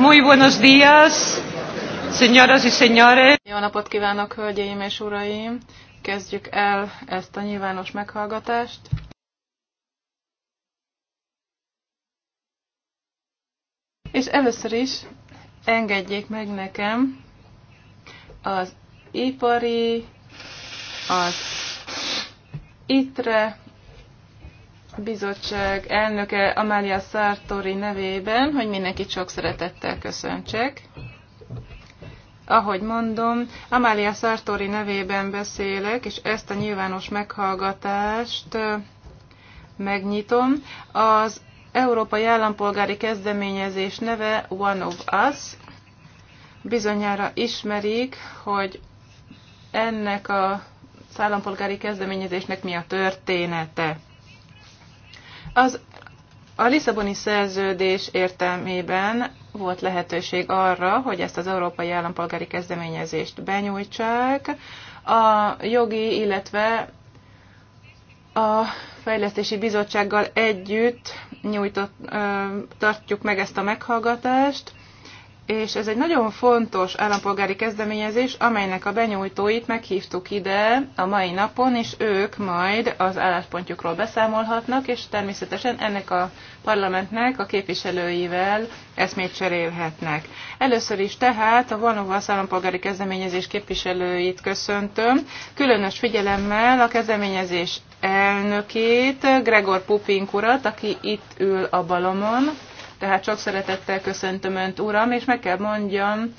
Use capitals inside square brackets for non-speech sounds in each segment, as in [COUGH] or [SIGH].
Muy buenos días, señoras y señores. Jó napot kívánok, hölgyeim és uraim! Kezdjük el ezt a nyilvános meghallgatást. És először is engedjék meg nekem az ipari, az ITRE bizottság elnöke Amália Sartori nevében, hogy mindenkit sok szeretettel köszöntsek. Ahogy mondom, Amália Sartori nevében beszélek, és ezt a nyilvános meghallgatást megnyitom. Az Európai Állampolgári Kezdeményezés neve One of Us. Bizonyára ismerik, hogy ennek a állampolgári kezdeményezésnek mi a története. Az a Lisszaboni szerződés értelmében volt lehetőség arra, hogy ezt az európai állampolgári kezdeményezést benyújtsák. A jogi, illetve a fejlesztési bizottsággal együtt nyújtott, tartjuk meg ezt a meghallgatást, és ez egy nagyon fontos állampolgári kezdeményezés, amelynek a benyújtóit meghívtuk ide a mai napon, és ők majd az álláspontjukról beszámolhatnak, és természetesen ennek a parlamentnek a képviselőivel eszmét cserélhetnek. Először is tehát a Vanovas állampolgári kezdeményezés képviselőit köszöntöm, különös figyelemmel a kezdeményezés elnökét, Gregor Pupink urat, aki itt ül a balomon, tehát sok szeretettel köszöntöm Önt, Uram, és meg kell mondjam,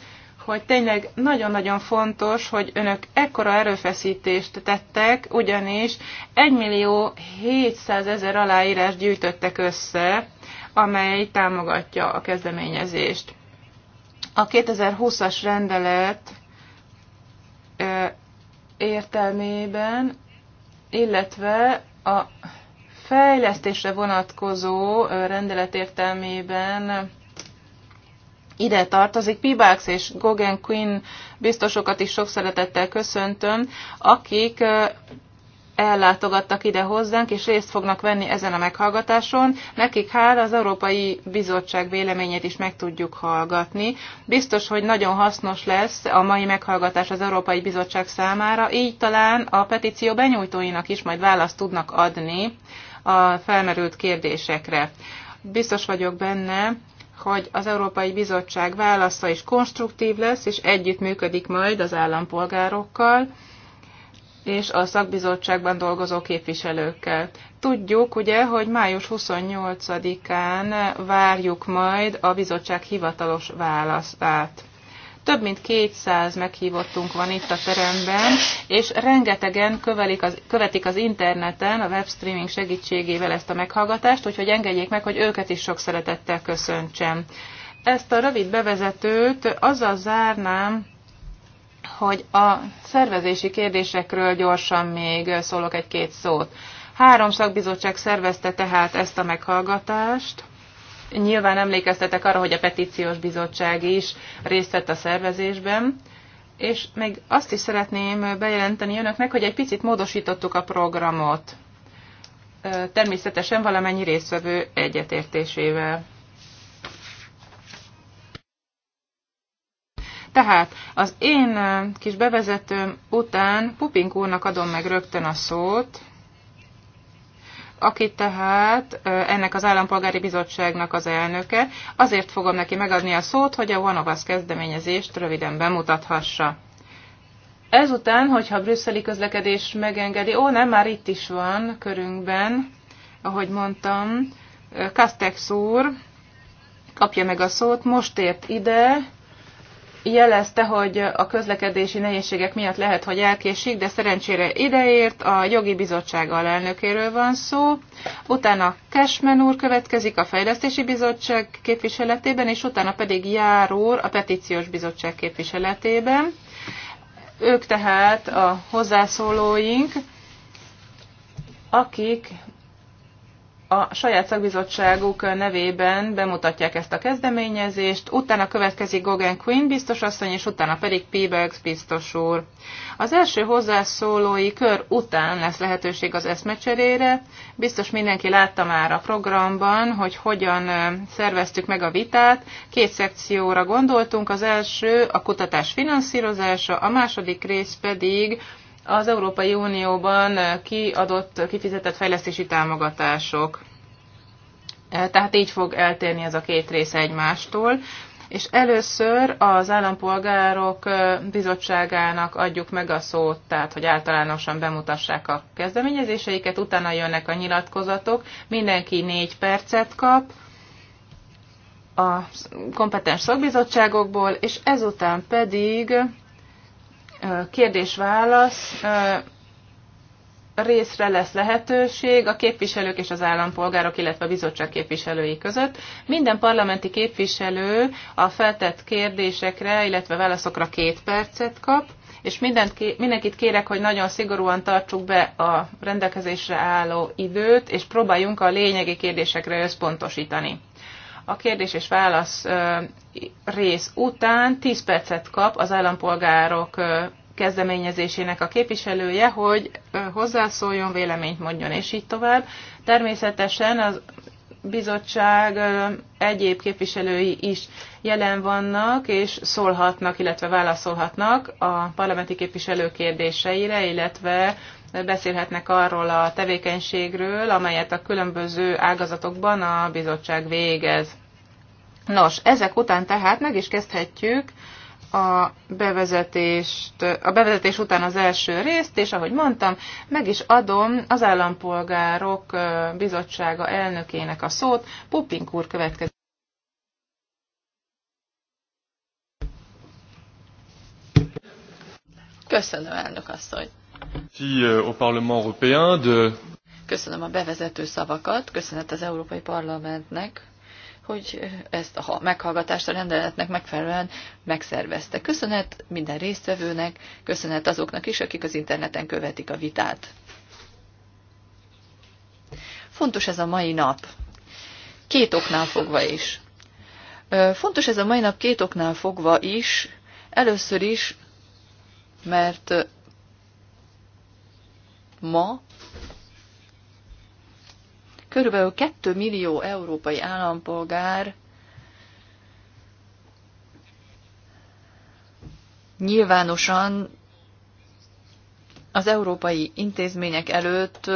hogy tényleg nagyon-nagyon fontos, hogy önök ekkora erőfeszítést tettek, ugyanis 1 millió 700 ezer aláírás gyűjtöttek össze, amely támogatja a kezdeményezést. A 2020-as rendelet értelmében, illetve a fejlesztésre vonatkozó rendelet értelmében ide tartozik. Pibax és Gogan Quinn biztosokat is sok szeretettel köszöntöm, akik ellátogattak ide hozzánk, és részt fognak venni ezen a meghallgatáson. Nekik hála az Európai Bizottság véleményét is meg tudjuk hallgatni. Biztos, hogy nagyon hasznos lesz a mai meghallgatás az Európai Bizottság számára, így talán a petíció benyújtóinak is majd választ tudnak adni a felmerült kérdésekre. Biztos vagyok benne, hogy az Európai Bizottság válasza is konstruktív lesz, és együttműködik majd az állampolgárokkal és a szakbizottságban dolgozó képviselőkkel. Tudjuk ugye, hogy május 28-án várjuk majd a bizottság hivatalos választát. Több mint 200 meghívottunk van itt a teremben, és rengetegen kövelik az, követik az interneten a webstreaming segítségével ezt a meghallgatást, úgyhogy engedjék meg, hogy őket is sok szeretettel köszöntsem. Ezt a rövid bevezetőt azzal zárnám, hogy a szervezési kérdésekről gyorsan még szólok egy-két szót. Három szakbizottság szervezte tehát ezt a meghallgatást, Nyilván emlékeztetek arra, hogy a petíciós bizottság is részt vett a szervezésben, és még azt is szeretném bejelenteni önöknek, hogy egy picit módosítottuk a programot. Természetesen valamennyi résztvevő egyetértésével. Tehát az én kis bevezetőm után Pupink úrnak adom meg rögtön a szót, aki tehát ennek az állampolgári bizottságnak az elnöke, azért fogom neki megadni a szót, hogy a One kezdeményezést röviden bemutathassa. Ezután, hogyha a brüsszeli közlekedés megengedi, ó nem, már itt is van körünkben, ahogy mondtam, Kastex úr kapja meg a szót, most ért ide, jelezte, hogy a közlekedési nehézségek miatt lehet, hogy elkésik, de szerencsére ideért, a jogi bizottság alelnökéről van szó, utána Cashman úr következik a fejlesztési bizottság képviseletében, és utána pedig Jár úr a petíciós bizottság képviseletében. Ők tehát a hozzászólóink, akik a saját szakbizottságuk nevében bemutatják ezt a kezdeményezést, utána következik Gogan Quinn biztosasszony, és utána pedig Peebles biztos úr. Az első hozzászólói kör után lesz lehetőség az eszmecserére. Biztos mindenki látta már a programban, hogy hogyan szerveztük meg a vitát. Két szekcióra gondoltunk, az első a kutatás finanszírozása, a második rész pedig az Európai Unióban kiadott, kifizetett fejlesztési támogatások. E, tehát így fog eltérni ez a két része egymástól. És először az állampolgárok e, bizottságának adjuk meg a szót, tehát hogy általánosan bemutassák a kezdeményezéseiket, utána jönnek a nyilatkozatok, mindenki négy percet kap a kompetens szakbizottságokból, és ezután pedig kérdés-válasz részre lesz lehetőség a képviselők és az állampolgárok, illetve a bizottság képviselői között. Minden parlamenti képviselő a feltett kérdésekre, illetve válaszokra két percet kap, és mindent, mindenkit kérek, hogy nagyon szigorúan tartsuk be a rendelkezésre álló időt, és próbáljunk a lényegi kérdésekre összpontosítani a kérdés és válasz rész után 10 percet kap az állampolgárok kezdeményezésének a képviselője, hogy hozzászóljon, véleményt mondjon, és így tovább. Természetesen az bizottság egyéb képviselői is jelen vannak, és szólhatnak, illetve válaszolhatnak a parlamenti képviselő kérdéseire, illetve beszélhetnek arról a tevékenységről, amelyet a különböző ágazatokban a bizottság végez. Nos, ezek után tehát meg is kezdhetjük a bevezetést, a bevezetés után az első részt, és ahogy mondtam, meg is adom az Állampolgárok Bizottsága elnökének a szót. Pupink úr következik. Köszönöm, elnök asszony. Euh, au Parlement européen de... Köszönöm a bevezető szavakat, köszönet az Európai Parlamentnek hogy ezt a meghallgatást a rendeletnek megfelelően megszervezte. Köszönet minden résztvevőnek, köszönet azoknak is, akik az interneten követik a vitát. Fontos ez a mai nap. Két oknál fogva is. Fontos ez a mai nap két oknál fogva is. Először is, mert ma Körülbelül 2 millió európai állampolgár nyilvánosan az európai intézmények előtt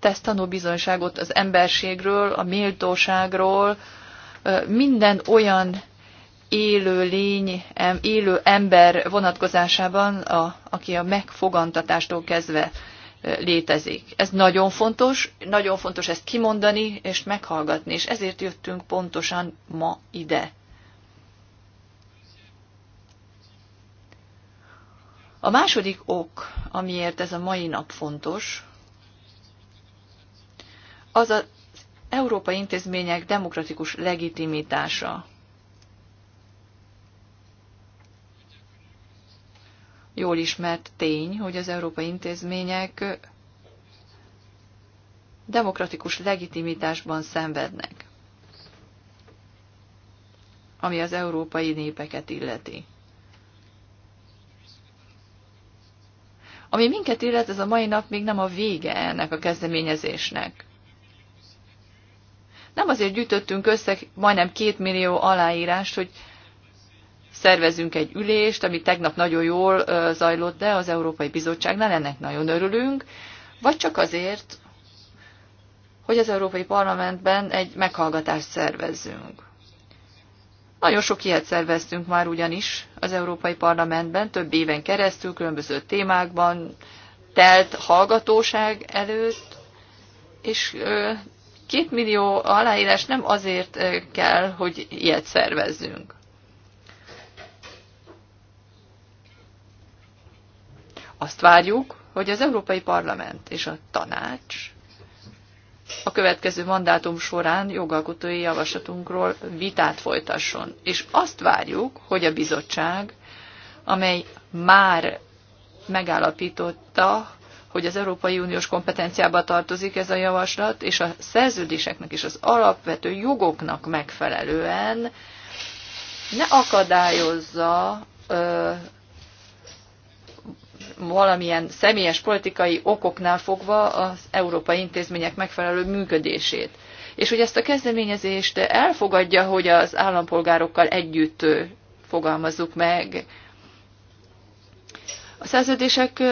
tesz tanúbizonyságot az emberségről, a méltóságról, minden olyan élő lény, élő ember vonatkozásában, a, aki a megfogantatástól kezdve létezik. Ez nagyon fontos, nagyon fontos ezt kimondani és meghallgatni, és ezért jöttünk pontosan ma ide. A második ok, amiért ez a mai nap fontos, az az európai intézmények demokratikus legitimitása. jól ismert tény, hogy az európai intézmények demokratikus legitimitásban szenvednek, ami az európai népeket illeti. Ami minket illet, ez a mai nap még nem a vége ennek a kezdeményezésnek. Nem azért gyűjtöttünk össze majdnem két millió aláírást, hogy szervezünk egy ülést, ami tegnap nagyon jól zajlott, de az Európai Bizottságnál ennek nagyon örülünk, vagy csak azért, hogy az Európai Parlamentben egy meghallgatást szervezzünk. Nagyon sok ilyet szerveztünk már ugyanis az Európai Parlamentben, több éven keresztül, különböző témákban, telt hallgatóság előtt, és két millió aláírás nem azért kell, hogy ilyet szervezzünk. Azt várjuk, hogy az Európai Parlament és a tanács a következő mandátum során jogalkotói javaslatunkról vitát folytasson. És azt várjuk, hogy a bizottság, amely már megállapította, hogy az Európai Uniós kompetenciába tartozik ez a javaslat, és a szerződéseknek és az alapvető jogoknak megfelelően ne akadályozza valamilyen személyes politikai okoknál fogva az európai intézmények megfelelő működését. És hogy ezt a kezdeményezést elfogadja, hogy az állampolgárokkal együtt fogalmazzuk meg. A szerződések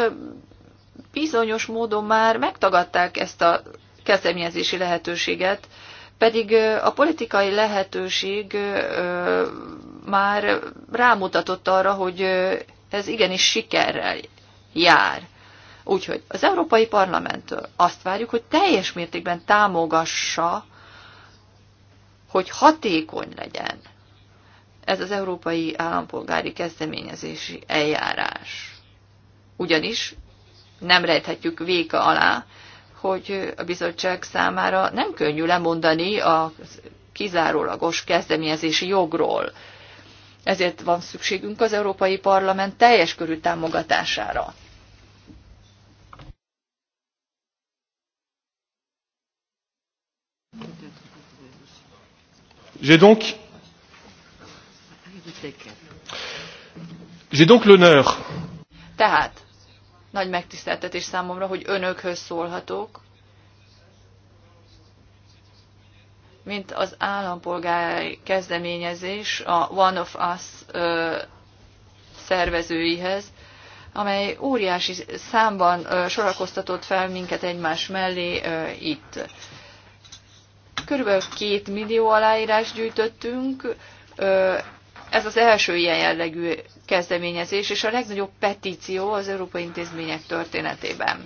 bizonyos módon már megtagadták ezt a kezdeményezési lehetőséget, pedig a politikai lehetőség már rámutatott arra, hogy ez igenis sikerrel jár. Úgyhogy az Európai Parlamenttől azt várjuk, hogy teljes mértékben támogassa, hogy hatékony legyen ez az európai állampolgári kezdeményezési eljárás. Ugyanis nem rejthetjük véka alá, hogy a bizottság számára nem könnyű lemondani a kizárólagos kezdeményezési jogról. Ezért van szükségünk az Európai Parlament teljes körű támogatására. J'ai donc, j'ai donc l'honneur. Tehát, nagy megtiszteltetés számomra, hogy önökhöz szólhatok, mint az állampolgári kezdeményezés a One of Us szervezőihez, amely óriási számban sorakoztatott fel minket egymás mellé itt. Körülbelül két millió aláírás gyűjtöttünk, ez az első ilyen jellegű kezdeményezés, és a legnagyobb petíció az európai intézmények történetében.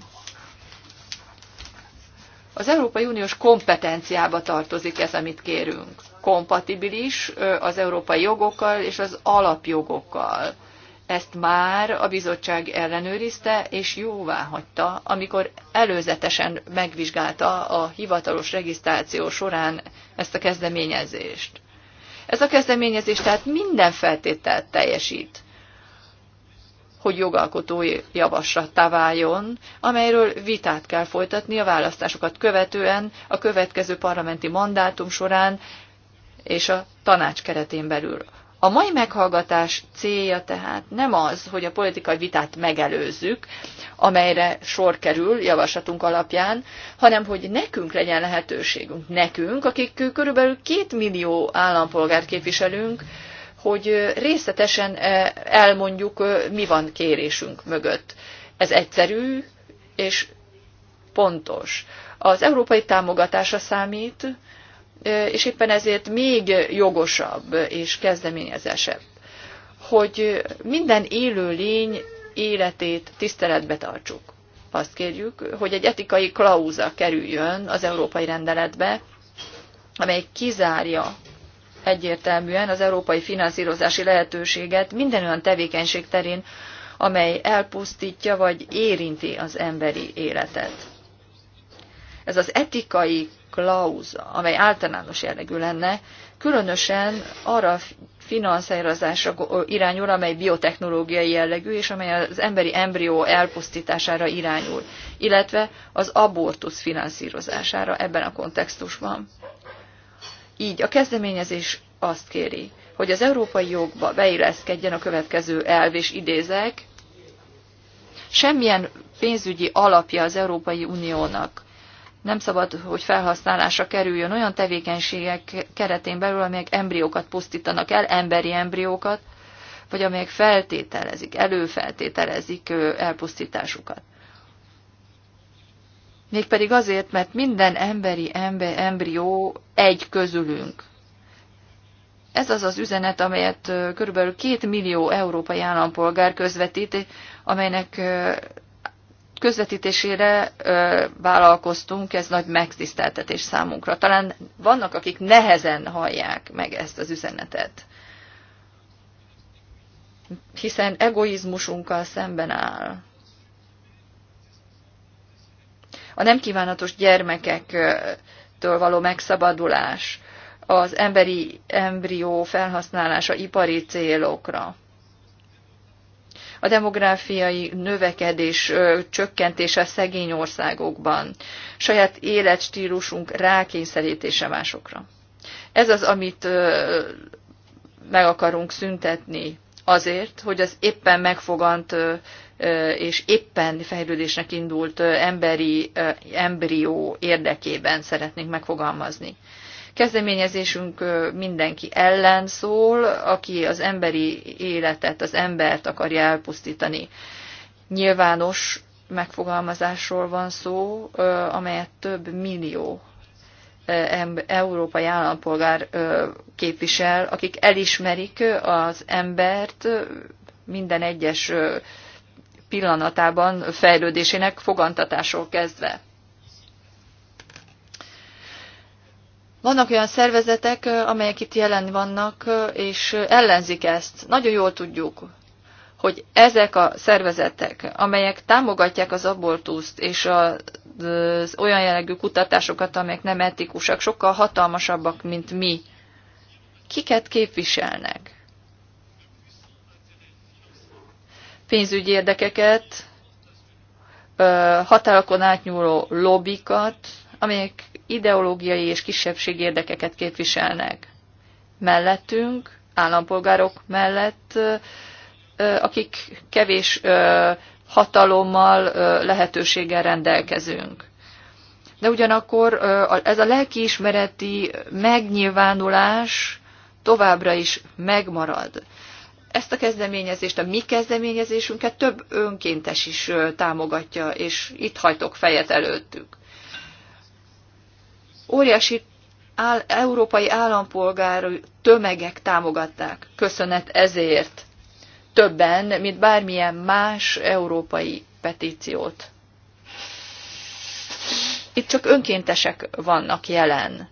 Az Európai Uniós kompetenciába tartozik ez, amit kérünk. Kompatibilis az európai jogokkal és az alapjogokkal. Ezt már a bizottság ellenőrizte és jóvá hagyta, amikor előzetesen megvizsgálta a hivatalos regisztráció során ezt a kezdeményezést. Ez a kezdeményezés tehát minden feltételt teljesít hogy jogalkotói javaslattá váljon, amelyről vitát kell folytatni a választásokat követően, a következő parlamenti mandátum során és a tanács keretén belül. A mai meghallgatás célja tehát nem az, hogy a politikai vitát megelőzzük, amelyre sor kerül javaslatunk alapján, hanem hogy nekünk legyen lehetőségünk, nekünk, akik körülbelül két millió állampolgárt képviselünk, hogy részletesen elmondjuk, mi van kérésünk mögött. Ez egyszerű és pontos. Az európai támogatása számít, és éppen ezért még jogosabb és kezdeményezesebb, hogy minden élőlény életét tiszteletbe tartsuk. Azt kérjük, hogy egy etikai klauza kerüljön az európai rendeletbe, amely kizárja egyértelműen az európai finanszírozási lehetőséget minden olyan tevékenység terén, amely elpusztítja vagy érinti az emberi életet. Ez az etikai klauza, amely általános jellegű lenne, különösen arra finanszírozásra irányul, amely biotechnológiai jellegű, és amely az emberi embrió elpusztítására irányul, illetve az abortusz finanszírozására ebben a kontextusban. Így a kezdeményezés azt kéri, hogy az európai jogba beilleszkedjen a következő elv, és idézek, semmilyen pénzügyi alapja az Európai Uniónak nem szabad, hogy felhasználásra kerüljön olyan tevékenységek keretén belül, amelyek embriókat pusztítanak el, emberi embriókat, vagy amelyek feltételezik, előfeltételezik elpusztításukat mégpedig azért, mert minden emberi ember, embrió egy közülünk. Ez az az üzenet, amelyet körülbelül két millió európai állampolgár közvetít, amelynek közvetítésére vállalkoztunk, ez nagy megtiszteltetés számunkra. Talán vannak, akik nehezen hallják meg ezt az üzenetet, hiszen egoizmusunkkal szemben áll a nem kívánatos gyermekektől való megszabadulás, az emberi embrió felhasználása ipari célokra, a demográfiai növekedés csökkentése szegény országokban, saját életstílusunk rákényszerítése másokra. Ez az, amit meg akarunk szüntetni azért, hogy az éppen megfogant és éppen fejlődésnek indult emberi embrió érdekében szeretnénk megfogalmazni. Kezdeményezésünk mindenki ellen szól, aki az emberi életet, az embert akarja elpusztítani. Nyilvános megfogalmazásról van szó, amelyet több millió európai állampolgár képvisel, akik elismerik az embert minden egyes pillanatában fejlődésének fogantatásról kezdve. Vannak olyan szervezetek, amelyek itt jelen vannak, és ellenzik ezt. Nagyon jól tudjuk, hogy ezek a szervezetek, amelyek támogatják az abortuszt és az olyan jellegű kutatásokat, amelyek nem etikusak, sokkal hatalmasabbak, mint mi. Kiket képviselnek? pénzügyi érdekeket, határokon átnyúló lobbikat, amelyek ideológiai és kisebbségi érdekeket képviselnek. Mellettünk, állampolgárok mellett, akik kevés hatalommal, lehetőséggel rendelkezünk. De ugyanakkor ez a lelkiismereti megnyilvánulás továbbra is megmarad. Ezt a kezdeményezést, a mi kezdeményezésünket több önkéntes is támogatja, és itt hajtok fejet előttük. Óriási áll, európai állampolgár tömegek támogatták. Köszönet ezért többen, mint bármilyen más európai petíciót. Itt csak önkéntesek vannak jelen.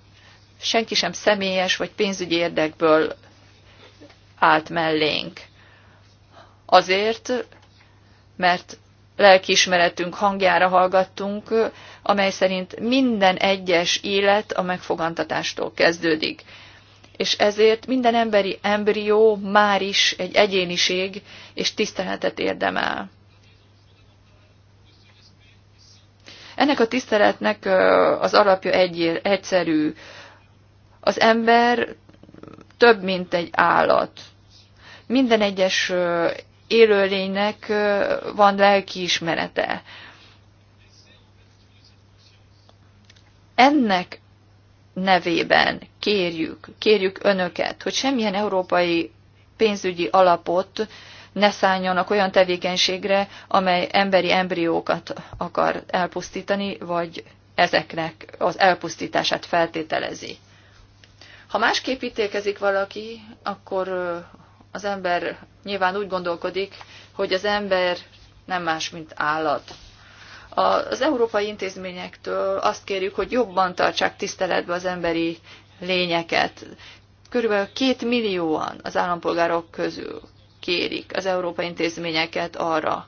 Senki sem személyes vagy pénzügyi érdekből állt mellénk. Azért, mert lelkiismeretünk hangjára hallgattunk, amely szerint minden egyes élet a megfogantatástól kezdődik. És ezért minden emberi embrió már is egy egyéniség és tiszteletet érdemel. Ennek a tiszteletnek az alapja egy, egyszerű. Az ember több, mint egy állat. Minden egyes élőlénynek van lelki ismerete. Ennek nevében kérjük, kérjük önöket, hogy semmilyen európai pénzügyi alapot ne szálljanak olyan tevékenységre, amely emberi embriókat akar elpusztítani, vagy ezeknek az elpusztítását feltételezi. Ha másképp ítélkezik valaki, akkor az ember nyilván úgy gondolkodik, hogy az ember nem más, mint állat. Az európai intézményektől azt kérjük, hogy jobban tartsák tiszteletbe az emberi lényeket. Körülbelül két millióan az állampolgárok közül kérik az európai intézményeket arra,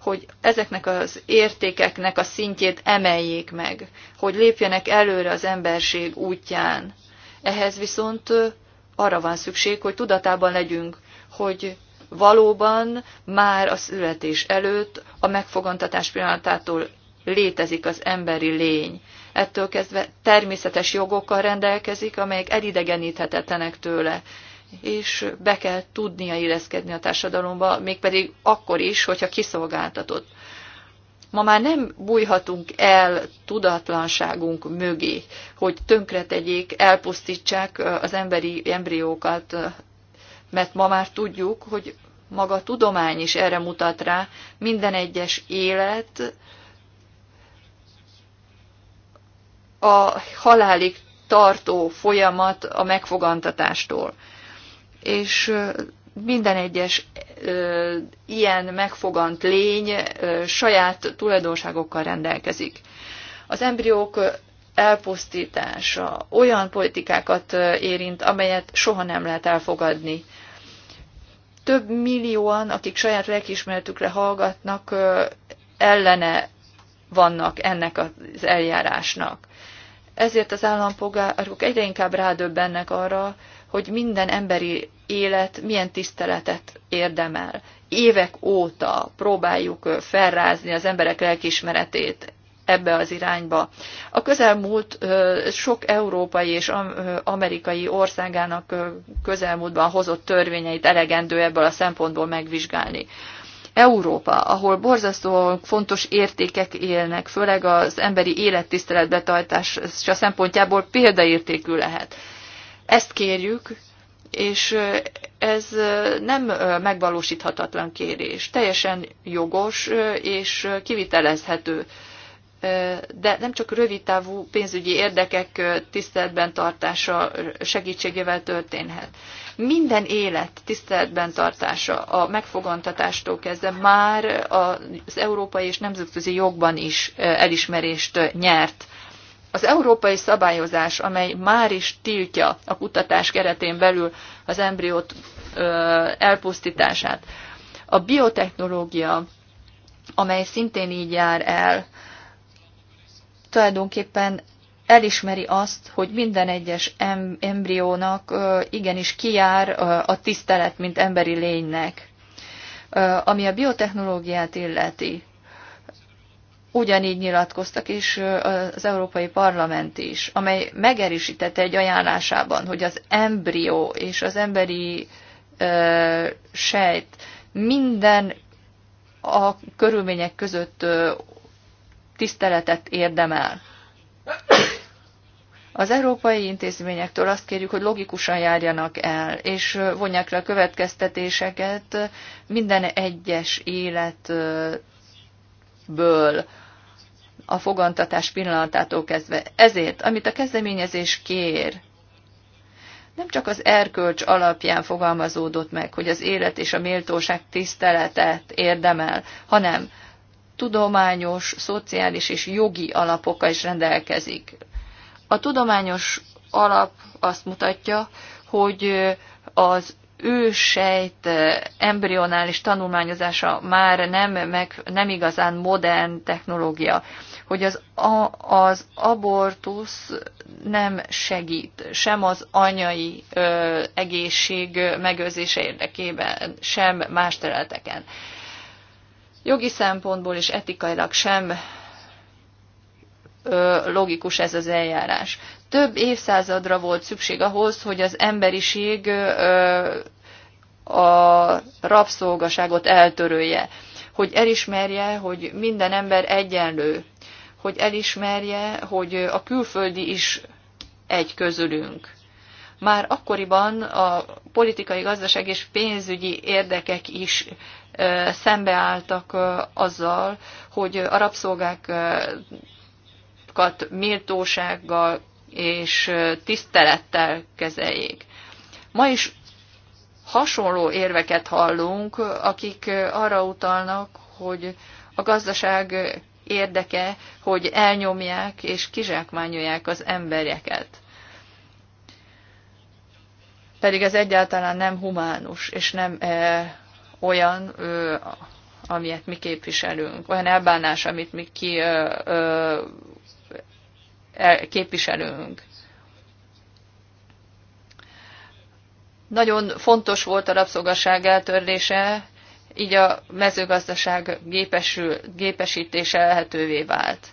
hogy ezeknek az értékeknek a szintjét emeljék meg, hogy lépjenek előre az emberség útján. Ehhez viszont arra van szükség, hogy tudatában legyünk, hogy valóban már a születés előtt a megfogantatás pillanatától létezik az emberi lény. Ettől kezdve természetes jogokkal rendelkezik, amelyek elidegeníthetetlenek tőle, és be kell tudnia illeszkedni a társadalomba, mégpedig akkor is, hogyha kiszolgáltatott. Ma már nem bújhatunk el tudatlanságunk mögé, hogy tönkretegyék, elpusztítsák az emberi embriókat, mert ma már tudjuk, hogy maga a tudomány is erre mutat rá, minden egyes élet a halálig tartó folyamat a megfogantatástól. És minden egyes ö, ilyen megfogant lény ö, saját tulajdonságokkal rendelkezik. Az embriók elpusztítása olyan politikákat érint, amelyet soha nem lehet elfogadni. Több millióan, akik saját lelkiismeretükre hallgatnak, ö, ellene vannak ennek az eljárásnak. Ezért az állampolgárok egyre inkább rádöbbennek arra, hogy minden emberi élet milyen tiszteletet érdemel. Évek óta próbáljuk felrázni az emberek lelkismeretét ebbe az irányba. A közelmúlt sok európai és amerikai országának közelmúltban hozott törvényeit elegendő ebből a szempontból megvizsgálni. Európa, ahol borzasztó fontos értékek élnek, főleg az emberi élettisztelet betartása szempontjából példaértékű lehet. Ezt kérjük, és ez nem megvalósíthatatlan kérés. Teljesen jogos és kivitelezhető de nem csak rövidtávú pénzügyi érdekek tiszteletben tartása segítségével történhet. Minden élet tiszteletben tartása a megfogantatástól kezdve már az európai és nemzetközi jogban is elismerést nyert. Az európai szabályozás, amely már is tiltja a kutatás keretén belül az embriót elpusztítását, a biotechnológia, amely szintén így jár el, tulajdonképpen elismeri azt, hogy minden egyes embriónak igenis kijár a tisztelet, mint emberi lénynek. Ami a biotechnológiát illeti, ugyanígy nyilatkoztak, és az Európai Parlament is, amely megerősítette egy ajánlásában, hogy az embrió és az emberi ö, sejt minden a körülmények között ö, tiszteletet érdemel. Az európai intézményektől azt kérjük, hogy logikusan járjanak el, és vonják le a következtetéseket minden egyes életből a fogantatás pillanatától kezdve. Ezért, amit a kezdeményezés kér, nem csak az erkölcs alapján fogalmazódott meg, hogy az élet és a méltóság tiszteletet érdemel, hanem tudományos, szociális és jogi alapokkal is rendelkezik. A tudományos alap azt mutatja, hogy az ősejt embrionális tanulmányozása már nem, meg, nem igazán modern technológia hogy az, a, az abortusz nem segít sem az anyai ö, egészség megőrzése érdekében, sem más területeken. Jogi szempontból és etikailag sem ö, logikus ez az eljárás. Több évszázadra volt szükség ahhoz, hogy az emberiség ö, a rabszolgaságot eltörölje, hogy elismerje, hogy minden ember egyenlő hogy elismerje, hogy a külföldi is egy közülünk. Már akkoriban a politikai, gazdaság és pénzügyi érdekek is szembeálltak azzal, hogy a rabszolgákat méltósággal és tisztelettel kezeljék. Ma is hasonló érveket hallunk, akik arra utalnak, hogy a gazdaság érdeke, hogy elnyomják és kizsákmányolják az embereket. Pedig ez egyáltalán nem humánus, és nem e, olyan, ö, amilyet mi képviselünk, olyan elbánás, amit mi ki, ö, ö, el, képviselünk. Nagyon fontos volt a rabszolgasság eltörlése, így a mezőgazdaság gépesül, gépesítése lehetővé vált.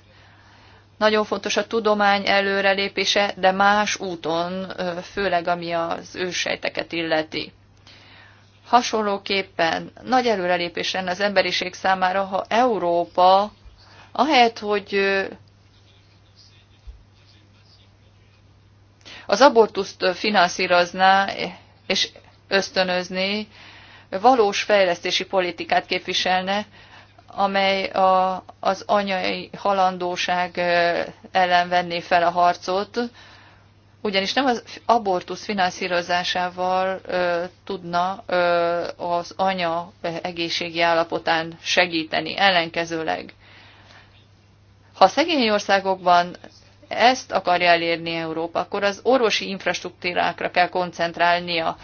Nagyon fontos a tudomány előrelépése, de más úton, főleg ami az ősejteket illeti. Hasonlóképpen nagy előrelépés lenne az emberiség számára, ha Európa, ahelyett, hogy az abortuszt finanszírozná és ösztönözni valós fejlesztési politikát képviselne, amely a, az anyai halandóság ellen venné fel a harcot, ugyanis nem az abortusz finanszírozásával ö, tudna ö, az anya egészségi állapotán segíteni, ellenkezőleg. Ha szegény országokban ezt akarja elérni Európa, akkor az orvosi infrastruktúrákra kell koncentrálnia,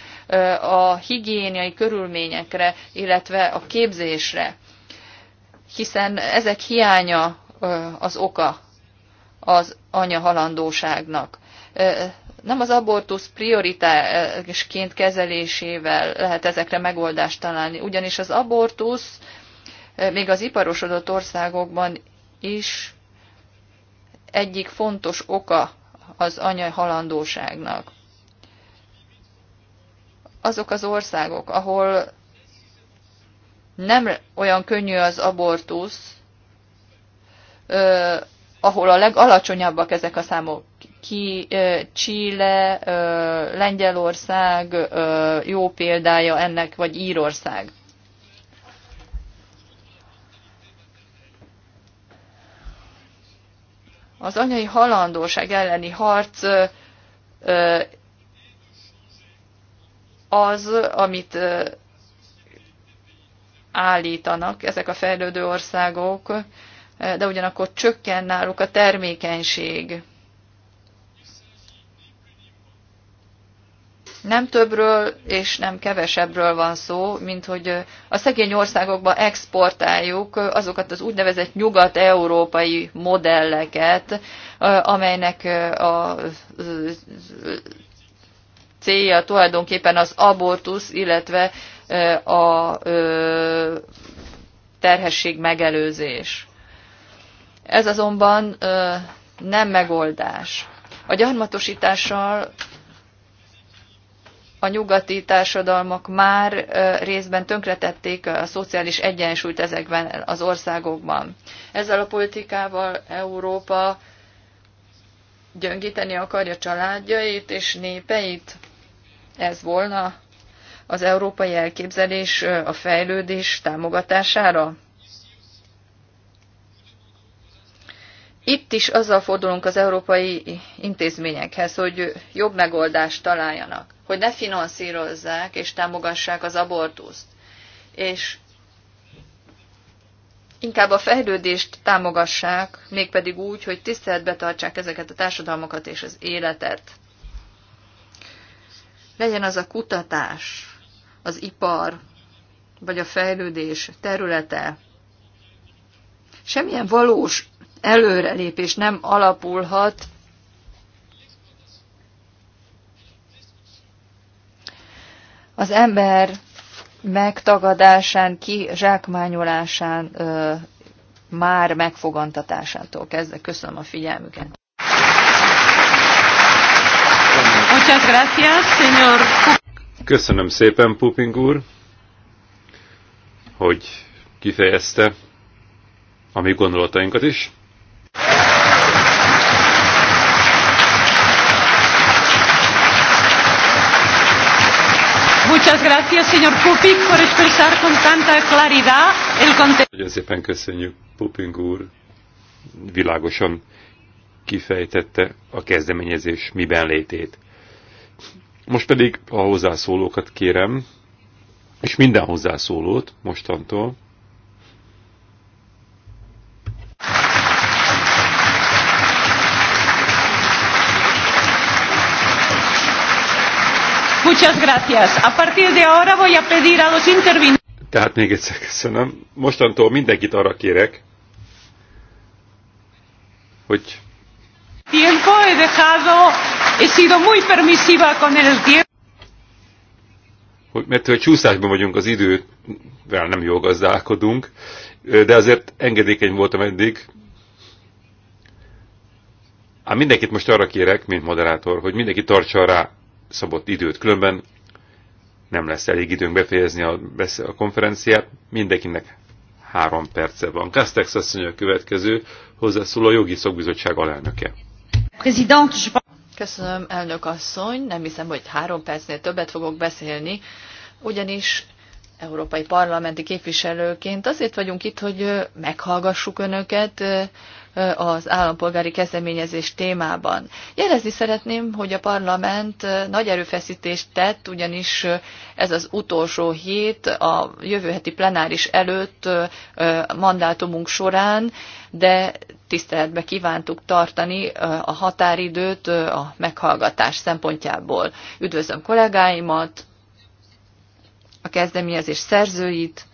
a higiéniai körülményekre, illetve a képzésre, hiszen ezek hiánya az oka az anyahalandóságnak. Nem az abortusz prioritásként kezelésével lehet ezekre megoldást találni, ugyanis az abortusz még az iparosodott országokban is egyik fontos oka az anya halandóságnak. Azok az országok, ahol nem olyan könnyű az abortusz, ahol a legalacsonyabbak ezek a számok. Ki, Chile, Lengyelország jó példája ennek, vagy Írország. az anyai halandóság elleni harc az, amit állítanak ezek a fejlődő országok, de ugyanakkor csökken náluk a termékenység. Nem többről és nem kevesebbről van szó, mint hogy a szegény országokba exportáljuk azokat az úgynevezett nyugat-európai modelleket, amelynek a célja tulajdonképpen az abortusz, illetve a terhesség megelőzés. Ez azonban nem megoldás. A gyarmatosítással a nyugati társadalmak már részben tönkretették a szociális egyensúlyt ezekben az országokban. Ezzel a politikával Európa gyöngíteni akarja családjait és népeit. Ez volna az európai elképzelés a fejlődés támogatására? Itt is azzal fordulunk az európai intézményekhez, hogy jobb megoldást találjanak, hogy ne finanszírozzák és támogassák az abortuszt, és inkább a fejlődést támogassák, mégpedig úgy, hogy tiszteletbe tartsák ezeket a társadalmakat és az életet. Legyen az a kutatás, az ipar, vagy a fejlődés területe. Semmilyen valós előrelépés nem alapulhat az ember megtagadásán, kizsákmányolásán, ö, már megfogantatásától kezdve. Köszönöm a figyelmüket. Köszönöm szépen, Puping úr, hogy kifejezte a mi gondolatainkat is. Muchas gracias, señor Pupik, por expresar con tanta claridad el contenido. Nagyon szépen köszönjük, Puping úr. Világosan kifejtette a kezdeményezés miben létét. Most pedig a hozzászólókat kérem, és minden hozzászólót mostantól, Muchas gracias. A partir de ahora voy a pedir a los intervin... Tehát még egyszer köszönöm. Mostantól mindenkit arra kérek, hogy... Tiempo he dejado, he sido muy permisiva con el tiempo. Hogy, mert hogy csúszásban vagyunk az idővel, nem jól gazdálkodunk, de azért engedékeny voltam eddig, Ám mindenkit most arra kérek, mint moderátor, hogy mindenki tartsa rá szabott időt. Különben nem lesz elég időnk befejezni a, a konferenciát. Mindenkinek három perce van. Kastex asszony a következő, hozzászól a jogi szakbizottság alelnöke. Köszönöm, elnök asszony. Nem hiszem, hogy három percnél többet fogok beszélni, ugyanis európai parlamenti képviselőként azért vagyunk itt, hogy meghallgassuk önöket, az állampolgári kezdeményezés témában. Jelezni szeretném, hogy a parlament nagy erőfeszítést tett, ugyanis ez az utolsó hét a jövő heti plenáris előtt mandátumunk során, de tiszteletbe kívántuk tartani a határidőt a meghallgatás szempontjából. Üdvözlöm kollégáimat, a kezdeményezés szerzőit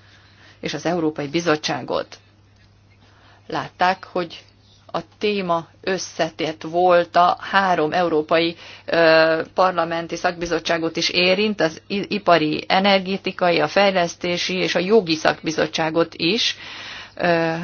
és az Európai Bizottságot. Látták, hogy a téma összetett volt a három európai ö, parlamenti szakbizottságot is érint, az ipari, energetikai, a fejlesztési és a jogi szakbizottságot is. Ö,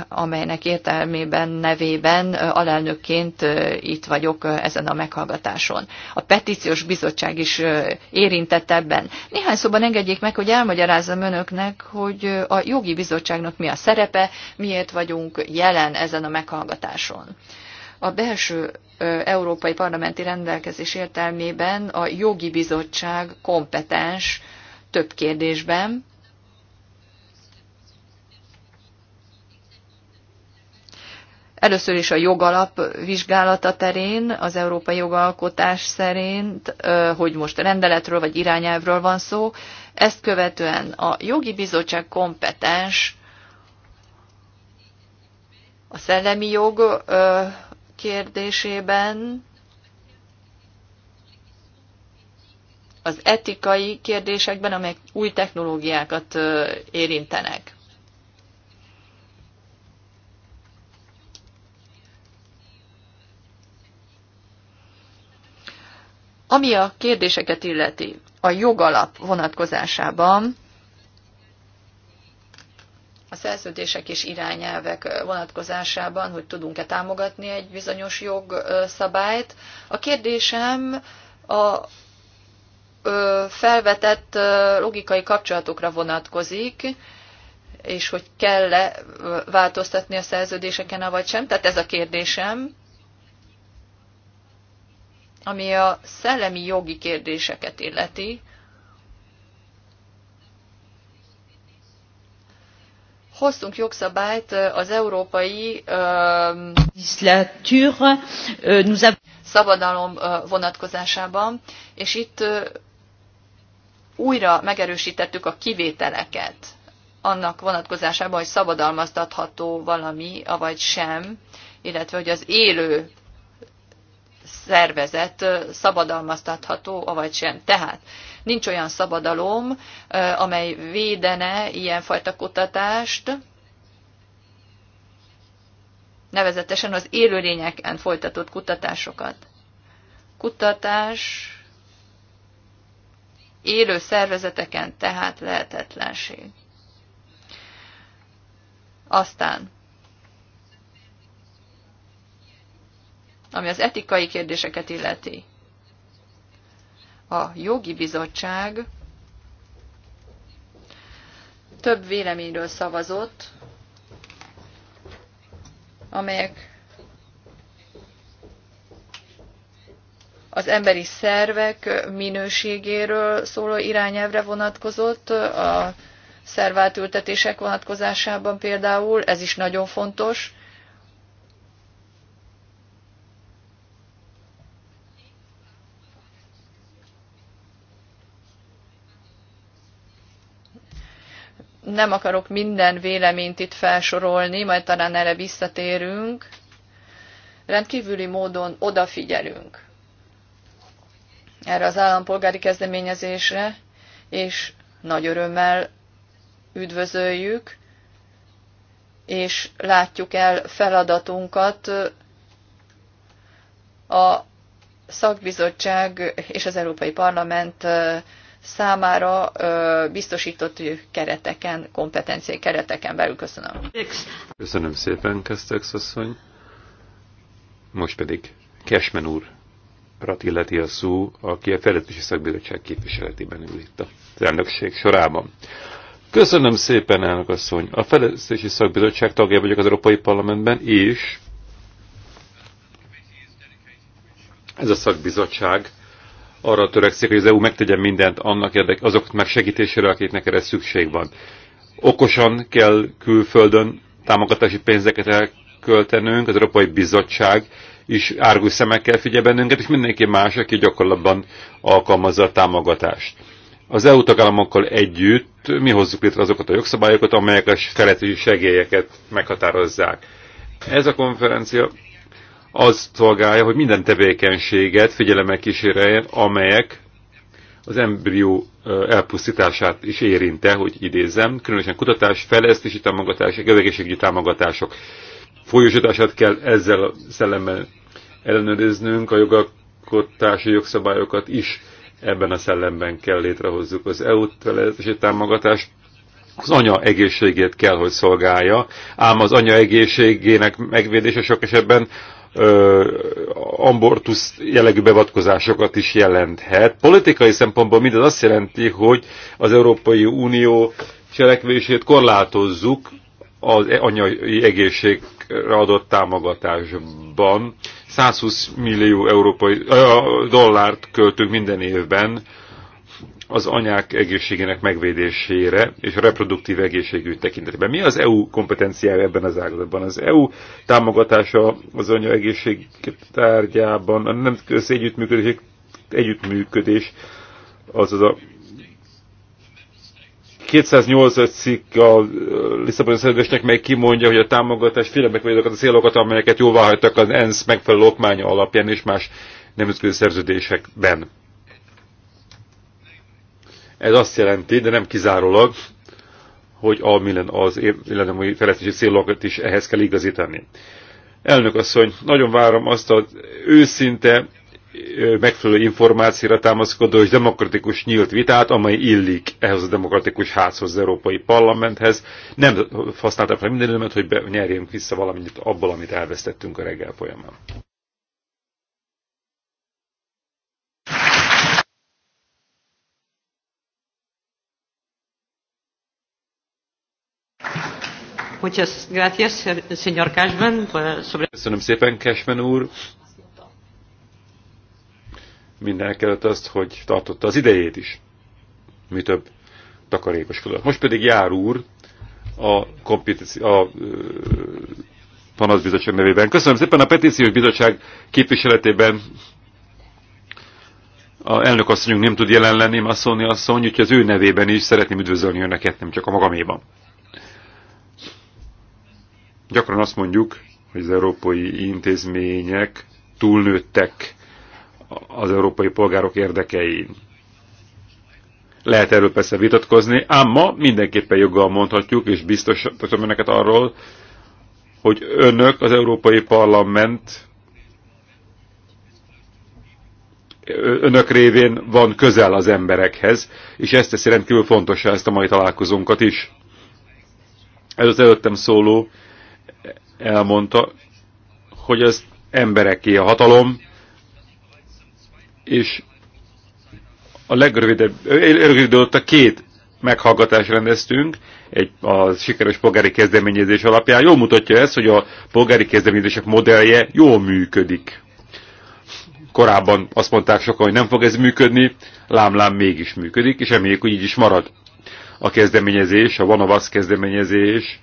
amelynek értelmében, nevében alelnökként itt vagyok ezen a meghallgatáson. A petíciós bizottság is érintett ebben. Néhány szóban engedjék meg, hogy elmagyarázzam önöknek, hogy a jogi bizottságnak mi a szerepe, miért vagyunk jelen ezen a meghallgatáson. A belső európai parlamenti rendelkezés értelmében a jogi bizottság kompetens több kérdésben, Először is a jogalap vizsgálata terén, az európai jogalkotás szerint, hogy most rendeletről vagy irányelvről van szó, ezt követően a jogi bizottság kompetens a szellemi jog kérdésében, az etikai kérdésekben, amelyek új technológiákat érintenek. Ami a kérdéseket illeti, a jogalap vonatkozásában a szerződések és irányelvek vonatkozásában, hogy tudunk-e támogatni egy bizonyos jogszabályt. A kérdésem a felvetett logikai kapcsolatokra vonatkozik, és hogy kell-e változtatni a szerződéseken, vagy sem. Tehát ez a kérdésem ami a szellemi jogi kérdéseket illeti, hoztunk jogszabályt az európai euh, szabadalom vonatkozásában, és itt újra megerősítettük a kivételeket annak vonatkozásában, hogy szabadalmaztatható valami, avagy sem, illetve hogy az élő szervezet szabadalmaztatható, avagy sem. Tehát nincs olyan szabadalom, amely védene ilyenfajta kutatást, nevezetesen az élőlényeken folytatott kutatásokat. Kutatás élő szervezeteken tehát lehetetlenség. Aztán ami az etikai kérdéseket illeti. A jogi bizottság több véleményről szavazott, amelyek az emberi szervek minőségéről szóló irányelvre vonatkozott, a szervátültetések vonatkozásában például, ez is nagyon fontos, nem akarok minden véleményt itt felsorolni, majd talán erre visszatérünk. Rendkívüli módon odafigyelünk erre az állampolgári kezdeményezésre, és nagy örömmel üdvözöljük, és látjuk el feladatunkat a szakbizottság és az Európai Parlament számára biztosított kereteken, kompetenciai kereteken belül. Köszönöm. Köszönöm szépen, Kesztex asszony. Most pedig Kesmen úr illeti a szó, aki a Fejlesztési Szakbizottság képviseletében ül itt a elnökség sorában. Köszönöm szépen, elnök asszony! A Fejlesztési Szakbizottság tagja vagyok az Európai Parlamentben, és ez a szakbizottság arra törekszik, hogy az EU megtegyen mindent annak érdek, azok megsegítésére, akiknek erre szükség van. Okosan kell külföldön támogatási pénzeket elköltenünk, az Európai Bizottság is árgus szemekkel figyel bennünket, és mindenki más, aki gyakorlatban alkalmazza a támogatást. Az EU tagállamokkal együtt mi hozzuk létre azokat a jogszabályokat, amelyek a feletti segélyeket meghatározzák. Ez a konferencia az szolgálja, hogy minden tevékenységet figyelemmel kíséreljen, amelyek az embrió elpusztítását is érinte, hogy idézem, különösen kutatás, fejlesztési támogatások, egészségügyi támogatások folyósítását kell ezzel a szellemmel ellenőriznünk, a jogalkotási jogszabályokat is ebben a szellemben kell létrehozzuk. Az EU fejlesztési támogatás az anya egészségét kell, hogy szolgálja, ám az anya egészségének megvédése sok esetben ambortus jellegű beavatkozásokat is jelenthet. Politikai szempontból mindez azt jelenti, hogy az Európai Unió cselekvését korlátozzuk az e- anyai egészségre adott támogatásban. 120 millió európai, dollárt költünk minden évben az anyák egészségének megvédésére és a reproduktív egészségügy tekintetében. Mi az EU kompetenciája ebben az ágazatban? Az EU támogatása az anya egészség tárgyában, a nemzetközi együttműködés, együttműködés azaz a 208 cikk a Lisszaboni szerződésnek mely kimondja, hogy a támogatás félemek vagy azokat a célokat, amelyeket jóváhagytak az ENSZ megfelelő okmánya alapján és más nemzetközi szerződésekben. Ez azt jelenti, de nem kizárólag, hogy a millen az illelemúi fejlesztési célokat is ehhez kell igazítani. Elnök asszony, nagyon várom azt az őszinte, megfelelő információra támaszkodó és demokratikus nyílt vitát, amely illik ehhez a demokratikus házhoz, az Európai Parlamenthez. Nem használtam fel minden időmet, hogy nyerjünk vissza valamit abból, amit elvesztettünk a reggel folyamán. Muchas gracias, señor Cashman. Sobre... Köszönöm szépen, Cashman úr. Minden kellett azt, hogy tartotta az idejét is. Mi több takarékoskodott. Most pedig jár úr a, a panaszbizottság nevében. Köszönöm szépen a petíciós bizottság képviseletében a elnök asszonyunk nem tud jelen lenni, Masszóni asszony, úgyhogy az ő nevében is szeretném üdvözölni önöket, nem csak a magaméban. Gyakran azt mondjuk, hogy az európai intézmények túlnőttek az európai polgárok érdekein. Lehet erről persze vitatkozni, ám ma mindenképpen joggal mondhatjuk, és biztosítom önöket arról, hogy önök, az Európai Parlament önök révén van közel az emberekhez, és ezt teszi rendkívül fontos ezt a mai találkozónkat is. Ez az előttem szóló elmondta, hogy az embereké a hatalom, és a legrövidebb, rövid a két meghallgatást rendeztünk, egy a sikeres polgári kezdeményezés alapján. Jól mutatja ezt, hogy a polgári kezdeményezések modellje jól működik. Korábban azt mondták sokan, hogy nem fog ez működni, lámlám mégis működik, és reméljük, hogy így is marad. A kezdeményezés, a vanavasz kezdeményezés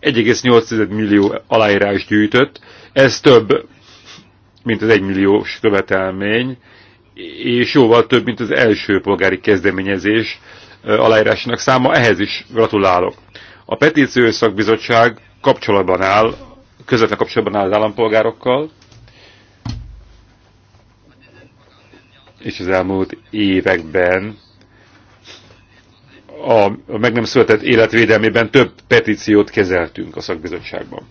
1,8 millió aláírás gyűjtött, ez több, mint az 1 milliós követelmény, és jóval több, mint az első polgári kezdeményezés aláírásának száma, ehhez is gratulálok. A petíciós szakbizottság kapcsolatban áll, közvetlen kapcsolatban áll az állampolgárokkal, és az elmúlt években a, a meg nem született életvédelmében több petíciót kezeltünk a szakbizottságban.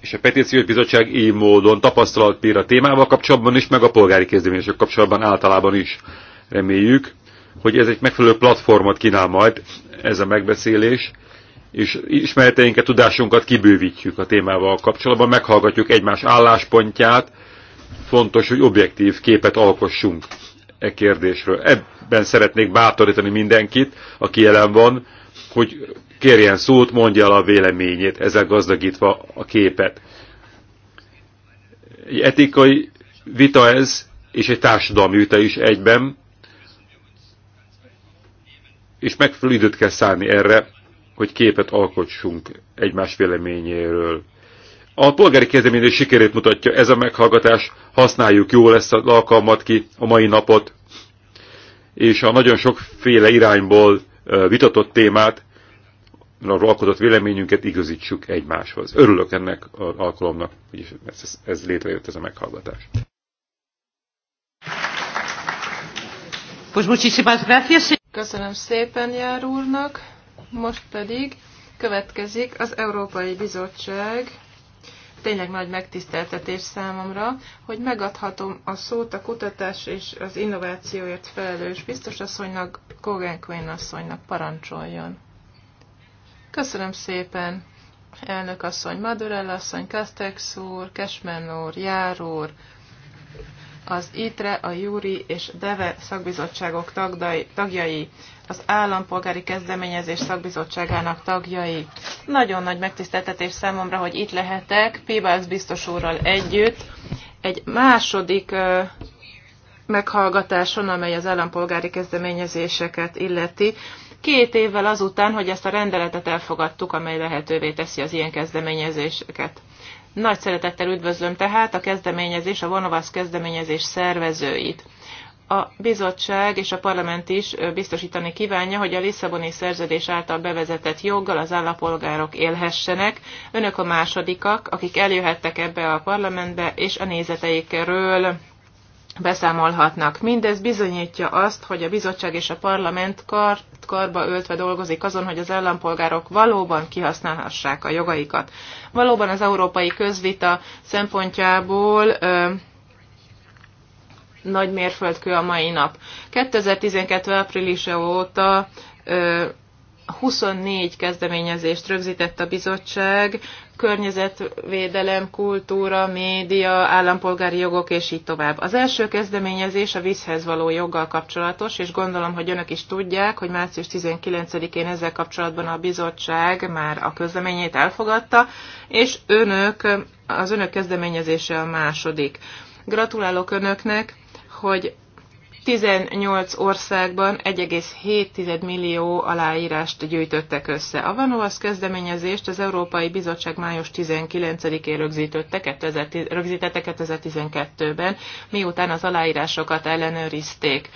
És a petíciós bizottság így módon tapasztalat bír a témával kapcsolatban is, meg a polgári kezdeményezők kapcsolatban általában is. Reméljük, hogy ez egy megfelelő platformot kínál majd ez a megbeszélés, és ismereteinket, tudásunkat kibővítjük a témával kapcsolatban, meghallgatjuk egymás álláspontját, fontos, hogy objektív képet alkossunk e kérdésről. Ebb, ben szeretnék bátorítani mindenkit, aki jelen van, hogy kérjen szót, mondja el a véleményét, ezzel gazdagítva a képet. Egy etikai vita ez, és egy társadalmi vita is egyben, és megfelelő időt kell szállni erre, hogy képet alkotsunk egymás véleményéről. A polgári kezdeményezés sikerét mutatja ez a meghallgatás, használjuk jól ezt az alkalmat ki, a mai napot, és a nagyon sokféle irányból vitatott témát, arról alkotott véleményünket igazítsuk egymáshoz. Örülök ennek az alkalomnak, hogy ez, ez létrejött ez a meghallgatás. Köszönöm szépen Jár úrnak, most pedig következik az Európai Bizottság tényleg nagy megtiszteltetés számomra, hogy megadhatom a szót a kutatás és az innovációért felelős biztos asszonynak, Kogan Quinn asszonynak parancsoljon. Köszönöm szépen, elnök asszony, Madurell asszony, Kastex úr, Kesmen úr, Jár úr, az ITRE, a Júri és DEVE szakbizottságok tagjai az Állampolgári Kezdeményezés Szakbizottságának tagjai. Nagyon nagy megtiszteltetés számomra, hogy itt lehetek Pibász biztos úrral együtt egy második meghallgatáson, amely az állampolgári kezdeményezéseket illeti, két évvel azután, hogy ezt a rendeletet elfogadtuk, amely lehetővé teszi az ilyen kezdeményezéseket. Nagy szeretettel üdvözlöm tehát a kezdeményezés, a Vonovász kezdeményezés szervezőit a bizottság és a parlament is biztosítani kívánja, hogy a Lisszaboni szerződés által bevezetett joggal az állapolgárok élhessenek. Önök a másodikak, akik eljöhettek ebbe a parlamentbe, és a nézeteikről beszámolhatnak. Mindez bizonyítja azt, hogy a bizottság és a parlament kar, karba öltve dolgozik azon, hogy az állampolgárok valóban kihasználhassák a jogaikat. Valóban az európai közvita szempontjából ö, nagy mérföldkő a mai nap. 2012. áprilisa óta 24 kezdeményezést rögzített a bizottság, környezetvédelem, kultúra, média, állampolgári jogok, és így tovább. Az első kezdeményezés a vízhez való joggal kapcsolatos, és gondolom, hogy önök is tudják, hogy március 19-én ezzel kapcsolatban a bizottság már a közleményét elfogadta, és önök, az önök kezdeményezése a második. Gratulálok önöknek, hogy 18 országban 1,7 millió aláírást gyűjtöttek össze. A Vanuas kezdeményezést az Európai Bizottság május 19-én rögzítette 2012-ben, miután az aláírásokat ellenőrizték.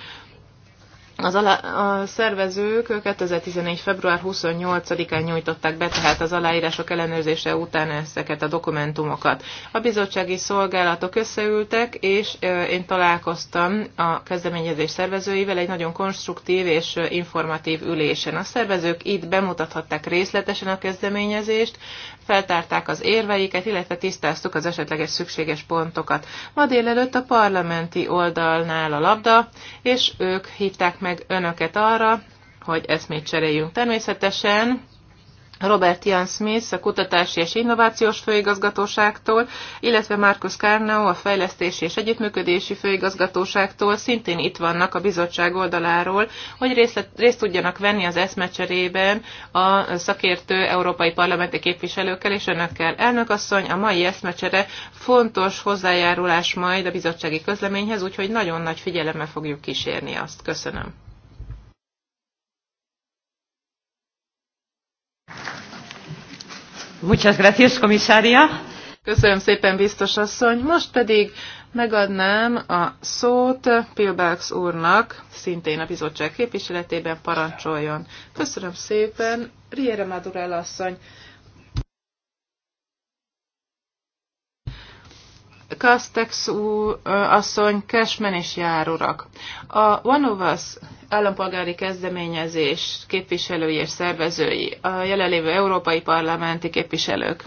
Az alá, a szervezők 2014. február 28-án nyújtották be tehát az aláírások ellenőrzése után ezeket a dokumentumokat. A bizottsági szolgálatok összeültek, és én találkoztam a kezdeményezés szervezőivel egy nagyon konstruktív és informatív ülésen. A szervezők itt bemutathatták részletesen a kezdeményezést, feltárták az érveiket, illetve tisztáztuk az esetleges szükséges pontokat. Ma délelőtt a parlamenti oldalnál a labda, és ők hívták meg önöket arra, hogy eszmét cseréljünk. Természetesen Robert Jan Smith, a Kutatási és Innovációs Főigazgatóságtól, illetve Markus Kárnau, a Fejlesztési és Együttműködési Főigazgatóságtól szintén itt vannak a bizottság oldaláról, hogy részlet, részt tudjanak venni az eszmecserében a szakértő európai parlamenti képviselőkkel és önökkel. Elnökasszony, a mai eszmecsere fontos hozzájárulás majd a bizottsági közleményhez, úgyhogy nagyon nagy figyelemmel fogjuk kísérni azt. Köszönöm. Muchas gracias, comisaria. Köszönöm szépen, biztos asszony. Most pedig megadnám a szót Pilbax úrnak, szintén a bizottság képviseletében parancsoljon. Köszönöm szépen, Riera Madurell asszony. Kastex úr, asszony, Cashman és Járurak. A One of Us állampolgári kezdeményezés képviselői és szervezői, a jelenlévő európai parlamenti képviselők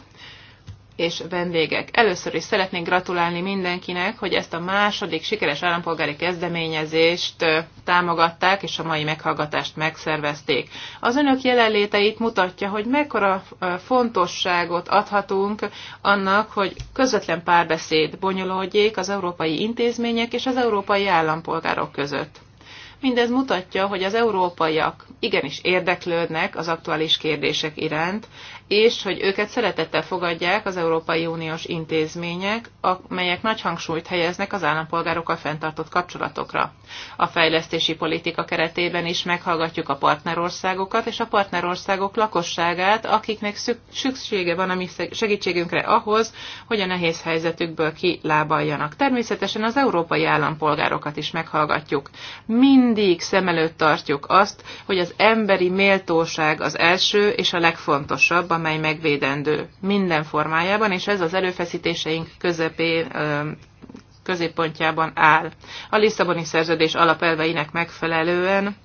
és vendégek. Először is szeretnék gratulálni mindenkinek, hogy ezt a második sikeres állampolgári kezdeményezést támogatták, és a mai meghallgatást megszervezték. Az önök jelenléteit mutatja, hogy mekkora fontosságot adhatunk annak, hogy közvetlen párbeszéd bonyolódjék az európai intézmények és az európai állampolgárok között. Mindez mutatja, hogy az európaiak igenis érdeklődnek az aktuális kérdések iránt, és hogy őket szeretettel fogadják az Európai Uniós intézmények, amelyek nagy hangsúlyt helyeznek az állampolgárokkal fenntartott kapcsolatokra. A fejlesztési politika keretében is meghallgatjuk a partnerországokat és a partnerországok lakosságát, akiknek szüksége van a mi segítségünkre ahhoz, hogy a nehéz helyzetükből kilábaljanak. Természetesen az európai állampolgárokat is meghallgatjuk. Mindig szem előtt tartjuk azt, hogy az emberi méltóság az első és a legfontosabb, amely megvédendő minden formájában, és ez az erőfeszítéseink közepé, középpontjában áll. A Lisszaboni szerződés alapelveinek megfelelően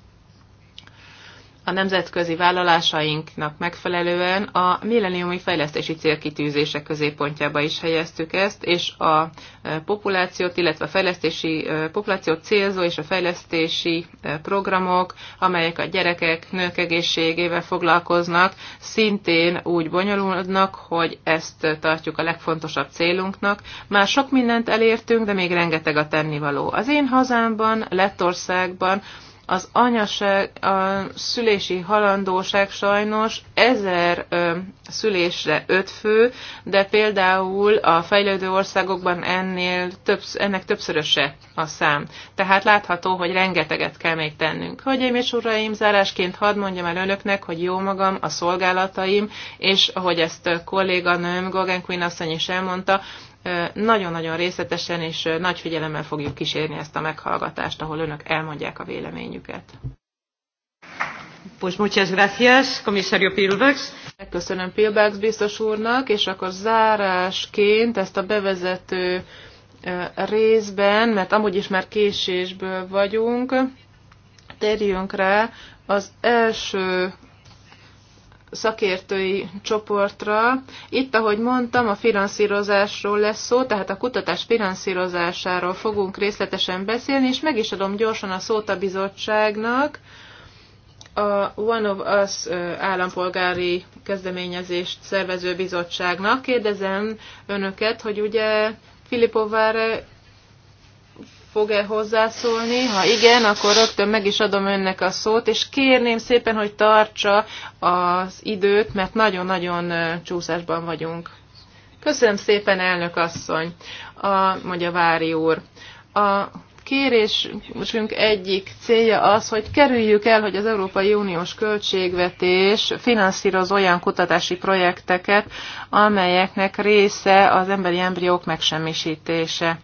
a nemzetközi vállalásainknak megfelelően a milleniumi fejlesztési célkitűzések középpontjába is helyeztük ezt, és a e, populációt, illetve a fejlesztési e, populációt célzó és a fejlesztési e, programok, amelyek a gyerekek, nők egészségével foglalkoznak, szintén úgy bonyolulnak, hogy ezt tartjuk a legfontosabb célunknak. Már sok mindent elértünk, de még rengeteg a tennivaló. Az én hazámban, Lettországban az anyaság, a szülési halandóság sajnos ezer ö, szülésre öt fő, de például a fejlődő országokban ennél többsz, ennek többszöröse a szám. Tehát látható, hogy rengeteget kell még tennünk. Hölgyeim és uraim, zárásként hadd mondjam el önöknek, hogy jó magam, a szolgálataim, és ahogy ezt kolléganőm Gogan Queen asszony is elmondta, nagyon-nagyon részletesen és nagy figyelemmel fogjuk kísérni ezt a meghallgatást, ahol önök elmondják a véleményüket. Pues muchas gracias, comisario Pilbax. Köszönöm Pilbax biztos úrnak, és akkor zárásként ezt a bevezető részben, mert amúgy is már késésből vagyunk, térjünk rá az első szakértői csoportra. Itt, ahogy mondtam, a finanszírozásról lesz szó, tehát a kutatás finanszírozásáról fogunk részletesen beszélni, és meg is adom gyorsan a szót a bizottságnak. A One of Us állampolgári kezdeményezést szervező bizottságnak. Kérdezem önöket, hogy ugye Filipovára fog-e hozzászólni? Ha igen, akkor rögtön meg is adom önnek a szót, és kérném szépen, hogy tartsa az időt, mert nagyon-nagyon csúszásban vagyunk. Köszönöm szépen, elnök asszony, a, magyar Vári úr. A kérésünk egyik célja az, hogy kerüljük el, hogy az Európai Uniós költségvetés finanszíroz olyan kutatási projekteket, amelyeknek része az emberi embriók megsemmisítése.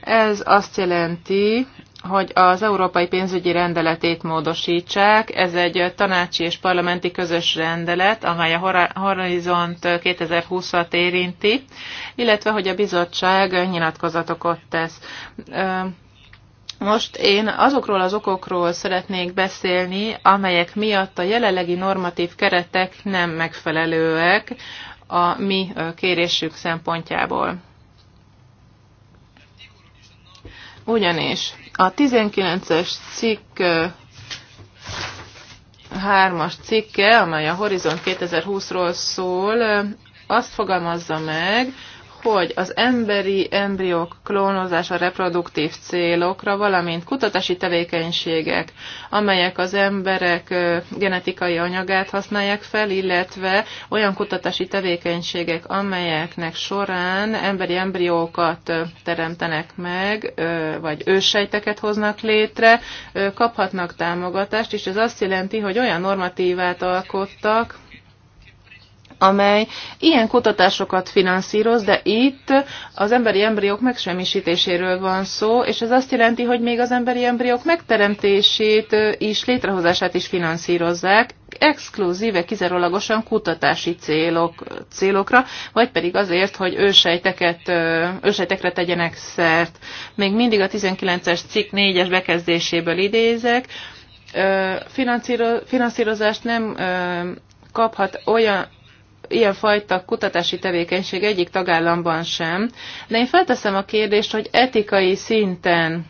Ez azt jelenti, hogy az európai pénzügyi rendeletét módosítsák. Ez egy tanácsi és parlamenti közös rendelet, amely a Horizont 2020-at érinti, illetve hogy a bizottság nyilatkozatokat tesz. Most én azokról az okokról szeretnék beszélni, amelyek miatt a jelenlegi normatív keretek nem megfelelőek a mi kérésük szempontjából. Ugyanis a 19-es cikk 3-as cikke, amely a Horizont 2020-ról szól, azt fogalmazza meg, hogy az emberi embriók klónozása reproduktív célokra, valamint kutatási tevékenységek, amelyek az emberek genetikai anyagát használják fel, illetve olyan kutatási tevékenységek, amelyeknek során emberi embriókat teremtenek meg, vagy őssejteket hoznak létre, kaphatnak támogatást, és ez azt jelenti, hogy olyan normatívát alkottak, amely ilyen kutatásokat finanszíroz, de itt az emberi embriók megsemmisítéséről van szó, és ez azt jelenti, hogy még az emberi embriók megteremtését is, létrehozását is finanszírozzák, exkluzíve, kizárólagosan kutatási célok, célokra, vagy pedig azért, hogy ősejteket, ősejtekre tegyenek szert. Még mindig a 19-es cikk 4-es bekezdéséből idézek, finanszírozást nem kaphat olyan ilyenfajta kutatási tevékenység egyik tagállamban sem. De én felteszem a kérdést, hogy etikai szinten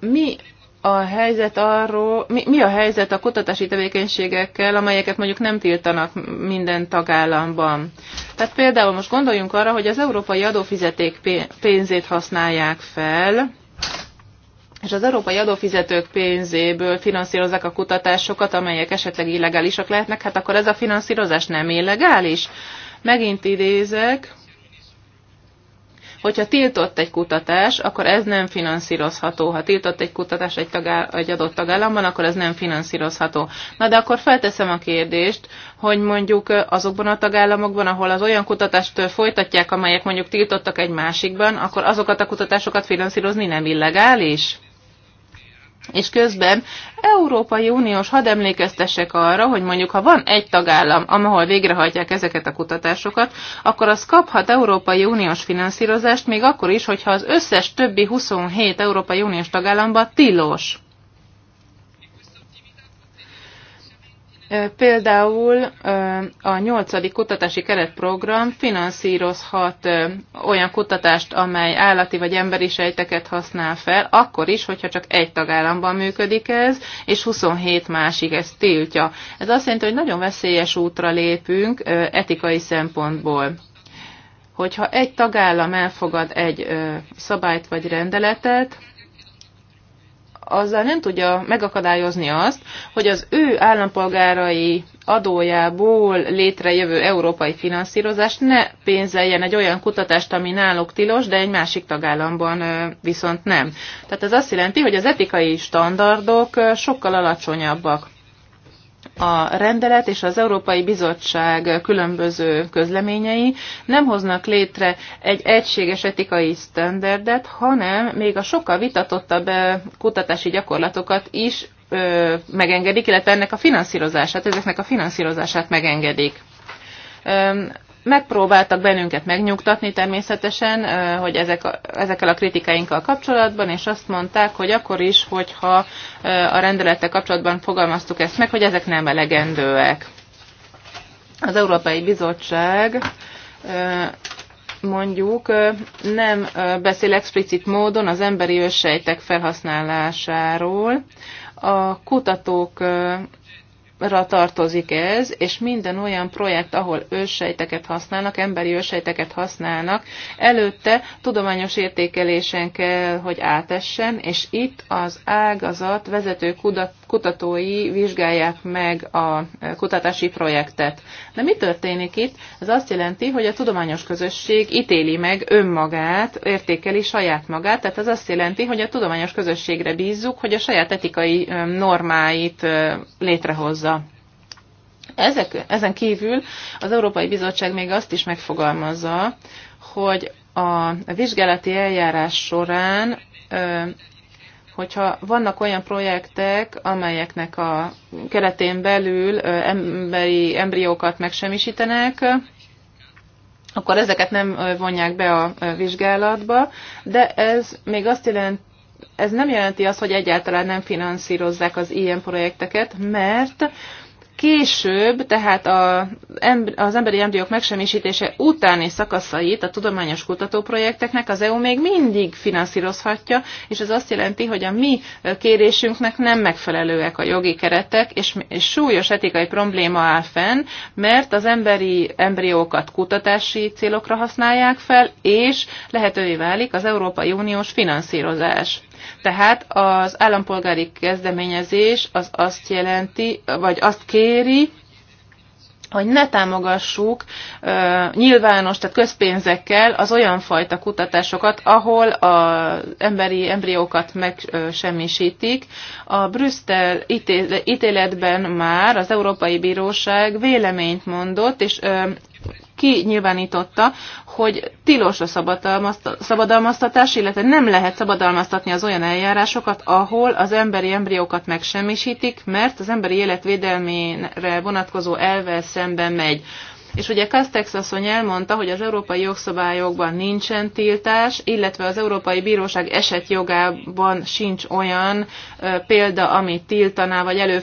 mi a helyzet arról, mi, mi a helyzet a kutatási tevékenységekkel, amelyeket mondjuk nem tiltanak minden tagállamban. Tehát például most gondoljunk arra, hogy az európai adófizeték pénzét használják fel, és az európai adófizetők pénzéből finanszírozzák a kutatásokat, amelyek esetleg illegálisak lehetnek, hát akkor ez a finanszírozás nem illegális. Megint idézek, hogyha tiltott egy kutatás, akkor ez nem finanszírozható. Ha tiltott egy kutatás egy, tagáll- egy adott tagállamban, akkor ez nem finanszírozható. Na de akkor felteszem a kérdést, hogy mondjuk azokban a tagállamokban, ahol az olyan kutatást folytatják, amelyek mondjuk tiltottak egy másikban, akkor azokat a kutatásokat finanszírozni nem illegális? és közben Európai Uniós hadd emlékeztessek arra, hogy mondjuk ha van egy tagállam, ahol végrehajtják ezeket a kutatásokat, akkor az kaphat Európai Uniós finanszírozást még akkor is, hogyha az összes többi 27 Európai Uniós tagállamban tilos. Például a nyolcadik kutatási keretprogram finanszírozhat olyan kutatást, amely állati vagy emberi sejteket használ fel, akkor is, hogyha csak egy tagállamban működik ez, és 27 másik ezt tiltja. Ez azt jelenti, hogy nagyon veszélyes útra lépünk etikai szempontból hogyha egy tagállam elfogad egy szabályt vagy rendeletet, azzal nem tudja megakadályozni azt, hogy az ő állampolgárai adójából létrejövő európai finanszírozást ne pénzeljen egy olyan kutatást, ami náluk tilos, de egy másik tagállamban viszont nem. Tehát ez azt jelenti, hogy az etikai standardok sokkal alacsonyabbak a rendelet és az Európai Bizottság különböző közleményei nem hoznak létre egy egységes etikai standardet, hanem még a sokkal vitatottabb eh, kutatási gyakorlatokat is ö, eh, megengedik, illetve ennek a finanszírozását, ezeknek a finanszírozását megengedik megpróbáltak bennünket megnyugtatni természetesen, hogy ezek a, ezekkel a kritikáinkkal kapcsolatban, és azt mondták, hogy akkor is, hogyha a rendelettel kapcsolatban fogalmaztuk ezt meg, hogy ezek nem elegendőek. Az Európai Bizottság mondjuk nem beszél explicit módon az emberi őssejtek felhasználásáról. A kutatók ra tartozik ez, és minden olyan projekt, ahol őssejteket használnak, emberi őssejteket használnak, előtte tudományos értékelésen kell, hogy átessen, és itt az ágazat vezető kutatói vizsgálják meg a kutatási projektet. De mi történik itt? Ez azt jelenti, hogy a tudományos közösség ítéli meg önmagát, értékeli saját magát, tehát ez azt jelenti, hogy a tudományos közösségre bízzuk, hogy a saját etikai normáit létrehozza. Ezek, ezen kívül az Európai Bizottság még azt is megfogalmazza, hogy a vizsgálati eljárás során hogyha vannak olyan projektek, amelyeknek a keretén belül emberi embriókat megsemmisítenek, akkor ezeket nem vonják be a vizsgálatba, de ez még azt jelenti, ez nem jelenti azt, hogy egyáltalán nem finanszírozzák az ilyen projekteket, mert Később, tehát a, az emberi embriók megsemmisítése utáni szakaszait a tudományos kutatóprojekteknek az EU még mindig finanszírozhatja, és ez azt jelenti, hogy a mi kérésünknek nem megfelelőek a jogi keretek, és, és súlyos etikai probléma áll fenn, mert az emberi embriókat kutatási célokra használják fel, és lehetővé válik az Európai Uniós finanszírozás. Tehát az állampolgári kezdeményezés az azt jelenti, vagy azt kéri, hogy ne támogassuk uh, nyilvános, tehát közpénzekkel az olyan fajta kutatásokat, ahol az emberi embriókat megsemmisítik. A Brüsszel ítéletben már az Európai Bíróság véleményt mondott, és uh, kinyilvánította, hogy tilos a szabadalmaztatás, illetve nem lehet szabadalmaztatni az olyan eljárásokat, ahol az emberi embriókat megsemmisítik, mert az emberi életvédelmére vonatkozó elvel szemben megy. És ugye Castex asszony elmondta, hogy az európai jogszabályokban nincsen tiltás, illetve az Európai Bíróság esetjogában sincs olyan ö, példa, ami tiltaná, vagy elő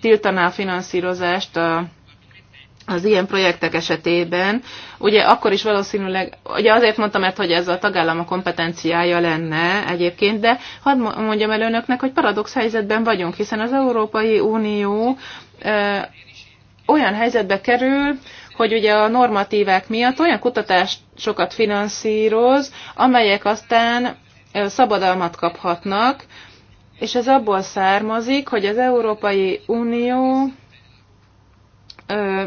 tiltaná a finanszírozást a az ilyen projektek esetében, ugye akkor is valószínűleg, ugye azért mondtam, mert hogy ez a tagállam a kompetenciája lenne egyébként, de hadd mondjam el önöknek, hogy paradox helyzetben vagyunk, hiszen az Európai Unió ö, olyan helyzetbe kerül, hogy ugye a normatívák miatt olyan kutatásokat finanszíroz, amelyek aztán szabadalmat kaphatnak, és ez abból származik, hogy az Európai Unió ö,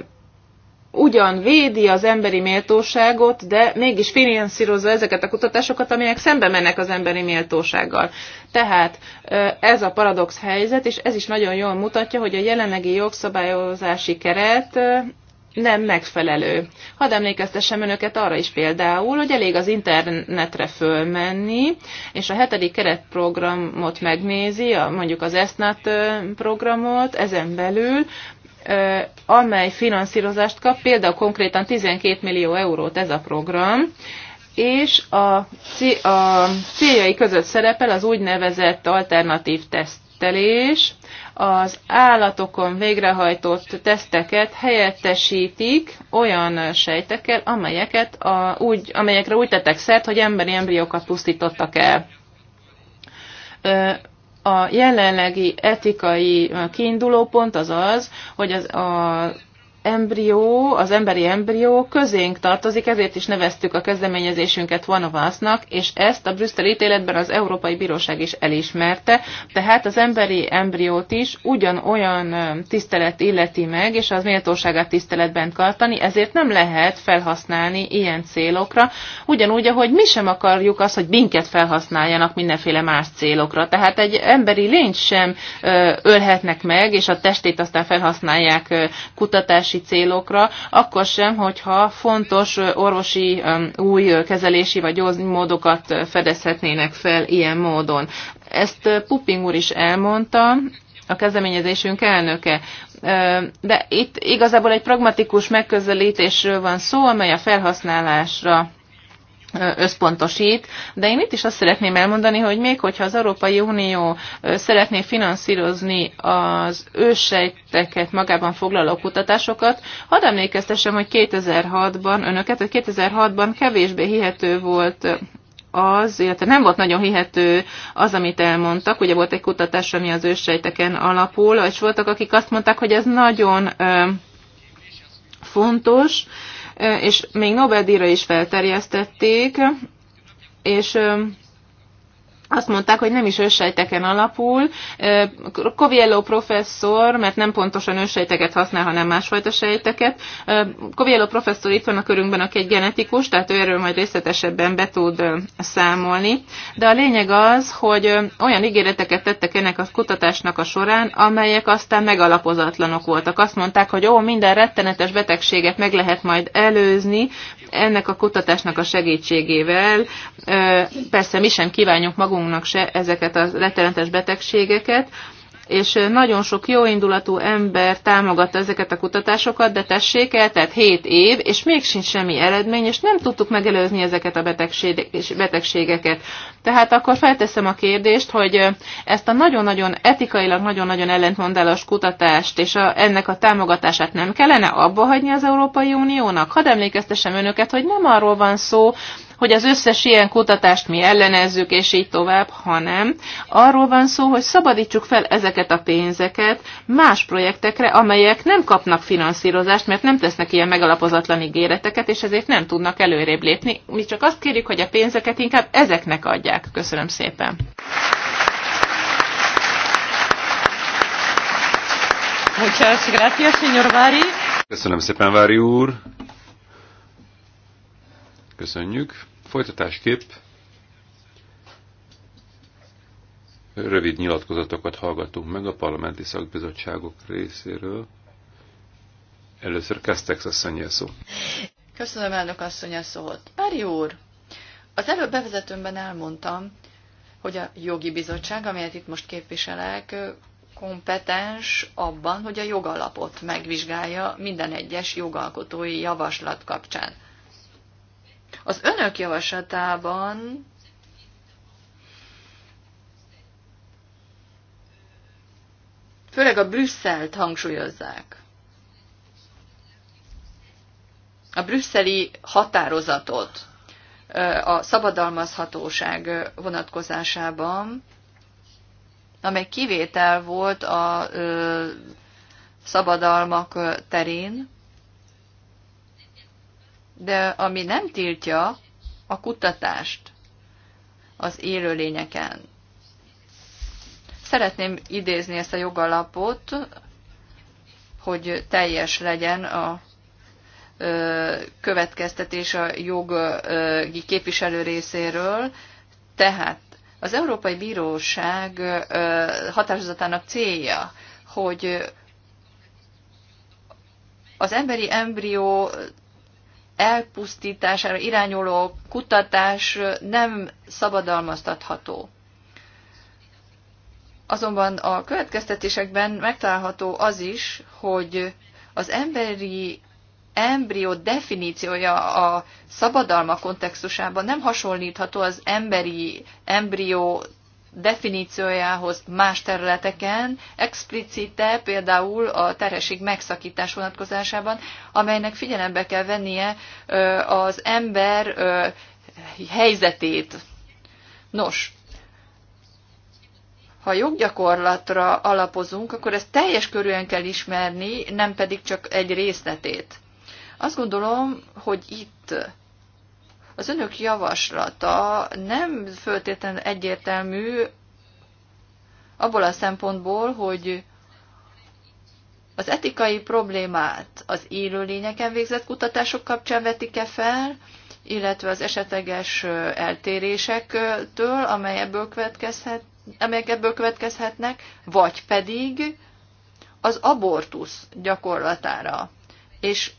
ugyan védi az emberi méltóságot, de mégis finanszírozza ezeket a kutatásokat, amelyek szembe mennek az emberi méltósággal. Tehát ez a paradox helyzet, és ez is nagyon jól mutatja, hogy a jelenlegi jogszabályozási keret nem megfelelő. Hadd emlékeztessem önöket arra is például, hogy elég az internetre fölmenni, és a hetedik keretprogramot megnézi, a, mondjuk az ESNAT programot, ezen belül amely finanszírozást kap, például konkrétan 12 millió eurót ez a program, és a, a céljai között szerepel az úgynevezett alternatív tesztelés, az állatokon végrehajtott teszteket helyettesítik olyan sejtekkel, amelyeket a, úgy, amelyekre úgy tettek szert, hogy emberi embriókat pusztítottak el a jelenlegi etikai kiindulópont az az, hogy az, a embrió, az emberi embrió közénk tartozik, ezért is neveztük a kezdeményezésünket Vanovasznak, és ezt a brüsszeli ítéletben az Európai Bíróság is elismerte, tehát az emberi embriót is ugyanolyan tisztelet illeti meg, és az méltóságát tiszteletben tartani, ezért nem lehet felhasználni ilyen célokra, ugyanúgy, ahogy mi sem akarjuk azt, hogy minket felhasználjanak mindenféle más célokra. Tehát egy emberi lényt sem ölhetnek meg, és a testét aztán felhasználják kutatási orvosi célokra, akkor sem, hogyha fontos orvosi új kezelési vagy gyógymódokat fedezhetnének fel ilyen módon. Ezt Pupping úr is elmondta, a kezdeményezésünk elnöke. De itt igazából egy pragmatikus megközelítésről van szó, amely a felhasználásra összpontosít, de én itt is azt szeretném elmondani, hogy még hogyha az Európai Unió szeretné finanszírozni az őssejteket magában foglaló kutatásokat, hadd emlékeztessem, hogy 2006-ban önöket, hogy 2006-ban kevésbé hihető volt az, illetve nem volt nagyon hihető az, amit elmondtak. Ugye volt egy kutatás, ami az őssejteken alapul, és voltak, akik azt mondták, hogy ez nagyon fontos, és még Nobel-díjra is felterjesztették, és azt mondták, hogy nem is őssejteken alapul. Coviello professzor, mert nem pontosan őssejteket használ, hanem másfajta sejteket. Coviello professzor itt van a körünkben, aki egy genetikus, tehát ő erről majd részletesebben be tud számolni. De a lényeg az, hogy olyan ígéreteket tettek ennek a kutatásnak a során, amelyek aztán megalapozatlanok voltak. Azt mondták, hogy ó, minden rettenetes betegséget meg lehet majd előzni ennek a kutatásnak a segítségével. Persze mi sem kívánjuk magunk magunknak se ezeket a rettenetes betegségeket, és nagyon sok jóindulatú ember támogatta ezeket a kutatásokat, de tessék el, tehát 7 év, és még sincs semmi eredmény, és nem tudtuk megelőzni ezeket a betegségeket. Tehát akkor felteszem a kérdést, hogy ezt a nagyon-nagyon etikailag nagyon-nagyon ellentmondálos kutatást és a, ennek a támogatását nem kellene abba hagyni az Európai Uniónak? Hadd emlékeztessem önöket, hogy nem arról van szó, hogy az összes ilyen kutatást mi ellenezzük, és így tovább, hanem arról van szó, hogy szabadítsuk fel ezeket a pénzeket más projektekre, amelyek nem kapnak finanszírozást, mert nem tesznek ilyen megalapozatlan ígéreteket, és ezért nem tudnak előrébb lépni. Mi csak azt kérjük, hogy a pénzeket inkább ezeknek adják. Köszönöm szépen. Vári. Köszönöm szépen, Vári úr. Köszönjük. Folytatásképp rövid nyilatkozatokat hallgatunk meg a parlamenti szakbizottságok részéről. Először kezdtek asszony a szó. Köszönöm, elnök asszony a szót. Pári úr, az előbb bevezetőmben elmondtam, hogy a jogi bizottság, amelyet itt most képviselek, kompetens abban, hogy a jogalapot megvizsgálja minden egyes jogalkotói javaslat kapcsán. Az önök javaslatában főleg a Brüsszelt hangsúlyozzák. A brüsszeli határozatot a szabadalmazhatóság vonatkozásában, amely kivétel volt a szabadalmak terén, de ami nem tiltja a kutatást az élőlényeken. Szeretném idézni ezt a jogalapot, hogy teljes legyen a következtetés a jogi képviselő részéről. Tehát az Európai Bíróság határozatának célja, hogy az emberi embrió elpusztítására irányuló kutatás nem szabadalmaztatható. Azonban a következtetésekben megtalálható az is, hogy az emberi embrió definíciója a szabadalma kontextusában nem hasonlítható az emberi embrió definíciójához más területeken, explicite például a terhesség megszakítás vonatkozásában, amelynek figyelembe kell vennie az ember helyzetét. Nos, ha joggyakorlatra alapozunk, akkor ezt teljes körűen kell ismerni, nem pedig csak egy részletét. Azt gondolom, hogy itt az önök javaslata nem föltétlenül egyértelmű abból a szempontból, hogy az etikai problémát az élőlényeken végzett kutatások kapcsán vetik-e fel, illetve az esetleges eltérésektől, amely ebből következhet, amelyek ebből következhetnek, vagy pedig az abortusz gyakorlatára. És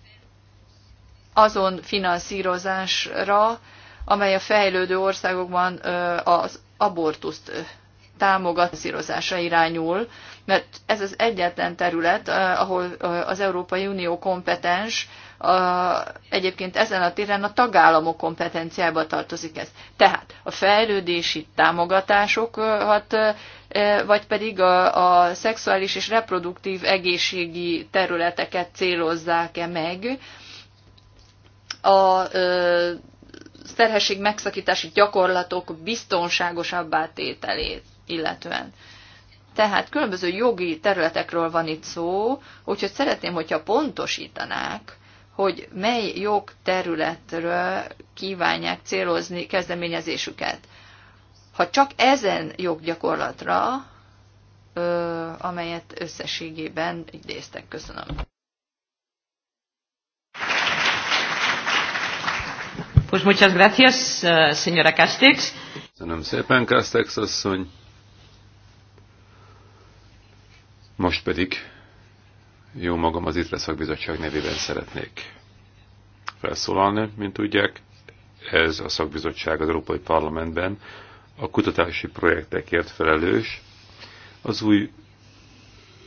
azon finanszírozásra, amely a fejlődő országokban az abortuszt támogatszírozásra irányul, mert ez az egyetlen terület, ahol az Európai Unió kompetens, egyébként ezen a téren a tagállamok kompetenciába tartozik ez. Tehát a fejlődési támogatásokat, vagy pedig a, a szexuális és reproduktív egészségi területeket célozzák-e meg, a terhesség megszakítási gyakorlatok biztonságosabbá tételét illetően. Tehát különböző jogi területekről van itt szó, úgyhogy szeretném, hogyha pontosítanák, hogy mely jogterületről kívánják célozni kezdeményezésüket. Ha csak ezen joggyakorlatra, amelyet összességében idéztek, köszönöm. Pues muchas gracias, eh, señora Castex. Köszönöm szépen, Castex asszony. Most pedig jó magam az ITRE szakbizottság nevében szeretnék felszólalni, mint tudják. Ez a szakbizottság az Európai Parlamentben a kutatási projektekért felelős. Az új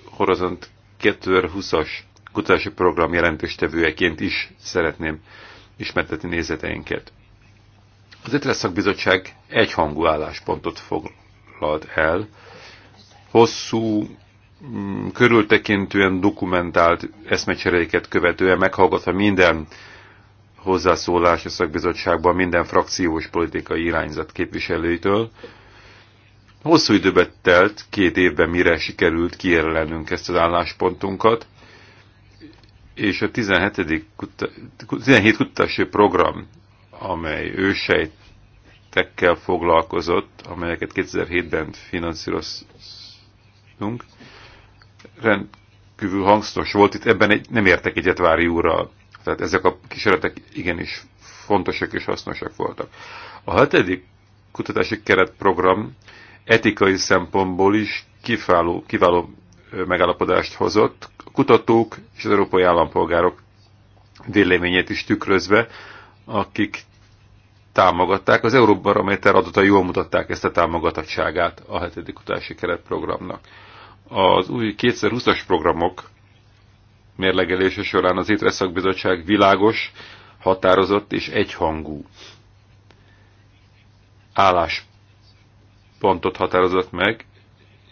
Horizont 2020-as kutatási program jelentéstevőjeként is szeretném ismerteti nézeteinket. Az Ötre szakbizottság egyhangú álláspontot foglalt el, hosszú, mm, körültekintően dokumentált eszmecseréket követően meghallgatva minden hozzászólás a szakbizottságban minden frakciós politikai irányzat képviselőitől. Hosszú időbe telt, két évben mire sikerült kijelölnünk ezt az álláspontunkat, és a 17. Kuta, 17 kutatási program, amely ősejtekkel foglalkozott, amelyeket 2007-ben finanszíroztunk, rendkívül hangsztos volt. Itt ebben egy, nem értek egyet Vári úrral. Tehát ezek a kísérletek igenis fontosak és hasznosak voltak. A hetedik kutatási keretprogram etikai szempontból is kiváló, kiváló megállapodást hozott, a kutatók és az európai állampolgárok véleményét is tükrözve, akik támogatták, az Euróbarométer adatai jól mutatták ezt a támogatottságát a hetedik kutási keretprogramnak. Az új 2020-as programok mérlegelése során az Étre szakbizottság világos, határozott és egyhangú álláspontot határozott meg,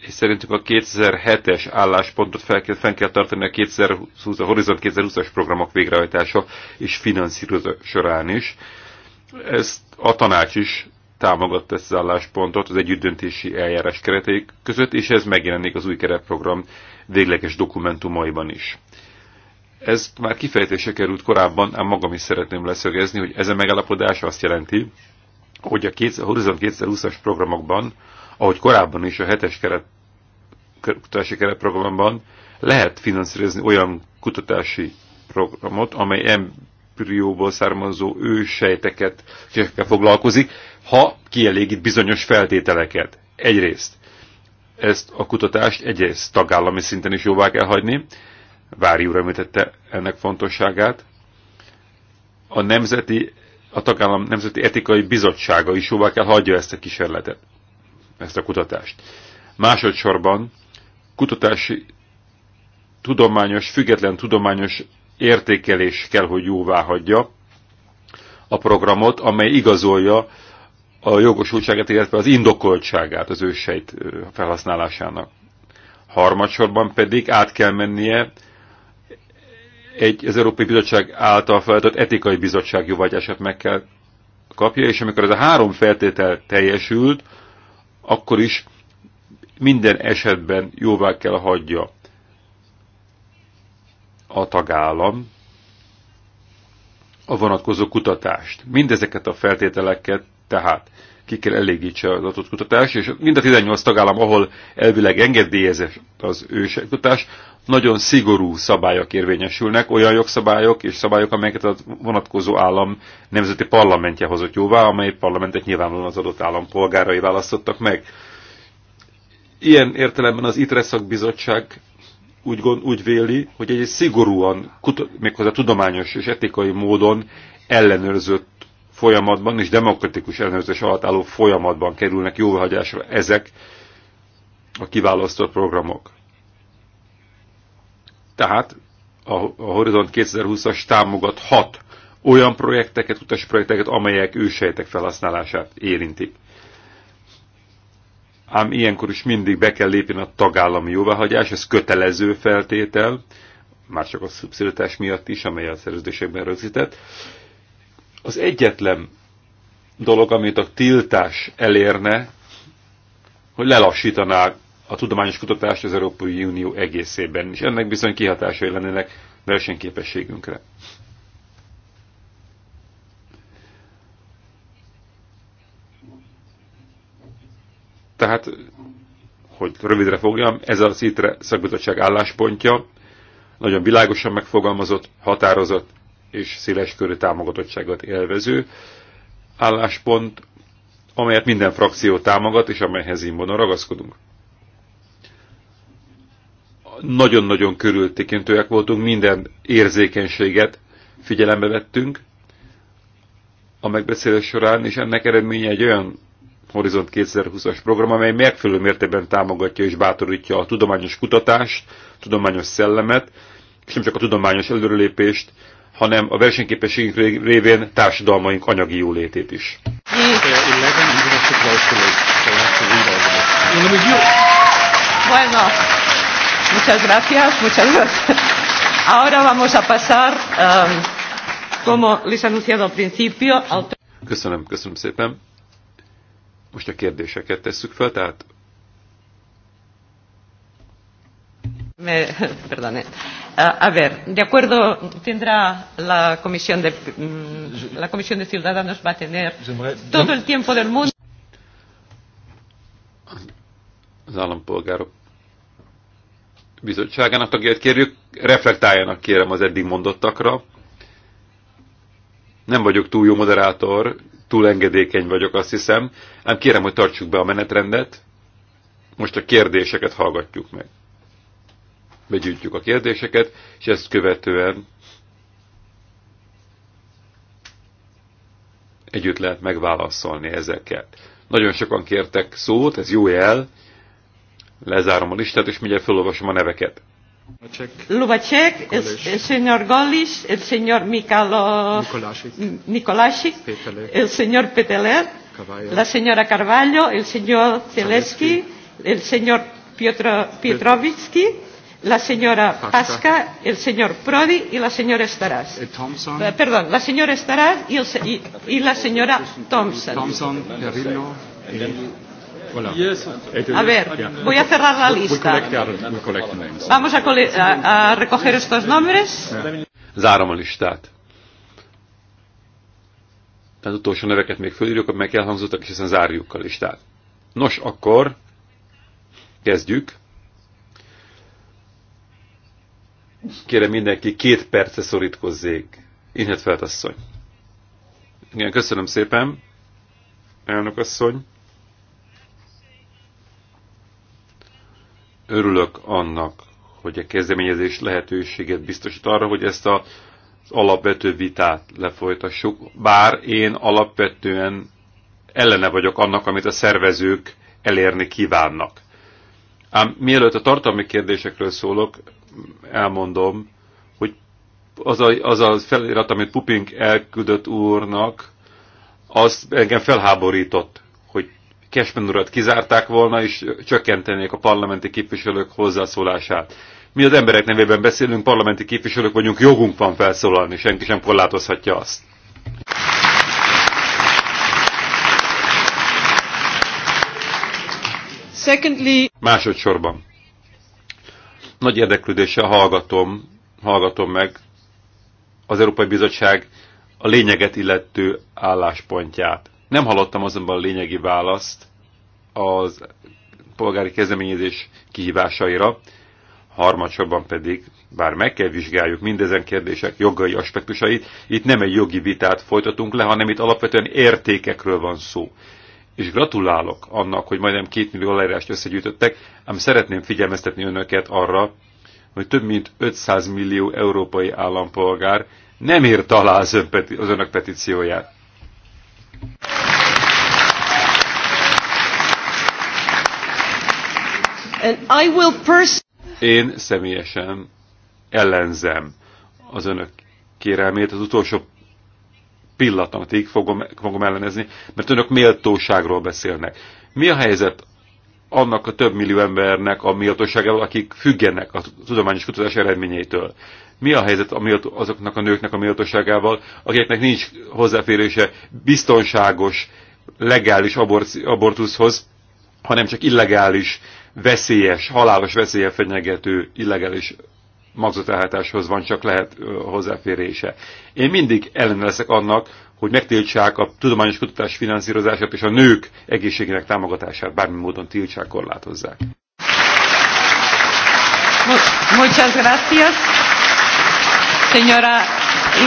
és szerintük a 2007-es álláspontot fel kell, fenn kell tartani a, 2020, a Horizont 2020-as programok végrehajtása és finanszírozása során is. Ezt a tanács is támogatta ezt az álláspontot az együttdöntési eljárás keretei között, és ez megjelenik az új keretprogram végleges dokumentumaiban is. Ez már kifejtése került korábban, ám magam is szeretném leszögezni, hogy ez a megállapodás azt jelenti, hogy a Horizont 2020-as programokban ahogy korábban is a hetes keret, kutatási keretprogramban lehet finanszírozni olyan kutatási programot, amely embrióból származó ősejteket foglalkozik, ha kielégít bizonyos feltételeket. Egyrészt ezt a kutatást egyrészt tagállami szinten is jóvá kell hagyni, Vári úr említette ennek fontosságát, a nemzeti, a tagállam nemzeti etikai bizottsága is jóvá kell hagyja ezt a kísérletet ezt a kutatást. Másodszorban kutatási tudományos, független tudományos értékelés kell, hogy jóvá hagyja a programot, amely igazolja a jogosultságát, illetve az indokoltságát az őssejt felhasználásának. Harmadsorban pedig át kell mennie egy az Európai Bizottság által feladott etikai bizottság jóvágyását meg kell kapja, és amikor ez a három feltétel teljesült, akkor is minden esetben jóvá kell hagyja a tagállam a vonatkozó kutatást. Mindezeket a feltételeket tehát ki kell elégítse az adott kutatást, és mind a 18 tagállam, ahol elvileg engedélyezett az ősekutatás, nagyon szigorú szabályok érvényesülnek, olyan jogszabályok és szabályok, amelyeket a vonatkozó állam nemzeti parlamentje hozott jóvá, amely parlamentet nyilvánvalóan az adott állam polgárai választottak meg. Ilyen értelemben az ITRESZAK bizottság úgy, gond, úgy véli, hogy egy szigorúan, méghozzá tudományos és etikai módon ellenőrzött folyamatban és demokratikus ellenőrzés alatt álló folyamatban kerülnek jóhagyásra ezek a kiválasztott programok. Tehát a, Horizont 2020-as támogathat olyan projekteket, utas projekteket, amelyek ősejtek felhasználását érintik. Ám ilyenkor is mindig be kell lépni a tagállami jóváhagyás, ez kötelező feltétel, már csak a szubszidatás miatt is, amely a szerződésekben rögzített, az egyetlen dolog, amit a tiltás elérne, hogy lelassítaná a tudományos kutatást az Európai Unió egészében, és ennek bizony kihatásai lennének versenyképességünkre. Tehát, hogy rövidre fogjam, ez az ITRE szakbizottság álláspontja, nagyon világosan megfogalmazott, határozott, és körű támogatottságot élvező álláspont, amelyet minden frakció támogat, és amelyhez imbonon ragaszkodunk. Nagyon-nagyon körültékintőek voltunk, minden érzékenységet figyelembe vettünk a megbeszélés során, és ennek eredménye egy olyan Horizont 2020-as program, amely megfelelő mértékben támogatja és bátorítja a tudományos kutatást, tudományos szellemet, és nem csak a tudományos előrelépést, hanem a versenyképességünk révén társadalmaink anyagi jólétét is. Bueno, muchas gracias, muchas gracias. Ahora vamos a pasar, um, como les anunciado al principio, al... Köszönöm, köszönöm szépen. Most a kérdéseket tesszük fel, tehát Me, [LAUGHS] perdone. A, a ver, de acuerdo, tendrá la comisión de mm, la comisión de ciudadanos va a tener todo el tiempo del mundo. Az állampolgárok bizottságának tagjait kérjük, reflektáljanak kérem az eddig mondottakra. Nem vagyok túl jó moderátor, túl engedékeny vagyok, azt hiszem. Ám kérem, hogy tartsuk be a menetrendet. Most a kérdéseket hallgatjuk meg begyűjtjük a kérdéseket, és ezt követően együtt lehet megválaszolni ezeket. Nagyon sokan kértek szót, ez jó jel. Lezárom a listát, és mindjárt felolvasom a neveket. Lubacek, el señor Golis, el señor Mikalo Nicolasi, el señor Peteler, la señora Carvalho, el señor Zeleski, el señor Piotr la señora Pasca, el señor Prodi y la señora Estarás. Eh, Thompson. Eh, perdón, la señora Estarás y, el, y, y la señora Thompson. Thompson, Perrillo y... Voilà. Yes. A ver, yeah. voy a cerrar la lista. We collect our, we collect names. Vamos a, cole a, a recoger estos nombres. Yeah. Zárom a listát. Tehát utolsó neveket még fölírjuk, amelyek elhangzottak, és aztán zárjuk a listát. Nos, akkor kezdjük. Kérem mindenki, két perce szorítkozzék. Inhet asszony. Igen, köszönöm szépen, elnök asszony. Örülök annak, hogy a kezdeményezés lehetőséget biztosít arra, hogy ezt a, az alapvető vitát lefolytassuk, bár én alapvetően ellene vagyok annak, amit a szervezők elérni kívánnak. Ám mielőtt a tartalmi kérdésekről szólok, elmondom, hogy az a, az a felirat, amit Pupink elküldött úrnak, az engem felháborított, hogy Cashman urat kizárták volna, és csökkentenék a parlamenti képviselők hozzászólását. Mi az emberek nevében beszélünk, parlamenti képviselők vagyunk, jogunk van felszólalni, senki sem korlátozhatja azt. Secondly, Másodszorban nagy érdeklődéssel hallgatom, hallgatom meg az Európai Bizottság a lényeget illető álláspontját. Nem hallottam azonban a lényegi választ az polgári kezdeményezés kihívásaira, harmadsorban pedig, bár meg kell vizsgáljuk mindezen kérdések jogai aspektusait, itt nem egy jogi vitát folytatunk le, hanem itt alapvetően értékekről van szó és gratulálok annak, hogy majdnem két millió aláírást összegyűjtöttek, ám szeretném figyelmeztetni önöket arra, hogy több mint 500 millió európai állampolgár nem írt alá az, ön, az önök petícióját. And I will Én személyesen ellenzem az önök kérelmét. Az utolsó pillanatig fogom, fogom ellenezni, mert önök méltóságról beszélnek. Mi a helyzet annak a több millió embernek a méltóságával, akik függenek a tudományos kutatás eredményeitől? Mi a helyzet a méltó, azoknak a nőknek a méltóságával, akiknek nincs hozzáférése biztonságos, legális abortuszhoz, hanem csak illegális, veszélyes, halálos veszélye fenyegető illegális magzatelhátáshoz van, csak lehet hozzáférése. Én mindig ellen leszek annak, hogy megtiltsák a tudományos kutatás finanszírozását és a nők egészségének támogatását bármi módon tiltsák, korlátozzák. Muchas gracias. Señora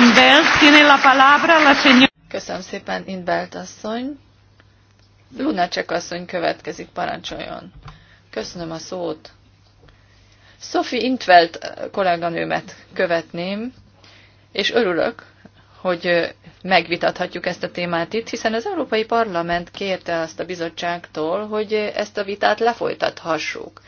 Inbelt, tiene la palabra la señora... Köszönöm szépen, Inbelt asszony. Lunacek asszony következik, parancsoljon. Köszönöm a szót. Sophie Intvelt kolléganőmet követném, és örülök, hogy megvitathatjuk ezt a témát itt, hiszen az Európai Parlament kérte azt a bizottságtól, hogy ezt a vitát lefolytathassuk.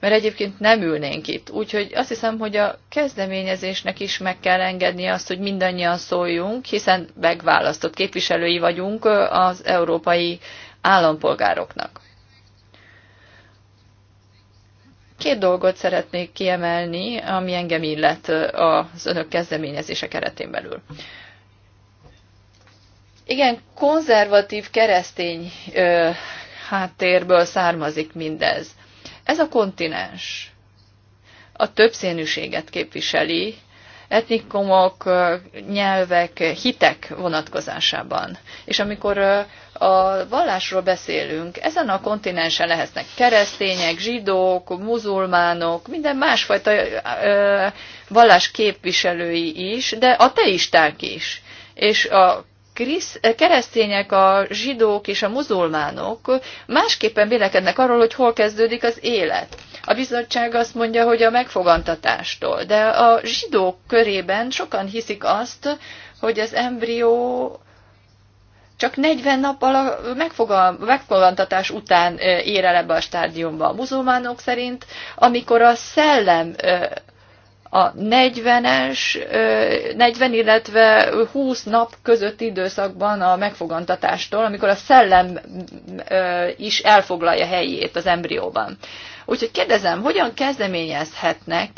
Mert egyébként nem ülnénk itt. Úgyhogy azt hiszem, hogy a kezdeményezésnek is meg kell engedni azt, hogy mindannyian szóljunk, hiszen megválasztott képviselői vagyunk az európai állampolgároknak. Két dolgot szeretnék kiemelni, ami engem illet az önök kezdeményezése keretén belül. Igen, konzervatív keresztény ö, háttérből származik mindez. Ez a kontinens a többszínűséget képviseli, etnikumok, nyelvek, hitek vonatkozásában. És amikor a vallásról beszélünk. Ezen a kontinensen lehetnek keresztények, zsidók, muzulmánok, minden másfajta ö, vallás képviselői is, de a teisták is. És a krisz, eh, keresztények, a zsidók és a muzulmánok másképpen vélekednek arról, hogy hol kezdődik az élet. A bizottság azt mondja, hogy a megfogantatástól, de a zsidók körében sokan hiszik azt, hogy az embrió csak 40 nappal a megfogantatás után ér el ebbe a stádiumba. A muzulmánok szerint, amikor a szellem a 40-es, 40, illetve 20 nap közötti időszakban a megfogantatástól, amikor a szellem is elfoglalja helyét az embrióban. Úgyhogy kérdezem, hogyan kezdeményezhetnek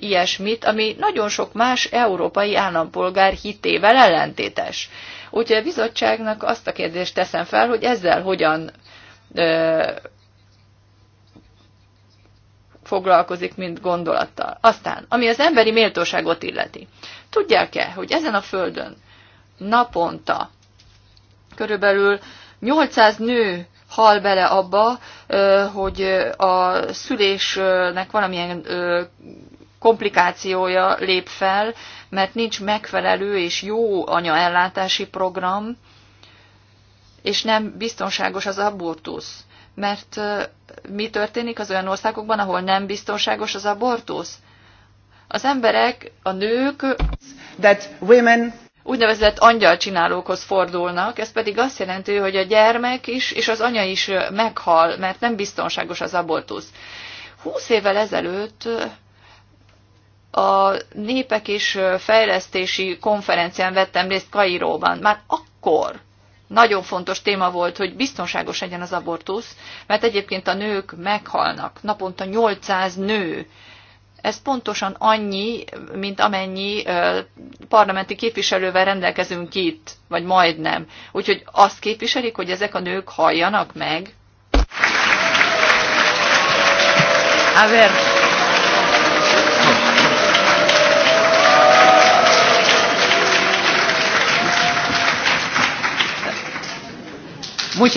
ilyesmit, ami nagyon sok más európai állampolgár hitével ellentétes? Úgyhogy a bizottságnak azt a kérdést teszem fel, hogy ezzel hogyan ö, foglalkozik, mint gondolattal. Aztán, ami az emberi méltóságot illeti. Tudják-e, hogy ezen a földön naponta körülbelül 800 nő hal bele abba, hogy a szülésnek valamilyen komplikációja lép fel, mert nincs megfelelő és jó anyaellátási program, és nem biztonságos az abortusz. Mert mi történik az olyan országokban, ahol nem biztonságos az abortusz? Az emberek, a nők That women... úgynevezett angyalcsinálókhoz fordulnak, ez pedig azt jelenti, hogy a gyermek is, és az anya is meghal, mert nem biztonságos az abortusz. Húsz évvel ezelőtt a Népek és Fejlesztési Konferencián vettem részt Kairóban. Már akkor nagyon fontos téma volt, hogy biztonságos legyen az abortusz, mert egyébként a nők meghalnak. Naponta 800 nő. Ez pontosan annyi, mint amennyi parlamenti képviselővel rendelkezünk itt, vagy majdnem. Úgyhogy azt képviselik, hogy ezek a nők halljanak meg. A ver, Eh,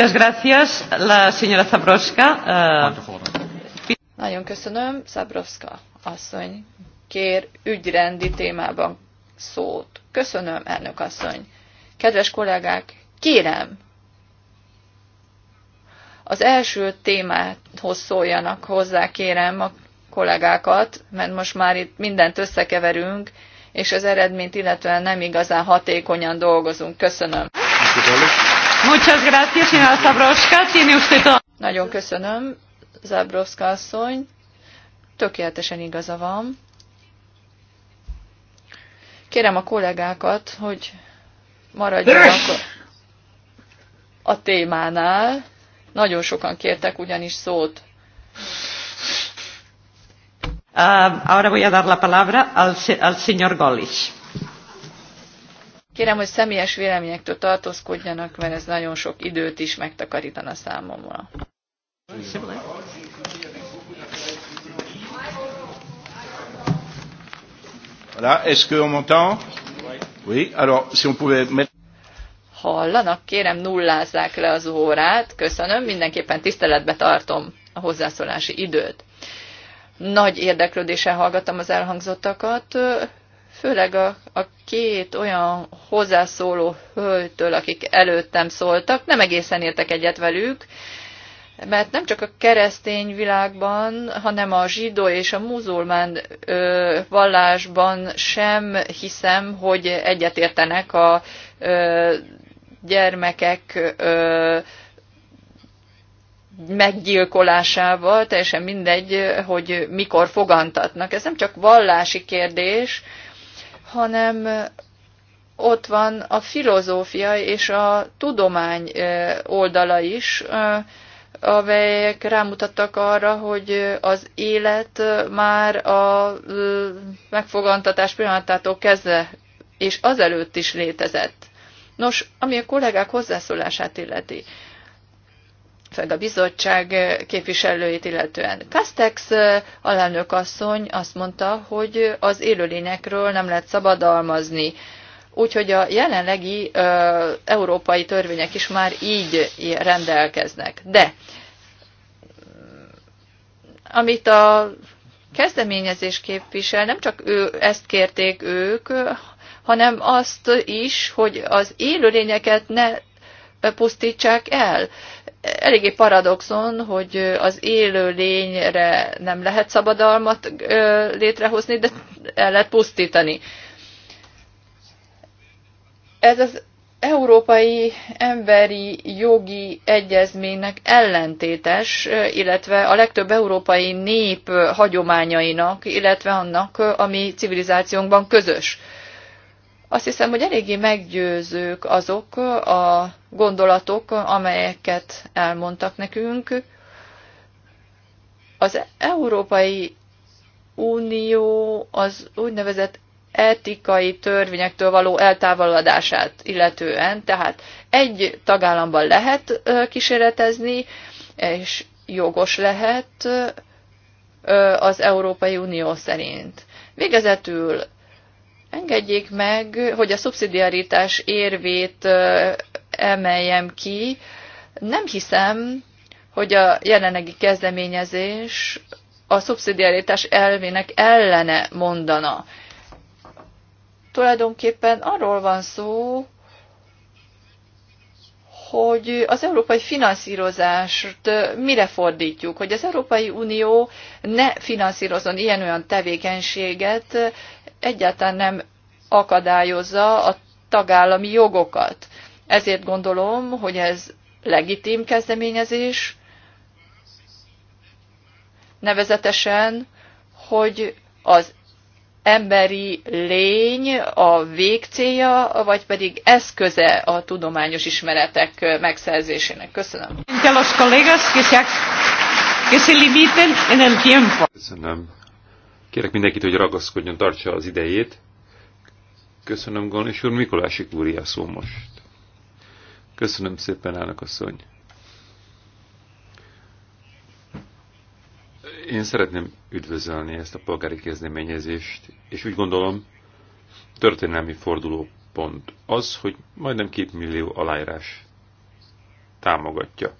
Nagyon köszönöm, Zabrowska asszony kér ügyrendi témában szót. Köszönöm, elnök asszony. Kedves kollégák, kérem, az első témához szóljanak hozzá, kérem a kollégákat, mert most már itt mindent összekeverünk, és az eredményt illetően nem igazán hatékonyan dolgozunk. Köszönöm. Muchas gracias, señora Szabroska. Tiene usted todo. Nagyon köszönöm, Zabroszka asszony. Tökéletesen igaza van. Kérem a kollégákat, hogy maradjanak a témánál. Nagyon sokan kértek ugyanis szót. Uh, ahora voy a dar la palabra al, al señor Golis. Kérem, hogy személyes véleményektől tartózkodjanak, mert ez nagyon sok időt is megtakarítana számomra. Hallanak, kérem nullázzák le az órát, köszönöm, mindenképpen tiszteletbe tartom a hozzászólási időt. Nagy érdeklődéssel hallgattam az elhangzottakat, főleg a, a két olyan hozzászóló hölgytől, akik előttem szóltak, nem egészen értek egyet velük, mert nem csak a keresztény világban, hanem a zsidó és a muzulmán ö, vallásban sem hiszem, hogy egyetértenek a ö, gyermekek ö, meggyilkolásával, teljesen mindegy, hogy mikor fogantatnak. Ez nem csak vallási kérdés, hanem ott van a filozófia és a tudomány oldala is, amelyek rámutattak arra, hogy az élet már a megfogantatás pillanatától kezdve és azelőtt is létezett. Nos, ami a kollégák hozzászólását illeti, főleg a bizottság eh, képviselőit illetően. Castex eh, alelnök asszony azt mondta, hogy az élőlényekről nem lehet szabadalmazni. Úgyhogy a jelenlegi ö, eh, európai törvények is már így rendelkeznek. De amit a kezdeményezés képvisel, nem csak ő, ezt kérték ők, hanem azt is, hogy az élőlényeket ne pusztítsák el eléggé paradoxon, hogy az élő lényre nem lehet szabadalmat létrehozni, de el lehet pusztítani. Ez az európai emberi jogi egyezménynek ellentétes, illetve a legtöbb európai nép hagyományainak, illetve annak, ami civilizációnkban közös. Azt hiszem, hogy eléggé meggyőzők azok a gondolatok, amelyeket elmondtak nekünk. Az Európai Unió az úgynevezett etikai törvényektől való eltávolodását illetően, tehát egy tagállamban lehet kísérletezni, és jogos lehet az Európai Unió szerint. Végezetül Engedjék meg, hogy a szubszidiaritás érvét emeljem ki. Nem hiszem, hogy a jelenlegi kezdeményezés a szubszidiaritás elvének ellene mondana. Tulajdonképpen arról van szó, hogy az európai finanszírozást mire fordítjuk, hogy az Európai Unió ne finanszírozon ilyen-olyan tevékenységet, egyáltalán nem akadályozza a tagállami jogokat. Ezért gondolom, hogy ez legitim kezdeményezés, nevezetesen, hogy az emberi lény a végcélja, vagy pedig eszköze a tudományos ismeretek megszerzésének. Köszönöm. Köszönöm. Kérek mindenkit, hogy ragaszkodjon, tartsa az idejét. Köszönöm, Gon, és úr Mikolásik úr ilyen szó most. Köszönöm szépen, állnak szony. Én szeretném üdvözölni ezt a polgári kezdeményezést, és úgy gondolom, történelmi fordulópont az, hogy majdnem két millió aláírás támogatja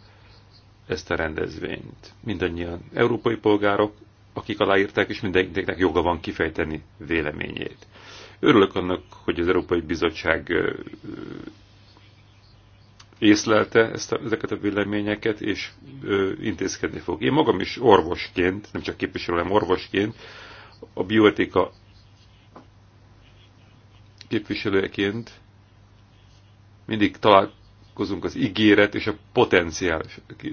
ezt a rendezvényt. Mindannyian európai polgárok, akik aláírták, és mindenkinek joga van kifejteni véleményét. Örülök annak, hogy az Európai Bizottság észlelte ezt a, ezeket a véleményeket, és ö, intézkedni fog. Én magam is orvosként, nem csak képviselő, hanem orvosként, a bioetika képviselőjeként mindig talált, foglalkozunk az ígéret és a potenciál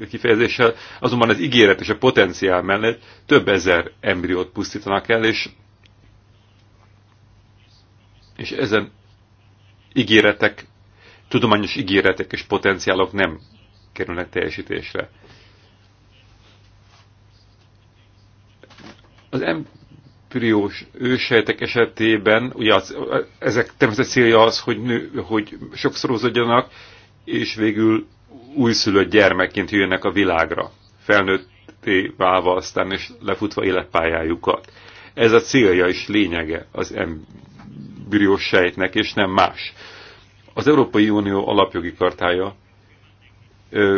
kifejezéssel, azonban az ígéret és a potenciál mellett több ezer embriót pusztítanak el, és, és ezen ígéretek, tudományos ígéretek és potenciálok nem kerülnek teljesítésre. Az embriós ősejtek esetében, ugye az, ezek természetesen célja az, hogy, nő, hogy sokszorozódjanak, és végül újszülött gyermekként jönnek a világra, felnőtté válva aztán és lefutva életpályájukat. Ez a célja és lényege az embriós sejtnek, és nem más. Az Európai Unió alapjogi kartája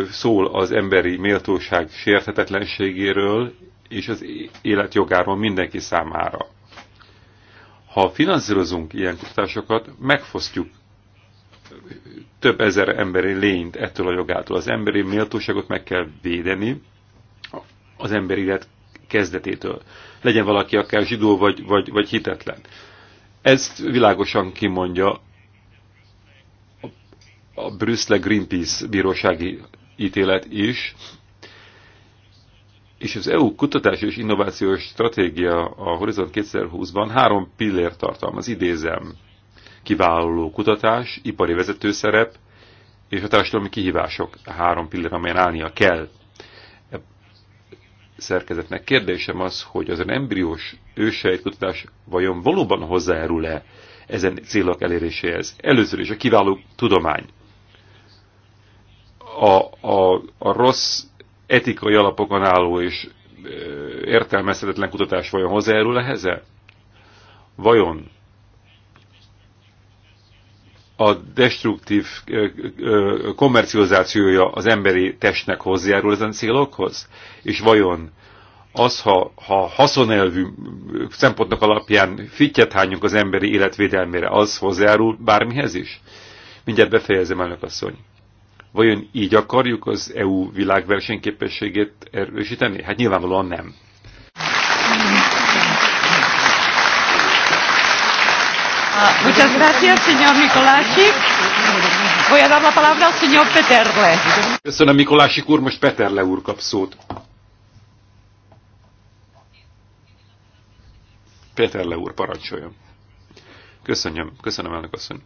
szól az emberi méltóság sérthetetlenségéről és az életjogáról mindenki számára. Ha finanszírozunk ilyen kutatásokat, megfosztjuk több ezer emberi lényt ettől a jogától. Az emberi méltóságot meg kell védeni az emberi élet kezdetétől. Legyen valaki akár zsidó vagy, vagy, vagy hitetlen. Ezt világosan kimondja a, a Brüsszel Greenpeace bírósági ítélet is, és az EU kutatás és innovációs stratégia a Horizont 2020-ban három pillér tartalmaz, idézem kiváló kutatás, ipari vezetőszerep és a társadalmi kihívások a három pillanat, amelyen állnia kell e szerkezetnek. Kérdésem az, hogy az embriós kutatás vajon valóban hozzájárul-e ezen célok eléréséhez? Először is a kiváló tudomány. A, a, a rossz etikai alapokon álló és e, értelmezhetetlen kutatás vajon hozzájárul ehhez? Vajon a destruktív kommercializációja az emberi testnek hozzájárul ezen célokhoz? És vajon az, ha, ha haszonelvű szempontok alapján fittyet hányunk az emberi életvédelmére, az hozzájárul bármihez is? Mindjárt befejezem, elnök asszony. Vajon így akarjuk az EU világversenyképességét erősíteni? Hát nyilvánvalóan nem. Mm. muchas gracias, señor Mikolášik. Voy a dar la palabra al señor Peterle. Köszönöm, Mikolásik úr, most Peterle úr kap szót. Peterle úr, parancsoljon. Köszönöm, köszönöm, elnök asszony.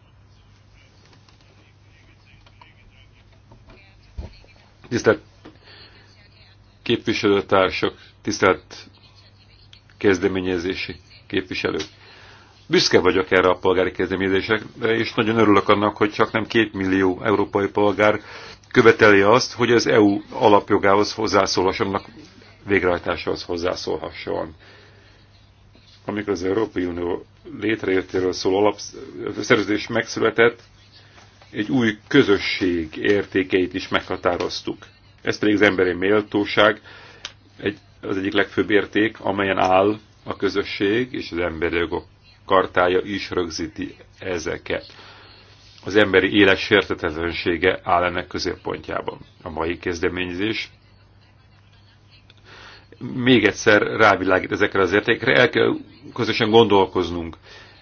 Tisztelt képviselőtársak, tisztelt kezdeményezési képviselők. Büszke vagyok erre a polgári kezdeményezésekre, és nagyon örülök annak, hogy csak nem két millió európai polgár követeli azt, hogy az EU alapjogához hozzászólhassanak, végrehajtásához hozzászólhasson. Amikor az Európai Unió létrejöttéről szóló alapszerződés megszületett, egy új közösség értékeit is meghatároztuk. Ez pedig az emberi méltóság egy, az egyik legfőbb érték, amelyen áll a közösség és az emberi jogok kartája is rögzíti ezeket. Az emberi élet sértetetlensége áll ennek középpontjában. A mai kezdeményezés még egyszer rávilágít ezekre az értékre. el kell közösen gondolkoznunk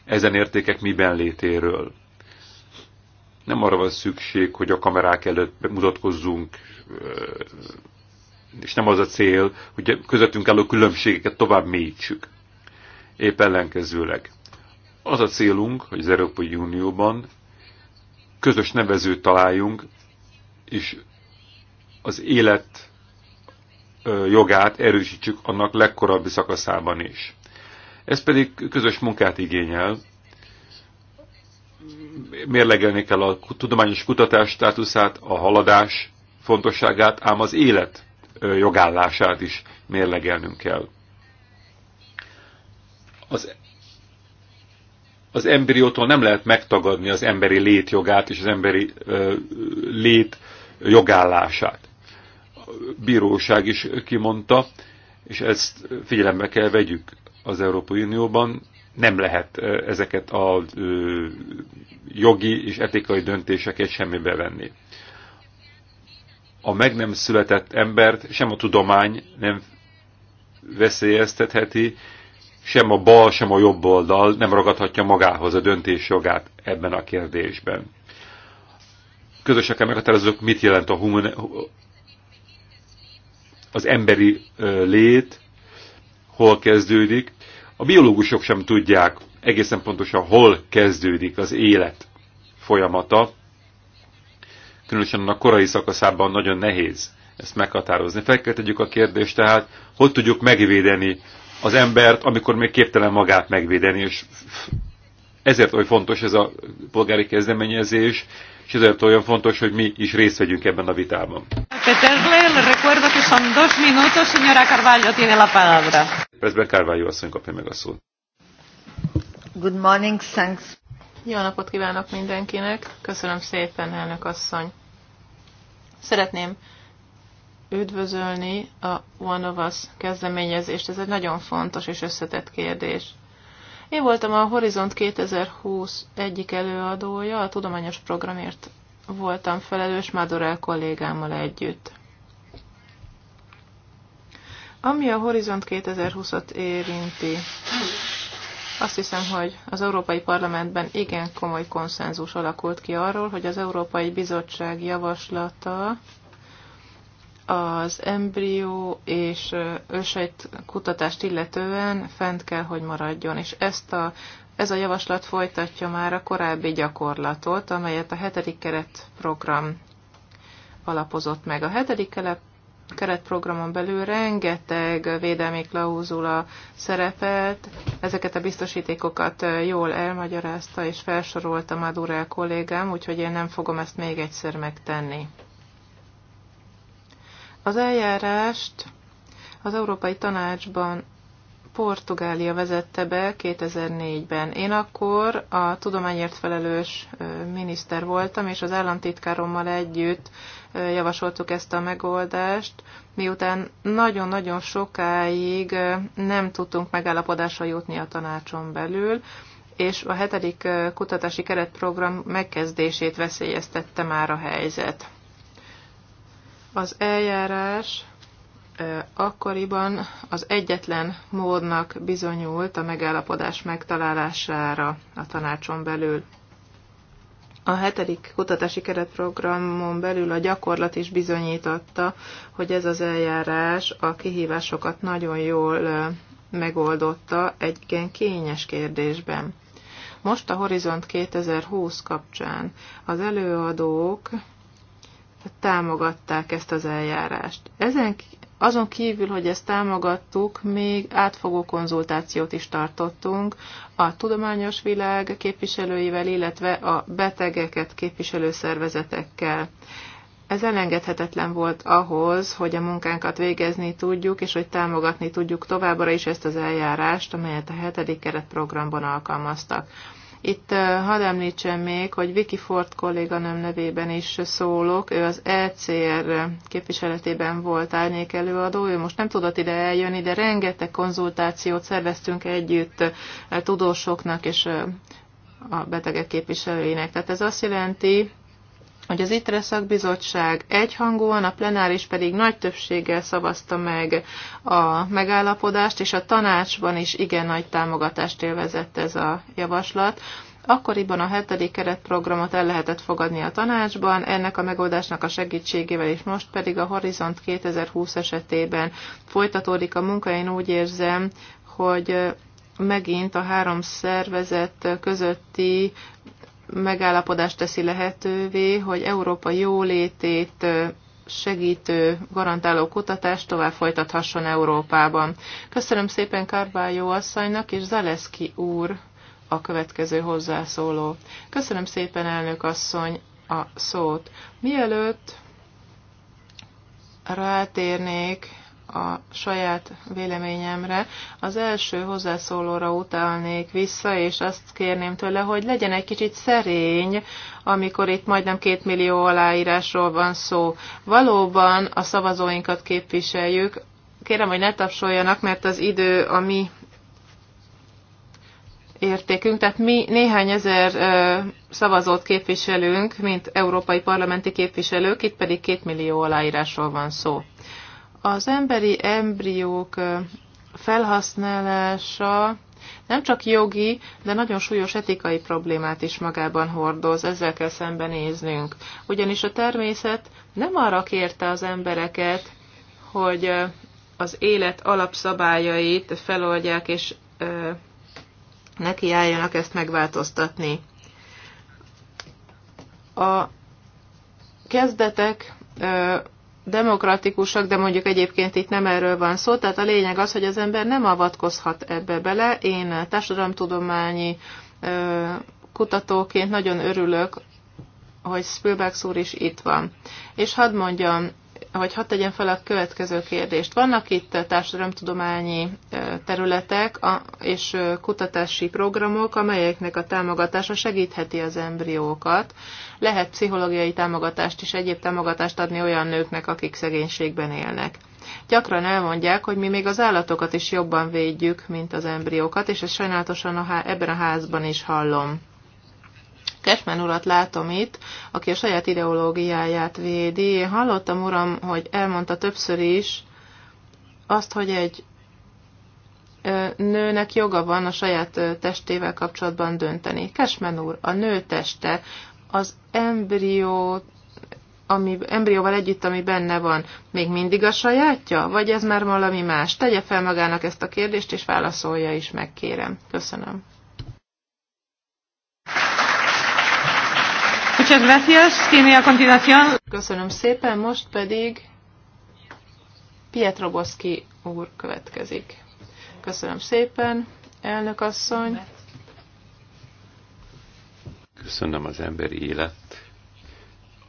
ezen értékek miben létéről. Nem arra van szükség, hogy a kamerák előtt mutatkozzunk, és nem az a cél, hogy közöttünk álló különbségeket tovább mélyítsük. Épp ellenkezőleg. Az a célunk, hogy az Európai Unióban közös nevezőt találjunk, és az élet jogát erősítsük annak legkorabbi szakaszában is. Ez pedig közös munkát igényel. Mérlegelni kell a tudományos kutatás státuszát, a haladás fontosságát, ám az élet jogállását is mérlegelnünk kell. Az az embriótól nem lehet megtagadni az emberi létjogát és az emberi lét jogállását. A bíróság is kimondta, és ezt figyelembe kell vegyük az Európai Unióban. Nem lehet ezeket a jogi és etikai döntéseket semmibe venni. A meg nem született embert sem a tudomány nem veszélyeztetheti, sem a bal, sem a jobb oldal nem ragadhatja magához a döntésjogát ebben a kérdésben. Közösen kell meghatározzuk, mit jelent a human, az emberi lét, hol kezdődik. A biológusok sem tudják egészen pontosan, hol kezdődik az élet folyamata. Különösen a korai szakaszában nagyon nehéz ezt meghatározni. Fel a kérdést tehát, hogy tudjuk megvédeni az embert, amikor még képtelen magát megvédeni, és ezért olyan fontos ez a polgári kezdeményezés, és ezért olyan fontos, hogy mi is részt vegyünk ebben a vitában. Peterle, le recuerdo que son dos minutos, señora Carvalho tiene la palabra. Percben Carvalho asszony kapja meg a szót. Good morning, thanks. Jó napot kívánok mindenkinek, köszönöm szépen, elnök asszony. Szeretném üdvözölni a One of Us kezdeményezést. Ez egy nagyon fontos és összetett kérdés. Én voltam a Horizont 2020 egyik előadója, a tudományos programért voltam felelős madorel kollégámmal együtt. Ami a Horizont 2020-at érinti, azt hiszem, hogy az Európai Parlamentben igen komoly konszenzus alakult ki arról, hogy az Európai Bizottság javaslata az embrió és ősejt kutatást illetően fent kell, hogy maradjon, és ezt a, ez a javaslat folytatja már a korábbi gyakorlatot, amelyet a hetedik keretprogram alapozott meg. A hetedik keretprogramon belül rengeteg védelmi klauzula szerepelt, ezeket a biztosítékokat jól elmagyarázta és felsorolta Madurel kollégám, úgyhogy én nem fogom ezt még egyszer megtenni. Az eljárást az Európai Tanácsban Portugália vezette be 2004-ben. Én akkor a tudományért felelős miniszter voltam, és az államtitkárommal együtt javasoltuk ezt a megoldást, miután nagyon-nagyon sokáig nem tudtunk megállapodásra jutni a tanácson belül, és a hetedik kutatási keretprogram megkezdését veszélyeztette már a helyzet. Az eljárás akkoriban az egyetlen módnak bizonyult a megállapodás megtalálására a tanácson belül. A hetedik kutatási keretprogramon belül a gyakorlat is bizonyította, hogy ez az eljárás a kihívásokat nagyon jól megoldotta egy igen kényes kérdésben. Most a Horizont 2020 kapcsán az előadók támogatták ezt az eljárást. Ezen, azon kívül, hogy ezt támogattuk, még átfogó konzultációt is tartottunk a tudományos világ képviselőivel, illetve a betegeket képviselő szervezetekkel. Ez elengedhetetlen volt ahhoz, hogy a munkánkat végezni tudjuk, és hogy támogatni tudjuk továbbra is ezt az eljárást, amelyet a hetedik keretprogramban alkalmaztak. Itt hadd említsem még, hogy Vicky Ford kolléganőm nevében is szólok. Ő az ECR képviseletében volt árnyék előadó. Ő most nem tudott ide eljönni, de rengeteg konzultációt szerveztünk együtt tudósoknak és a betegek képviselőinek. Tehát ez azt jelenti, hogy az ITRE szakbizottság egyhangúan, a plenáris pedig nagy többséggel szavazta meg a megállapodást, és a tanácsban is igen nagy támogatást élvezett ez a javaslat. Akkoriban a hetedik keretprogramot el lehetett fogadni a tanácsban, ennek a megoldásnak a segítségével is most pedig a Horizont 2020 esetében folytatódik a munka, én úgy érzem, hogy megint a három szervezet közötti megállapodást teszi lehetővé, hogy Európa jólétét segítő, garantáló kutatást tovább folytathasson Európában. Köszönöm szépen Kárvájó asszonynak és Zaleszki úr a következő hozzászóló. Köszönöm szépen, elnök asszony, a szót. Mielőtt rátérnék a saját véleményemre. Az első hozzászólóra utalnék vissza, és azt kérném tőle, hogy legyen egy kicsit szerény, amikor itt majdnem két millió aláírásról van szó. Valóban a szavazóinkat képviseljük. Kérem, hogy ne tapsoljanak, mert az idő a mi értékünk, tehát mi néhány ezer szavazót képviselünk, mint európai parlamenti képviselők, itt pedig két millió aláírásról van szó. Az emberi embriók felhasználása nem csak jogi, de nagyon súlyos etikai problémát is magában hordoz, ezzel kell szembenéznünk. Ugyanis a természet nem arra kérte az embereket, hogy az élet alapszabályait feloldják és nekiálljanak ezt megváltoztatni. A kezdetek demokratikusak, de mondjuk egyébként itt nem erről van szó. Tehát a lényeg az, hogy az ember nem avatkozhat ebbe bele. Én társadalomtudományi kutatóként nagyon örülök, hogy Spielberg úr is itt van. És hadd mondjam vagy hadd tegyen fel a következő kérdést. Vannak itt eh, társadalomtudományi eh, területek és eh, kutatási programok, amelyeknek a támogatása segítheti az embriókat. Lehet pszichológiai támogatást és egyéb támogatást adni olyan nőknek, akik szegénységben élnek. Gyakran elmondják, hogy mi még az állatokat is jobban védjük, mint az embriókat, és ezt sajnálatosan a há- ebben a házban is hallom Kesmen urat látom itt, aki a saját ideológiáját védi. Én hallottam, uram, hogy elmondta többször is azt, hogy egy nőnek joga van a saját testével kapcsolatban dönteni. Kesmen úr, a nő teste az embrió, ami, embrióval együtt, ami benne van, még mindig a sajátja, vagy ez már valami más? Tegye fel magának ezt a kérdést, és válaszolja is megkérem. Köszönöm. Muchas gracias. Tiene a continuación. Köszönöm szépen, most pedig Pietro Pietroboszki úr következik. Köszönöm szépen, elnök asszony. Köszönöm az emberi élet.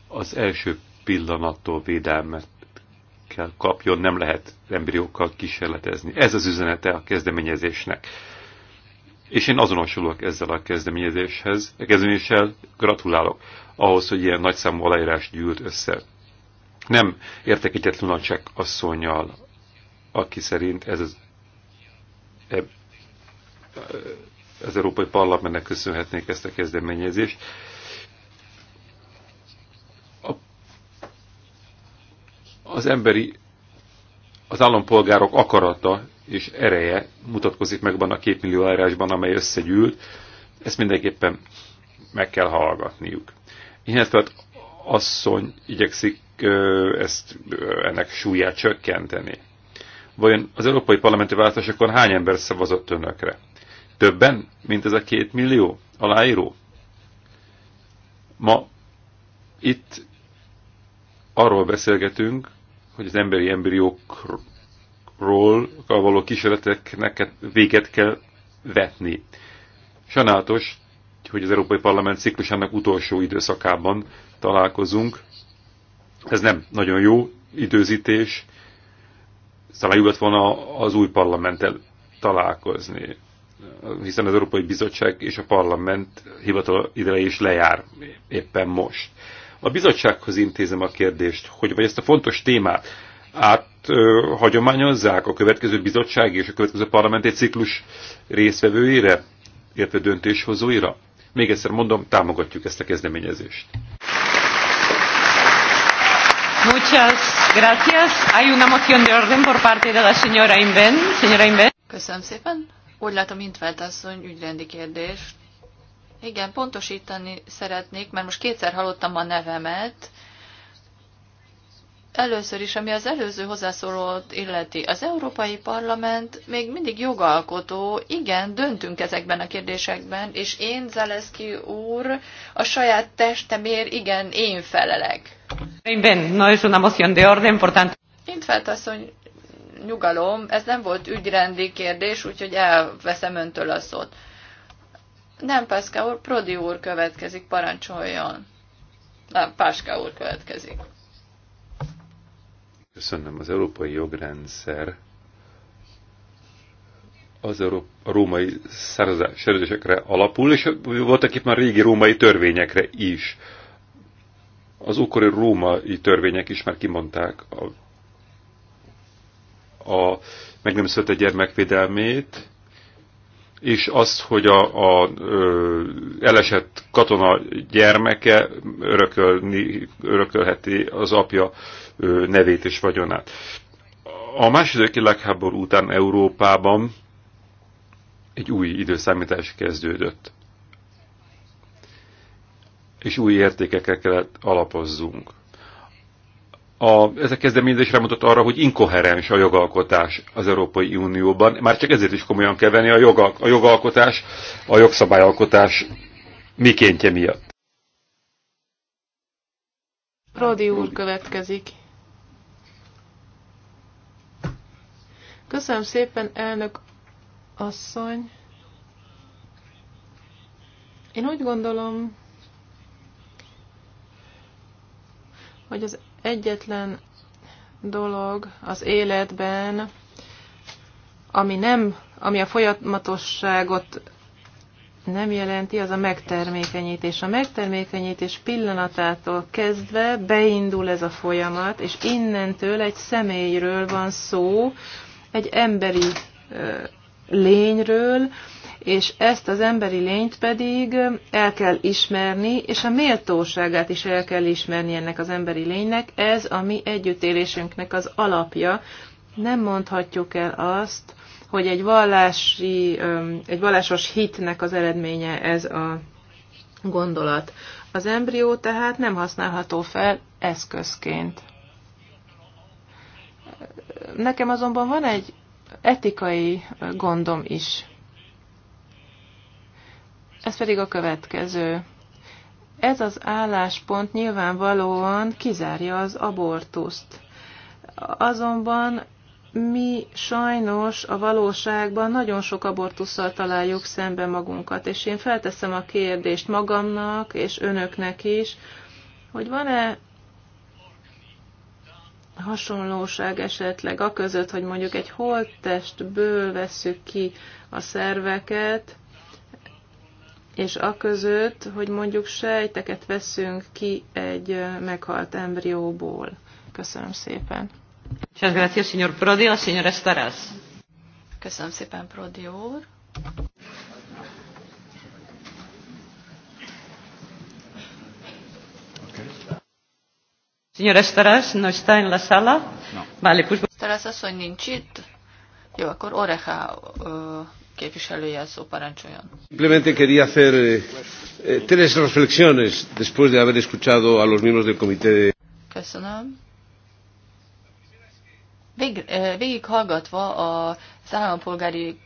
Az első pillanattól védelmet kell kapjon, nem lehet embriókkal kísérletezni. Ez az üzenete a kezdeményezésnek és én azonosulok ezzel a kezdeményezéshez, a kezdeményezéssel gratulálok ahhoz, hogy ilyen nagyszámú aláírás gyűlt össze. Nem értek egyet Lunacek asszonyjal, aki szerint ez az, e, az Európai Parlamentnek köszönhetnék ezt a kezdeményezést. A, az emberi, az állampolgárok akarata és ereje mutatkozik meg abban a két millió árásban, amely összegyűlt, ezt mindenképpen meg kell hallgatniuk. az hát asszony igyekszik ezt, ennek súlyát csökkenteni. Vajon az európai parlamenti választásokon hány ember szavazott önökre? Többen, mint ez a két millió aláíró? Ma itt arról beszélgetünk, hogy az emberi embriók ról való kísérleteknek véget kell vetni. Sajnálatos, hogy az Európai Parlament ciklusának utolsó időszakában találkozunk. Ez nem nagyon jó időzítés. Talán jól lett volna az új parlamenttel találkozni, hiszen az Európai Bizottság és a Parlament hivatal ideje is lejár éppen most. A bizottsághoz intézem a kérdést, hogy vagy ezt a fontos témát át hagyományozzák a következő bizottság és a következő parlamenti ciklus részvevőire, illetve döntéshozóira? Még egyszer mondom, támogatjuk ezt a kezdeményezést. Muchas gracias. Hay una moción de orden por parte de la señora Inven. Señora Inven. Köszönöm szépen. Úgy látom, Intvelt asszony ügyrendi kérdés. Igen, pontosítani szeretnék, mert most kétszer hallottam a nevemet, Először is, ami az előző hozzászólót illeti, az Európai Parlament még mindig jogalkotó, igen, döntünk ezekben a kérdésekben, és én, Zaleszki úr, a saját testemért, igen, én felelek. Ben, no es una de nyugalom, ez nem volt ügyrendi kérdés, úgyhogy elveszem öntől a szót. Nem, Pászka úr, Prodi úr következik, parancsoljon. Nem, Páska úr következik. Köszönöm, az európai jogrendszer az a római szerződésekre alapul, és voltak itt már régi római törvényekre is. Az ókori római törvények is már kimondták a, a meg nem a gyermekvédelmét, és azt, hogy a, a ö, elesett katona gyermeke örökölni, örökölheti az apja nevét és vagyonát. A második világháború után Európában egy új időszámítás kezdődött. És új értékekkel kellett alapozzunk. A, ez a kezdeményezés rámutat arra, hogy inkoherens a jogalkotás az Európai Unióban. Már csak ezért is komolyan kell venni a, jogal, a jogalkotás, a jogszabályalkotás mikéntje miatt. Rodi úr következik. Köszönöm szépen, elnök asszony. Én úgy gondolom, hogy az egyetlen dolog az életben, ami nem, ami a folyamatosságot nem jelenti, az a megtermékenyítés. A megtermékenyítés pillanatától kezdve beindul ez a folyamat, és innentől egy személyről van szó, egy emberi lényről, és ezt az emberi lényt pedig el kell ismerni, és a méltóságát is el kell ismerni ennek az emberi lénynek. Ez a mi együttélésünknek az alapja. Nem mondhatjuk el azt, hogy egy, vallási, egy vallásos hitnek az eredménye ez a gondolat. Az embrió tehát nem használható fel eszközként. Nekem azonban van egy etikai gondom is. Ez pedig a következő. Ez az álláspont nyilvánvalóan kizárja az abortuszt. Azonban mi sajnos a valóságban nagyon sok abortussal találjuk szembe magunkat, és én felteszem a kérdést magamnak és önöknek is, hogy van-e hasonlóság esetleg a között, hogy mondjuk egy holttestből vesszük ki a szerveket, és a között, hogy mondjuk sejteket veszünk ki egy meghalt embrióból. Köszönöm szépen. Prodi, Köszönöm szépen, Prodi úr. Señora Staras, no está en la sala? No. Vale, pues... Staras asszony nincs itt. Jó, akkor Oreha képviselője szó parancsoljon. Simplemente quería hacer eh, eh, tres reflexiones después de haber escuchado a los miembros del comité de... Köszönöm. Vég, eh, végig hallgatva az állampolgári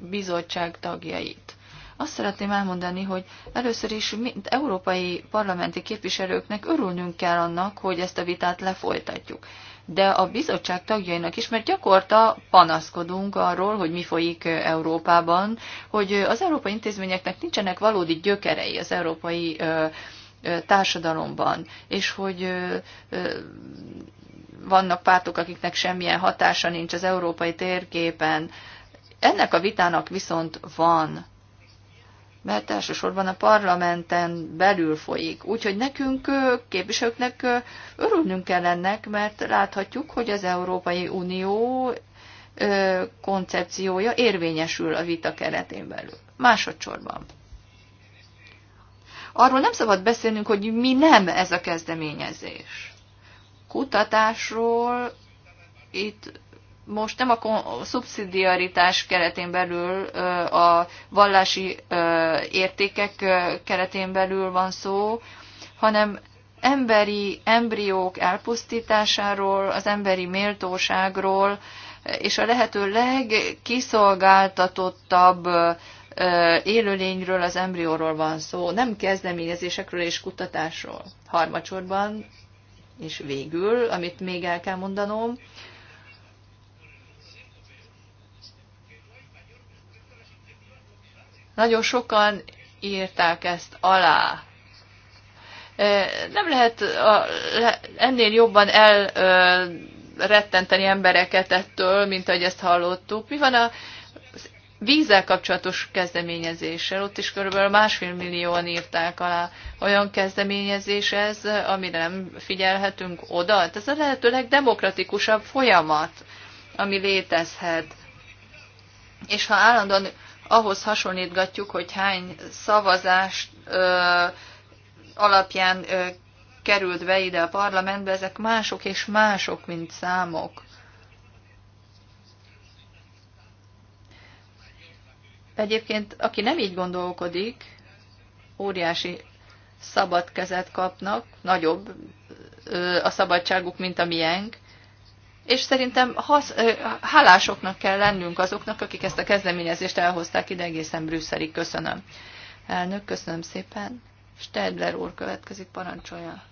bizottság tagjait. Azt szeretném elmondani, hogy először is mint európai parlamenti képviselőknek örülnünk kell annak, hogy ezt a vitát lefolytatjuk. De a bizottság tagjainak is, mert gyakorta panaszkodunk arról, hogy mi folyik Európában, hogy az európai intézményeknek nincsenek valódi gyökerei az európai társadalomban, és hogy vannak pártok, akiknek semmilyen hatása nincs az európai térképen. Ennek a vitának viszont van mert elsősorban a parlamenten belül folyik. Úgyhogy nekünk, képviselőknek örülnünk kell ennek, mert láthatjuk, hogy az Európai Unió koncepciója érvényesül a vita keretén belül. Másodszorban. Arról nem szabad beszélnünk, hogy mi nem ez a kezdeményezés. Kutatásról itt most nem a szubszidiaritás keretén belül, a vallási értékek keretén belül van szó, hanem emberi embriók elpusztításáról, az emberi méltóságról, és a lehető legkiszolgáltatottabb élőlényről, az embrióról van szó, nem kezdeményezésekről és kutatásról. Harmadsorban, és végül, amit még el kell mondanom, Nagyon sokan írták ezt alá. Nem lehet ennél jobban elrettenteni embereket ettől, mint ahogy ezt hallottuk. Mi van a vízzel kapcsolatos kezdeményezéssel? Ott is körülbelül másfél millióan írták alá. Olyan kezdeményezés ez, amire nem figyelhetünk oda. Hát ez a lehető legdemokratikusabb folyamat, ami létezhet. És ha állandóan ahhoz hasonlítgatjuk, hogy hány szavazás alapján ö, került be ide a parlamentbe, ezek mások és mások, mint számok. Egyébként, aki nem így gondolkodik, óriási szabad kezet kapnak, nagyobb ö, a szabadságuk, mint a miénk, és szerintem hasz, hálásoknak kell lennünk azoknak, akik ezt a kezdeményezést elhozták ide egészen Brüsszelig. Köszönöm. Elnök, köszönöm szépen. Stedler úr következik, parancsolja.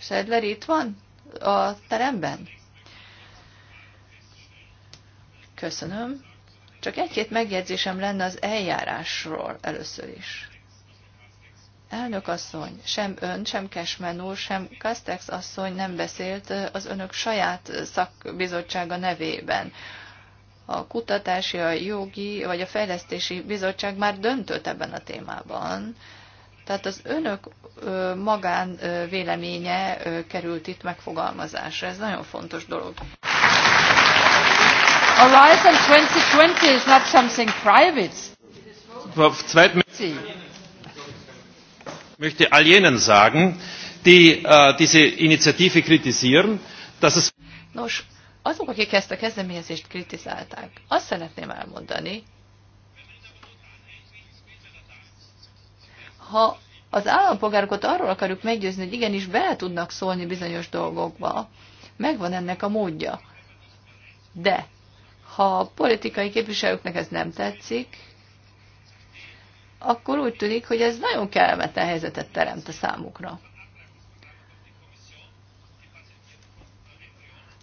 Stedler itt van? A teremben? Köszönöm. Csak egy-két megjegyzésem lenne az eljárásról először is. Elnök asszony, sem ön, sem Kesmen úr, sem Kastex asszony nem beszélt az önök saját szakbizottsága nevében. A kutatási, a jogi vagy a fejlesztési bizottság már döntött ebben a témában. Tehát az önök magán véleménye került itt megfogalmazásra. Ez nagyon fontos dolog. Horizon 2020 is not something private möchte all jenen sagen, die äh, diese Initiative kritisieren, dass es... Nos, azok, akik ezt a kezdeményezést kritizálták, azt szeretném elmondani, ha az állampolgárokat arról akarjuk meggyőzni, hogy igenis be tudnak szólni bizonyos dolgokba, megvan ennek a módja. De ha a politikai képviselőknek ez nem tetszik, akkor úgy tűnik, hogy ez nagyon kellemetlen helyzetet teremt a számukra.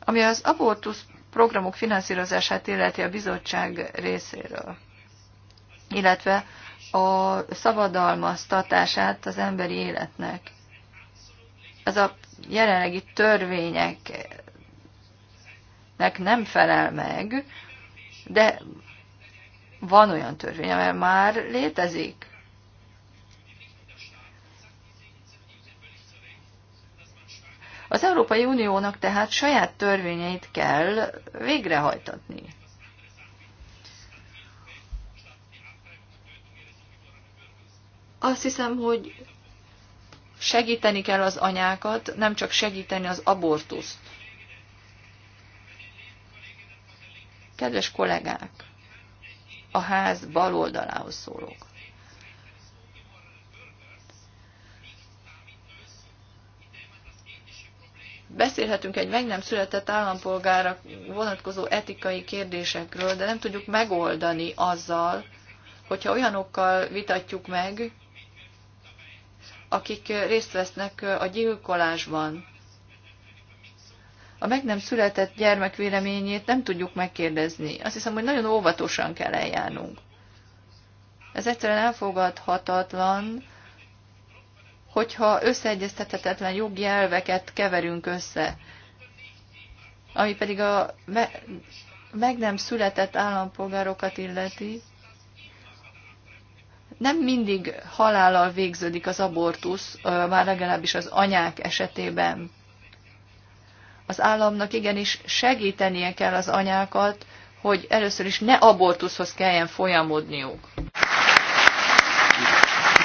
Ami az abortusz programok finanszírozását illeti a bizottság részéről, illetve a szabadalmaztatását az emberi életnek. Ez a jelenlegi törvényeknek nem felel meg, de van olyan törvény, amely már létezik. Az Európai Uniónak tehát saját törvényeit kell végrehajtatni. Azt hiszem, hogy segíteni kell az anyákat, nem csak segíteni az abortuszt. Kedves kollégák! a ház bal oldalához szólok. Beszélhetünk egy meg nem született állampolgára vonatkozó etikai kérdésekről, de nem tudjuk megoldani azzal, hogyha olyanokkal vitatjuk meg, akik részt vesznek a gyilkolásban, a meg nem született gyermek véleményét nem tudjuk megkérdezni. Azt hiszem, hogy nagyon óvatosan kell eljárnunk. Ez egyszerűen elfogadhatatlan, hogyha összeegyeztethetetlen jogi elveket keverünk össze, ami pedig a meg nem született állampolgárokat illeti, nem mindig halállal végződik az abortusz, már legalábbis az anyák esetében. Az államnak igenis segítenie kell az anyákat, hogy először is ne abortuszhoz kelljen folyamodniuk.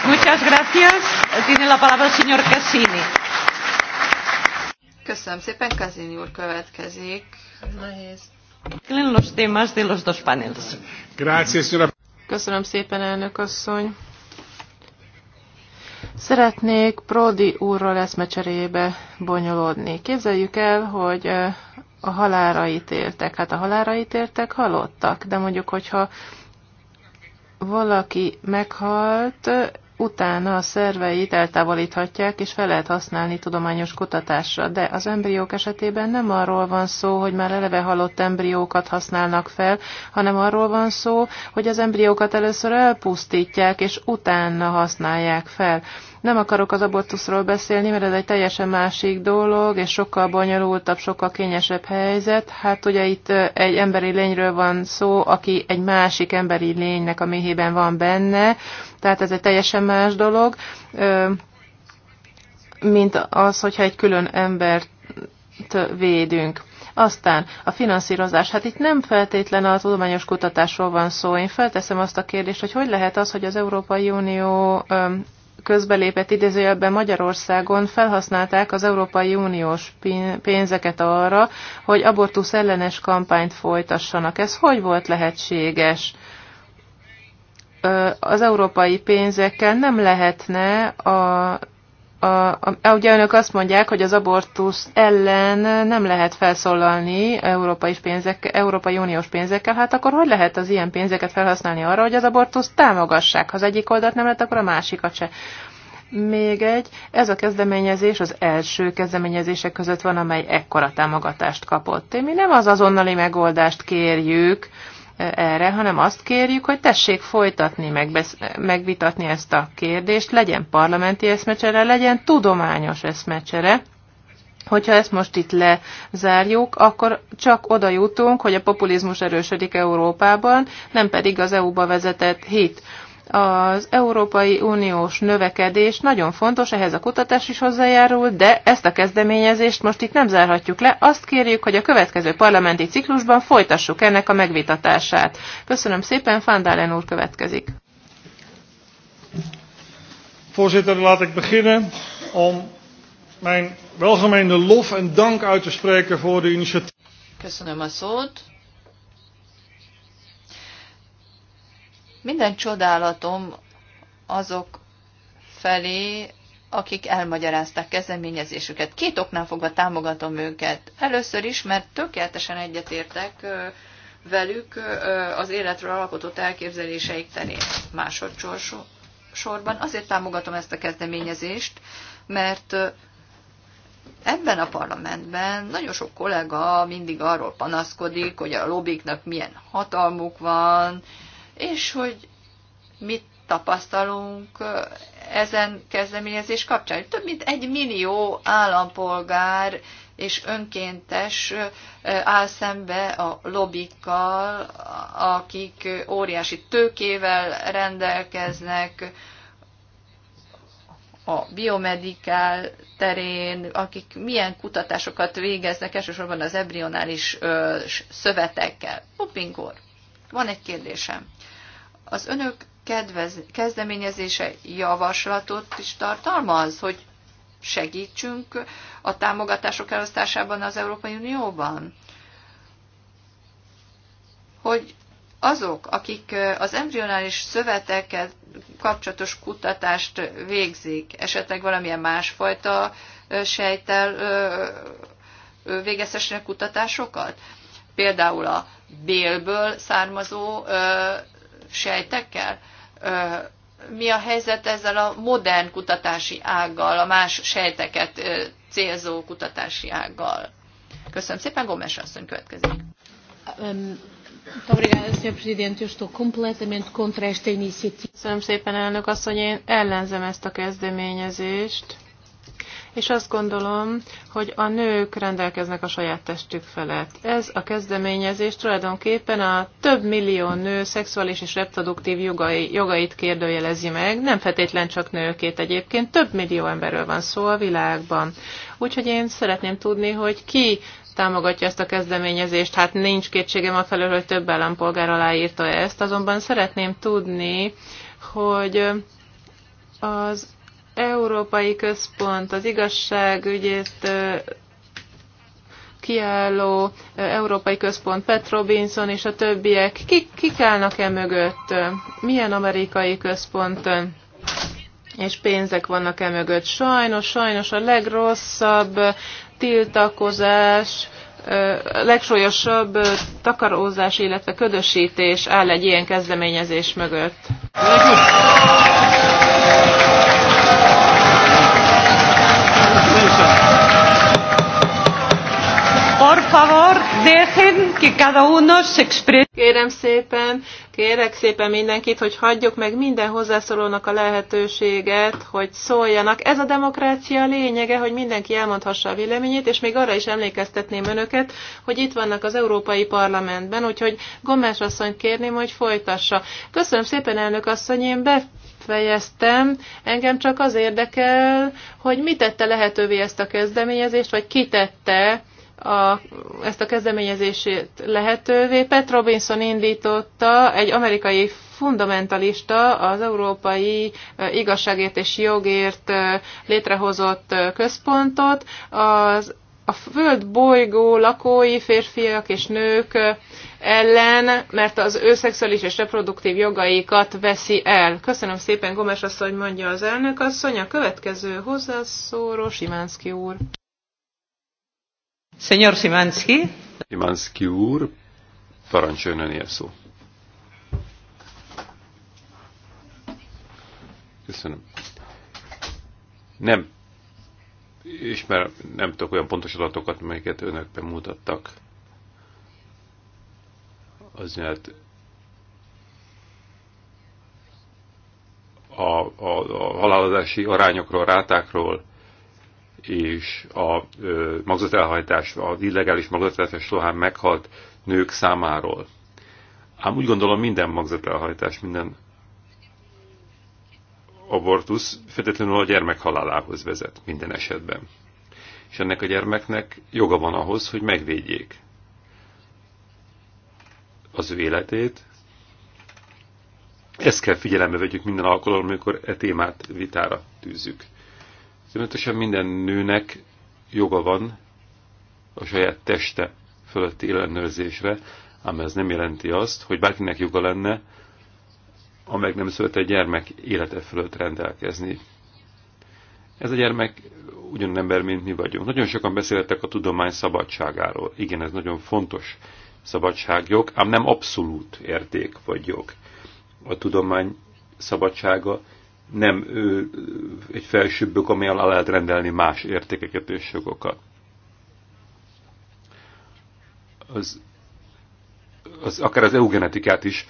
Muchas gracias. Tiene la palabra el señor Cassini. Köszönöm szépen, Cassini úr következik. Nehéz. Los temas de los dos paneles. Gracias, Köszönöm szépen, elnök asszony. Szeretnék Prodi úrról eszmecserébe bonyolódni. Képzeljük el, hogy a halára ítéltek. Hát a halára ítéltek halottak, de mondjuk, hogyha valaki meghalt, utána a szerveit eltávolíthatják, és fel lehet használni tudományos kutatásra. De az embriók esetében nem arról van szó, hogy már eleve halott embriókat használnak fel, hanem arról van szó, hogy az embriókat először elpusztítják, és utána használják fel. Nem akarok az abortuszról beszélni, mert ez egy teljesen másik dolog, és sokkal bonyolultabb, sokkal kényesebb helyzet. Hát ugye itt egy emberi lényről van szó, aki egy másik emberi lénynek a méhében van benne, tehát ez egy teljesen más dolog, mint az, hogyha egy külön embert védünk. Aztán a finanszírozás. Hát itt nem feltétlen a tudományos kutatásról van szó. Én felteszem azt a kérdést, hogy hogy lehet az, hogy az Európai Unió közbelépett idézőjelben Magyarországon felhasználták az Európai Uniós pénzeket arra, hogy abortusz ellenes kampányt folytassanak. Ez hogy volt lehetséges? Az európai pénzekkel nem lehetne a a, a, ugye önök azt mondják, hogy az abortusz ellen nem lehet felszólalni európai, pénzek, európai uniós pénzekkel, hát akkor hogy lehet az ilyen pénzeket felhasználni arra, hogy az abortusz támogassák? Ha az egyik oldalt nem lehet, akkor a másikat se. Még egy, ez a kezdeményezés az első kezdeményezések között van, amely ekkora támogatást kapott. Mi nem az azonnali megoldást kérjük, erre, hanem azt kérjük, hogy tessék folytatni, megbesz- megvitatni ezt a kérdést, legyen parlamenti eszmecsere, legyen tudományos eszmecsere, Hogyha ezt most itt lezárjuk, akkor csak oda jutunk, hogy a populizmus erősödik Európában, nem pedig az EU-ba vezetett hit az Európai Uniós növekedés nagyon fontos, ehhez a kutatás is hozzájárul, de ezt a kezdeményezést most itt nem zárhatjuk le. Azt kérjük, hogy a következő parlamenti ciklusban folytassuk ennek a megvitatását. Köszönöm szépen, Fandálen úr következik. Voorzitter, laat ik beginnen om mijn welgemeende lof en dank uit te spreken voor de initiatief. Köszönöm a szót. Minden csodálatom azok felé, akik elmagyarázták kezdeményezésüket. Két oknál fogva támogatom őket. Először is, mert tökéletesen egyetértek velük az életről alkotott elképzeléseik terén. Másodszorban azért támogatom ezt a kezdeményezést, mert ebben a parlamentben nagyon sok kollega mindig arról panaszkodik, hogy a lobbiknak milyen hatalmuk van, és hogy mit tapasztalunk ezen kezdeményezés kapcsán. Több mint egy millió állampolgár és önkéntes áll szembe a lobbikkal, akik óriási tőkével rendelkeznek, a biomedikál terén, akik milyen kutatásokat végeznek, elsősorban az embrionális szövetekkel. Hoppingor, van egy kérdésem az önök kedvez, kezdeményezése javaslatot is tartalmaz, hogy segítsünk a támogatások elosztásában az Európai Unióban? Hogy azok, akik az embrionális szövetekkel kapcsolatos kutatást végzik, esetleg valamilyen másfajta sejtel végezhessenek kutatásokat, például a bélből származó sejtekkel? Mi a helyzet ezzel a modern kutatási ággal, a más sejteket célzó kutatási ággal? Köszönöm szépen, Gomes asszony következik. Um, Köszönöm szépen, elnök asszony, én ellenzem ezt a kezdeményezést és azt gondolom, hogy a nők rendelkeznek a saját testük felett. Ez a kezdeményezés tulajdonképpen a több millió nő szexuális és reproduktív jogai, jogait kérdőjelezi meg, nem feltétlen csak nőkét egyébként, több millió emberről van szó a világban. Úgyhogy én szeretném tudni, hogy ki támogatja ezt a kezdeményezést. Hát nincs kétségem a felől, hogy több állampolgár aláírta ezt, azonban szeretném tudni, hogy az Európai Központ, az igazságügyét kiálló Európai Központ, Pat Robinson és a többiek, kik, kik állnak-e mögött, milyen amerikai központ és pénzek vannak e mögött. Sajnos, sajnos a legrosszabb tiltakozás, a legsúlyosabb takarózás, illetve ködösítés áll egy ilyen kezdeményezés mögött. Köszönöm. favor, dejen que cada uno se exprese. Kérem szépen, kérek szépen mindenkit, hogy hagyjuk meg minden hozzászólónak a lehetőséget, hogy szóljanak. Ez a demokrácia lényege, hogy mindenki elmondhassa a véleményét, és még arra is emlékeztetném önöket, hogy itt vannak az Európai Parlamentben, úgyhogy Gomes asszonyt kérném, hogy folytassa. Köszönöm szépen, elnök asszony, én be fejeztem. Engem csak az érdekel, hogy mi tette lehetővé ezt a kezdeményezést, vagy kitette a, ezt a kezdeményezését lehetővé. Pat Robinson indította, egy amerikai fundamentalista az Európai Igazságért és Jogért létrehozott központot. Az, a föld bolygó lakói férfiak és nők ellen, mert az ő szexuális és reproduktív jogaikat veszi el. Köszönöm szépen, Gomes asszony mondja az elnök asszony. A következő hozzászóró Simánszki úr. Senyor Szimanszki. Szimanszki úr, parancsoljon önél szó. Köszönöm. Nem ismer, nem tudok olyan pontos adatokat, melyeket önök bemutattak. Az mert a, a, a halálozási arányokról, rátákról, és a magzatelhajtás, az illegális magzatelhajtás során meghalt nők számáról. Ám úgy gondolom minden magzatelhajtás, minden abortusz feltétlenül a gyermek halálához vezet minden esetben. És ennek a gyermeknek joga van ahhoz, hogy megvédjék az ő életét. Ezt kell figyelembe vegyük minden alkalommal, amikor e témát vitára tűzzük. Természetesen minden nőnek joga van a saját teste fölötti ellenőrzésre, ám ez nem jelenti azt, hogy bárkinek joga lenne a meg nem született gyermek élete fölött rendelkezni. Ez a gyermek ugyan ember, mint mi vagyunk. Nagyon sokan beszéltek a tudomány szabadságáról. Igen, ez nagyon fontos szabadságjog, ám nem abszolút érték vagy jog. A tudomány szabadsága nem ő, egy felsőbbök, amely alá lehet rendelni más értékeket és jogokat. Az, az, akár az eugenetikát is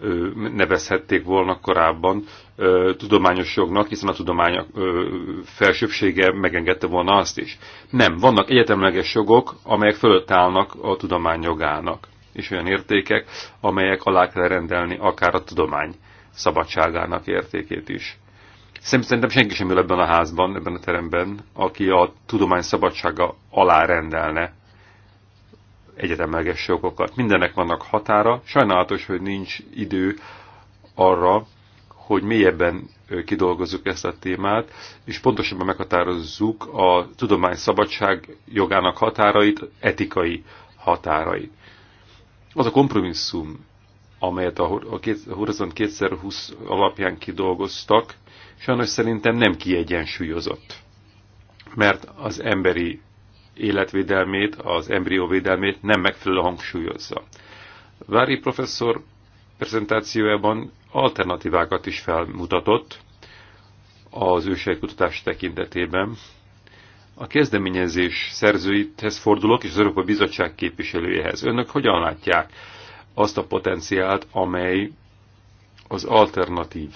ö, nevezhették volna korábban ö, tudományos jognak, hiszen a tudomány felsőbsége megengedte volna azt is. Nem, vannak egyetemleges jogok, amelyek fölött állnak a tudomány jogának, és olyan értékek, amelyek alá kell rendelni akár a tudomány szabadságának értékét is. Szerintem senki sem ül ebben a házban, ebben a teremben, aki a tudomány szabadsága alá rendelne egyetemleges jogokat. Mindennek vannak határa, sajnálatos, hogy nincs idő arra, hogy mélyebben kidolgozzuk ezt a témát, és pontosabban meghatározzuk a tudomány szabadság jogának határait, etikai határait. Az a kompromisszum, amelyet a Horizon 2020 alapján kidolgoztak, sajnos szerintem nem kiegyensúlyozott. Mert az emberi életvédelmét, az embrióvédelmét nem megfelelő hangsúlyozza. Vári professzor prezentációjában alternatívákat is felmutatott az ősejkutatás tekintetében. A kezdeményezés szerzőithez fordulok, és az Európa Bizottság képviselőjehez. Önök hogyan látják? azt a potenciált, amely az alternatív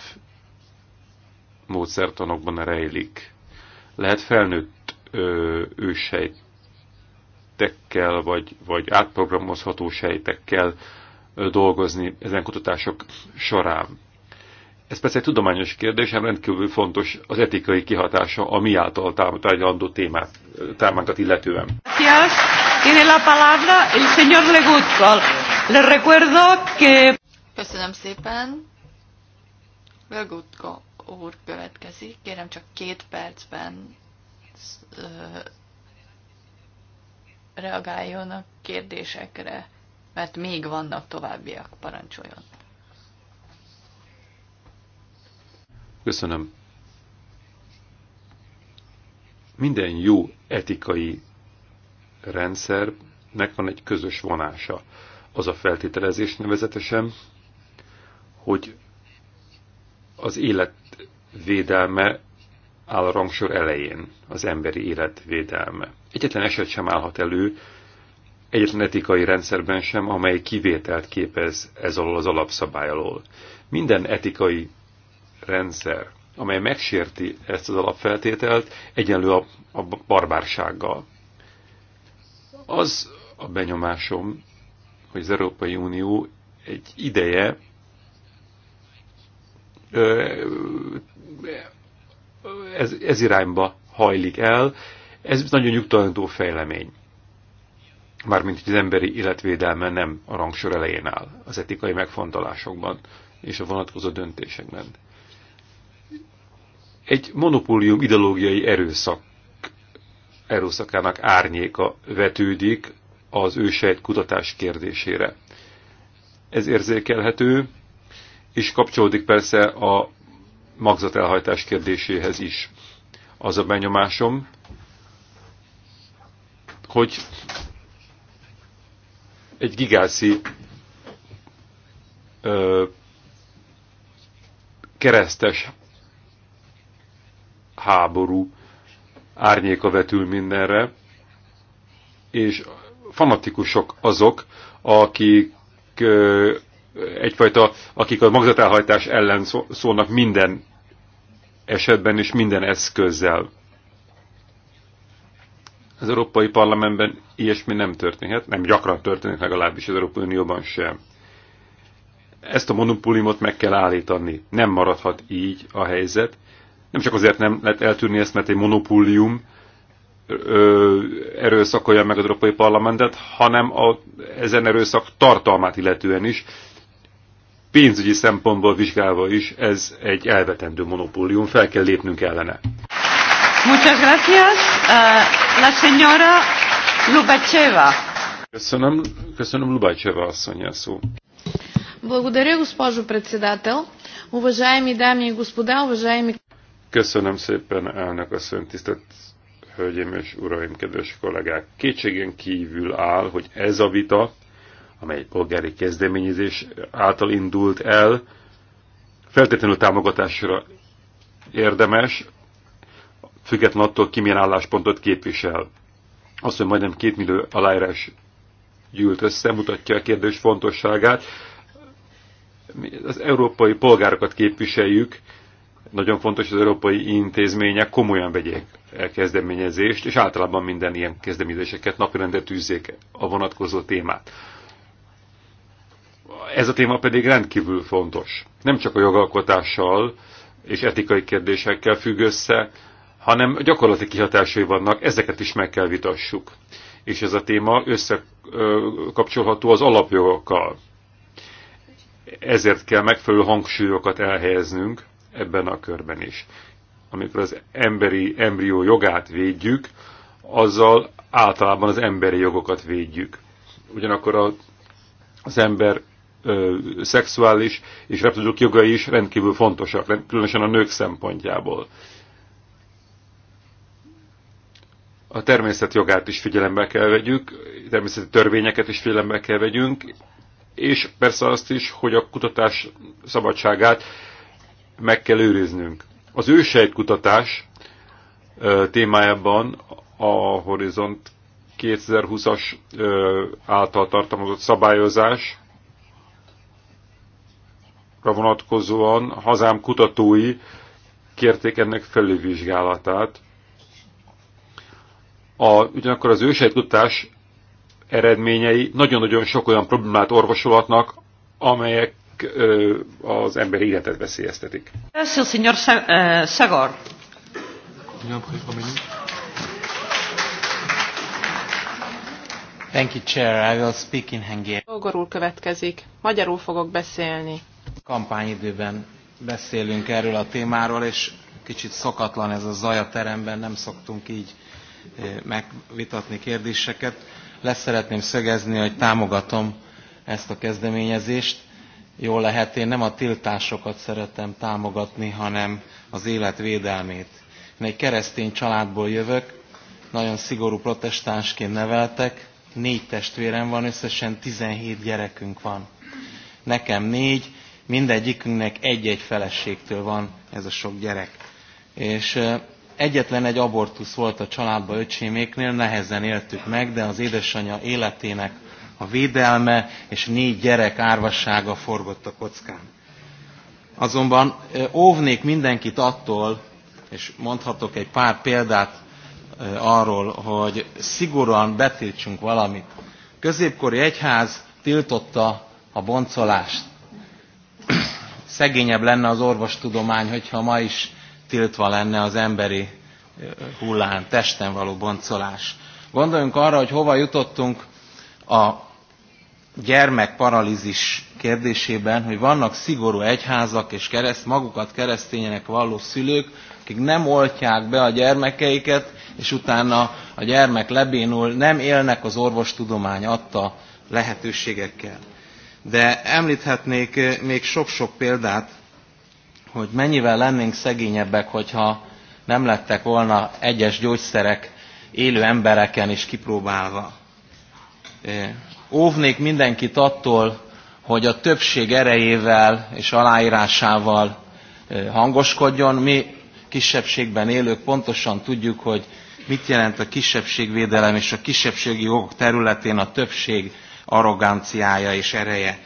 módszertanokban rejlik. Lehet felnőtt ö, ősejtekkel, vagy, vagy átprogramozható sejtekkel ö, dolgozni ezen kutatások során. Ez persze egy tudományos kérdés, hanem rendkívül fontos az etikai kihatása a mi által tárgyalandó témát, témánkat illetően. Tiene la palabra el señor Legutko. Le recuerdo que... Köszönöm szépen. Vögutko úr következik. Kérem csak két percben reagáljon a kérdésekre, mert még vannak továbbiak. Parancsoljon. Köszönöm. Minden jó etikai rendszernek van egy közös vonása az a feltételezés nevezetesen, hogy az élet védelme áll a rangsor elején, az emberi élet védelme. Egyetlen eset sem állhat elő, egyetlen etikai rendszerben sem, amely kivételt képez ez alól az alapszabály alól. Minden etikai rendszer, amely megsérti ezt az alapfeltételt, egyenlő a, a barbársággal. Az a benyomásom, hogy az Európai Unió egy ideje ez, ez irányba hajlik el. Ez nagyon nyugtalanító fejlemény. Mármint, hogy az emberi életvédelme nem a rangsor elején áll az etikai megfontolásokban és a vonatkozó döntésekben. Egy monopólium ideológiai erőszak erőszakának árnyéka vetődik az ősejt kutatás kérdésére. Ez érzékelhető, és kapcsolódik persze a magzatelhajtás kérdéséhez is. Az a benyomásom, hogy egy gigászi ö, keresztes háború árnyéka vetül mindenre, és fanatikusok azok, akik egyfajta, akik a magzatelhajtás ellen szólnak minden esetben és minden eszközzel. Az Európai Parlamentben ilyesmi nem történhet, nem gyakran történik legalábbis az Európai Unióban sem. Ezt a monopóliumot meg kell állítani. Nem maradhat így a helyzet. Nem csak azért nem lehet eltűrni ezt, mert egy monopólium, erőszakolja meg a Európai Parlamentet, hanem a, ezen erőszak tartalmát illetően is, pénzügyi szempontból vizsgálva is ez egy elvetendő monopólium, fel kell lépnünk ellene. Muchas gracias. Eh, la señora Lubacheva. Köszönöm, köszönöm Lubacheva asszony a szó. Благодаря, госпожо председател. Уважаеми дами и господа, уважаеми... Köszönöm szépen, elnök asszony, tisztelt Hölgyeim és Uraim, kedves kollégák! Kétségen kívül áll, hogy ez a vita, amely polgári kezdeményezés által indult el, feltétlenül támogatásra érdemes, független attól, ki milyen álláspontot képvisel. Azt, hogy majdnem két millió aláírás gyűlt össze, mutatja a kérdés fontosságát. Mi az európai polgárokat képviseljük, nagyon fontos, hogy az európai intézmények komolyan vegyék el kezdeményezést, és általában minden ilyen kezdeményezéseket napirendre tűzzék a vonatkozó témát. Ez a téma pedig rendkívül fontos. Nem csak a jogalkotással és etikai kérdésekkel függ össze, hanem gyakorlati kihatásai vannak, ezeket is meg kell vitassuk. És ez a téma összekapcsolható az alapjogokkal. Ezért kell megfelelő hangsúlyokat elhelyeznünk ebben a körben is. Amikor az emberi embrió jogát védjük, azzal általában az emberi jogokat védjük. Ugyanakkor a, az ember ö, szexuális és reproduktív jogai is rendkívül fontosak, különösen a nők szempontjából. A természet jogát is figyelembe kell vegyük, természeti törvényeket is figyelembe kell vegyünk, és persze azt is, hogy a kutatás szabadságát meg kell őriznünk. Az ősejtkutatás témájában a Horizont 2020-as által tartalmazott szabályozásra vonatkozóan hazám kutatói kérték ennek felülvizsgálatát. A, ugyanakkor az ősejtkutatás eredményei nagyon-nagyon sok olyan problémát orvosolatnak, amelyek az emberi életet veszélyeztetik. Eh, Thank you, Chair. I will speak in Hungarian. Magyarul következik. Magyarul fogok beszélni. Kampányidőben beszélünk erről a témáról, és kicsit szokatlan ez a zaj a teremben, nem szoktunk így eh, megvitatni kérdéseket. Lesz szeretném szögezni, hogy támogatom ezt a kezdeményezést jól lehet én nem a tiltásokat szeretem támogatni hanem az élet védelmét. én egy keresztény családból jövök nagyon szigorú protestánsként neveltek négy testvérem van összesen 17 gyerekünk van. nekem négy mindegyikünknek egy egy feleségtől van ez a sok gyerek. és egyetlen egy abortusz volt a családba öcséméknél, nehezen éltük meg, de az édesanyja életének a védelme és négy gyerek árvassága forgott a kockán. Azonban óvnék mindenkit attól, és mondhatok egy pár példát arról, hogy szigorúan betiltsunk valamit. Középkori egyház tiltotta a boncolást. Szegényebb lenne az orvostudomány, hogyha ma is tiltva lenne az emberi hullán, testen való boncolás. Gondoljunk arra, hogy hova jutottunk a gyermekparalízis kérdésében, hogy vannak szigorú egyházak és kereszt, magukat keresztényenek valló szülők, akik nem oltják be a gyermekeiket, és utána a gyermek lebénul, nem élnek az orvostudomány adta lehetőségekkel. De említhetnék eh, még sok-sok példát, hogy mennyivel lennénk szegényebbek, hogyha nem lettek volna egyes gyógyszerek élő embereken is kipróbálva eh, óvnék mindenkit attól, hogy a többség erejével és aláírásával hangoskodjon. Mi kisebbségben élők pontosan tudjuk, hogy mit jelent a kisebbségvédelem és a kisebbségi jogok területén a többség arroganciája és ereje.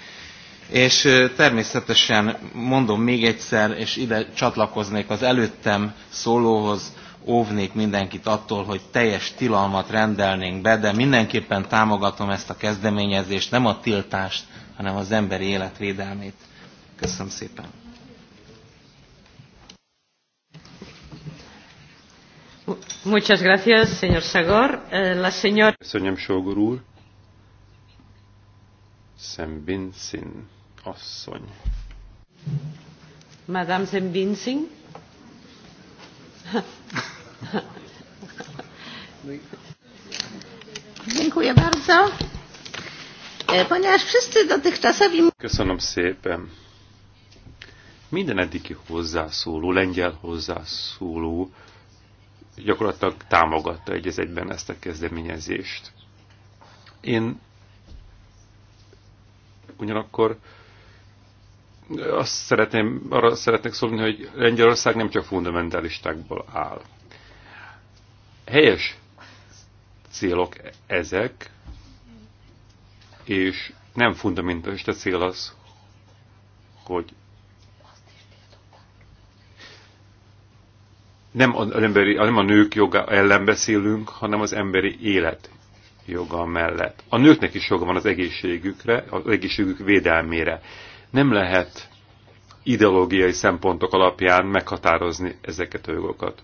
És természetesen mondom még egyszer, és ide csatlakoznék az előttem szólóhoz, óvnék mindenkit attól, hogy teljes tilalmat rendelnénk be, de mindenképpen támogatom ezt a kezdeményezést, nem a tiltást, hanem az emberi élet védelmét. Köszönöm szépen. Muchas gracias, señor Sagor. Eh, la señora... Köszönöm, Sógor úr. Szembinszin asszony. Madame Szembinszin? Dziękuję bardzo. E, ponieważ wszyscy dotychczasowi... Köszönöm szépen. Minden eddigi hozzászóló, lengyel hozzászóló gyakorlatilag támogatta egy egyben ezt a kezdeményezést. Én ugyanakkor azt szeretném, arra szeretnék szólni, hogy Lengyelország nem csak fundamentalistákból áll. Helyes célok ezek, és nem fundamentális a cél az, hogy nem, az emberi, nem a nők joga ellen beszélünk, hanem az emberi élet joga mellett. A nőknek is joga van az egészségükre, az egészségük védelmére. Nem lehet ideológiai szempontok alapján meghatározni ezeket a jogokat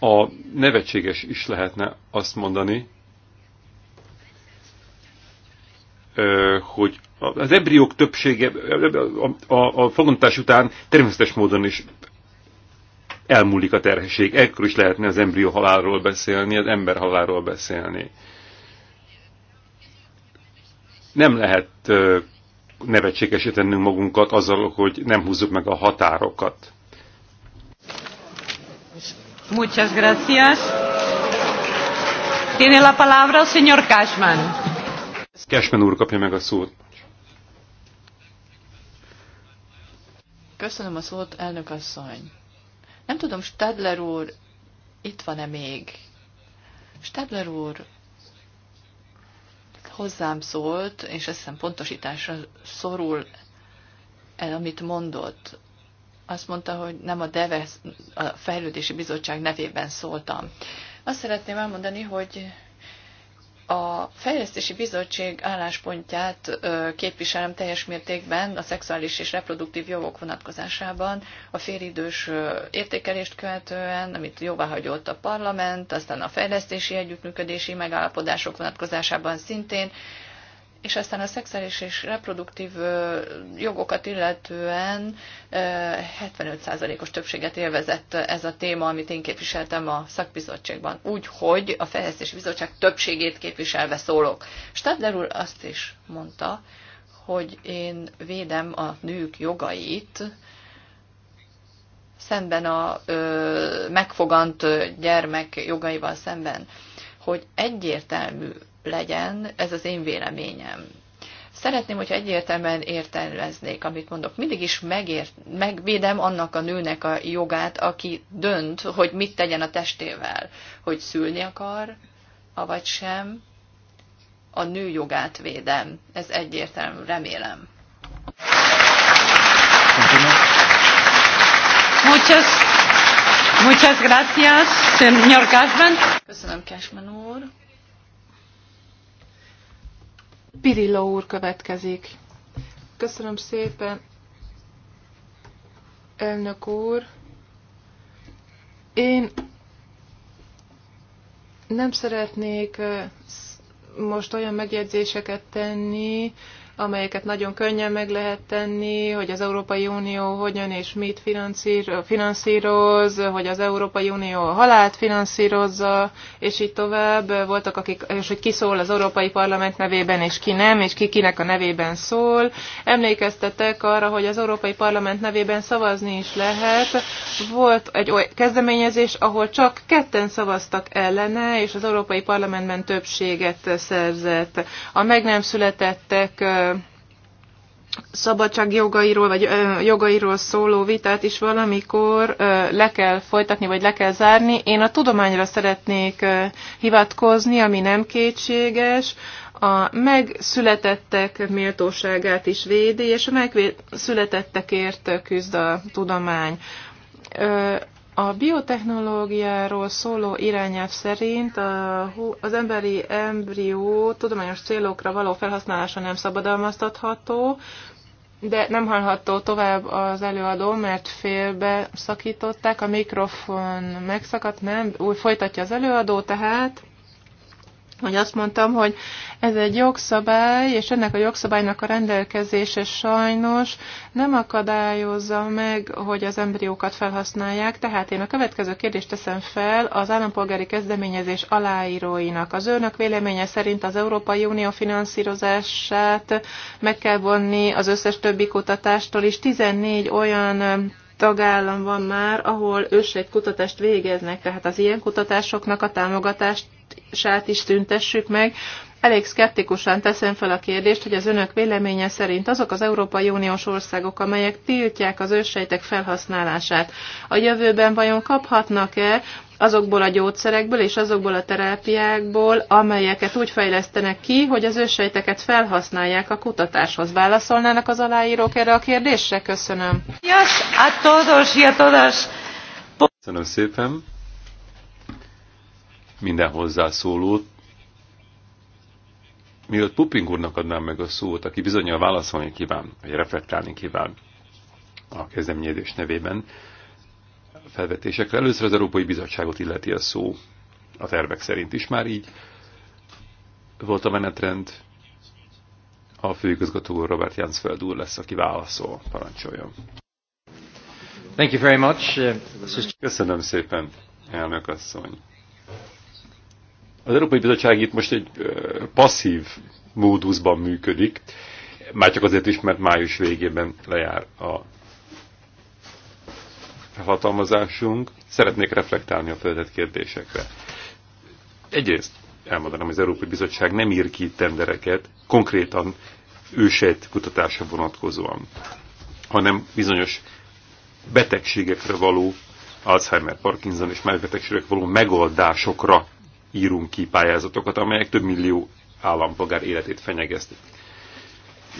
a nevetséges is lehetne azt mondani, hogy az embriók többsége a, a, a után természetes módon is elmúlik a terhesség. Ekkor is lehetne az embrió halálról beszélni, az ember halálról beszélni. Nem lehet nevetségesítenünk magunkat azzal, hogy nem húzzuk meg a határokat. Muchas gracias. Tiene la palabra el señor Cashman. Cashman úr kapja meg a szót. Köszönöm a szót, elnök asszony. Nem tudom, Stadler úr itt van-e még? Stadler úr hozzám szólt, és azt hiszem pontosításra szorul el, amit mondott azt mondta, hogy nem a DEVE, a Fejlődési Bizottság nevében szóltam. Azt szeretném elmondani, hogy a Fejlesztési Bizottság álláspontját képviselem teljes mértékben a szexuális és reproduktív jogok vonatkozásában, a félidős értékelést követően, amit jóváhagyott a parlament, aztán a fejlesztési együttműködési megállapodások vonatkozásában szintén, és aztán a szexuális és reproduktív jogokat illetően 75%-os többséget élvezett ez a téma, amit én képviseltem a szakbizottságban. Úgyhogy a Fejlesztési Bizottság többségét képviselve szólok. Stadler úr azt is mondta, hogy én védem a nők jogait, szemben a ö, megfogant gyermek jogaival szemben, hogy egyértelmű legyen, ez az én véleményem. Szeretném, hogyha egyértelműen értelmeznék, amit mondok. Mindig is megért, megvédem annak a nőnek a jogát, aki dönt, hogy mit tegyen a testével, hogy szülni akar, avagy sem. A nő jogát védem. Ez egyértelmű, remélem. Muchas, muchas gracias, señor Cashman. Köszönöm, Cashman úr. Pirillo úr következik. Köszönöm szépen, elnök úr. Én nem szeretnék eh, most olyan megjegyzéseket tenni, amelyeket nagyon könnyen meg lehet tenni, hogy az Európai Unió hogyan és mit finanszíroz, hogy az Európai Unió a halált finanszírozza, és így tovább. Voltak, akik, és hogy ki szól az Európai Parlament nevében, és ki nem, és ki kinek a nevében szól. Emlékeztetek arra, hogy az Európai Parlament nevében szavazni is lehet. Volt egy olyan kezdeményezés, ahol csak ketten szavaztak ellene, és az Európai Parlamentben többséget szerzett. A meg nem születettek szabadság jogairól, vagy ö, jogairól szóló vitát is valamikor ö, le kell folytatni, vagy le kell zárni. Én a tudományra szeretnék ö, hivatkozni, ami nem kétséges, a megszületettek méltóságát is védi, és a megszületettekért küzd a tudomány. Ö, a biotechnológiáról szóló irányelv szerint az emberi embrió tudományos célokra való felhasználása nem szabadalmaztatható, de nem hallható tovább az előadó, mert félbe szakították, a mikrofon megszakadt, nem, úgy folytatja az előadó, tehát hogy azt mondtam, hogy ez egy jogszabály, és ennek a jogszabálynak a rendelkezése sajnos nem akadályozza meg, hogy az embriókat felhasználják. Tehát én a következő kérdést teszem fel az állampolgári kezdeményezés aláíróinak. Az önök véleménye szerint az Európai Unió finanszírozását meg kell vonni az összes többi kutatástól is. 14 olyan um, tagállam van már, ahol ősejt kutatást végeznek, tehát az ilyen kutatásoknak a támogatást hatását is tüntessük meg. Elég szkeptikusan teszem fel a kérdést, hogy az önök véleménye szerint azok az Európai Uniós országok, amelyek tiltják az őssejtek felhasználását, a jövőben vajon kaphatnak-e azokból a gyógyszerekből és azokból a terápiákból, amelyeket úgy fejlesztenek ki, hogy az őssejteket felhasználják a kutatáshoz. Válaszolnának az aláírók erre a kérdésre? Köszönöm. Köszönöm szépen minden hozzászólót. Mielőtt Puping úrnak adnám meg a szót, aki bizony a válaszolni kíván, vagy reflektálni kíván a kezdeményezés nevében a felvetésekre. Először az Európai Bizottságot illeti a szó a tervek szerint is már így. Volt a menetrend, a főigazgató Robert Jansfeld úr lesz, aki válaszol. Parancsoljon. Thank you very much. Uh, Köszönöm szépen, elnök asszony. Az Európai Bizottság itt most egy passzív móduszban működik, már csak azért is, mert május végében lejár a hatalmazásunk. Szeretnék reflektálni a feltett kérdésekre. Egyrészt elmondanám, hogy az Európai Bizottság nem ír ki tendereket konkrétan ősejt kutatásra vonatkozóan, hanem bizonyos betegségekre való Alzheimer, Parkinson és más betegségek való megoldásokra írunk ki pályázatokat, amelyek több millió állampolgár életét fenyegesztik.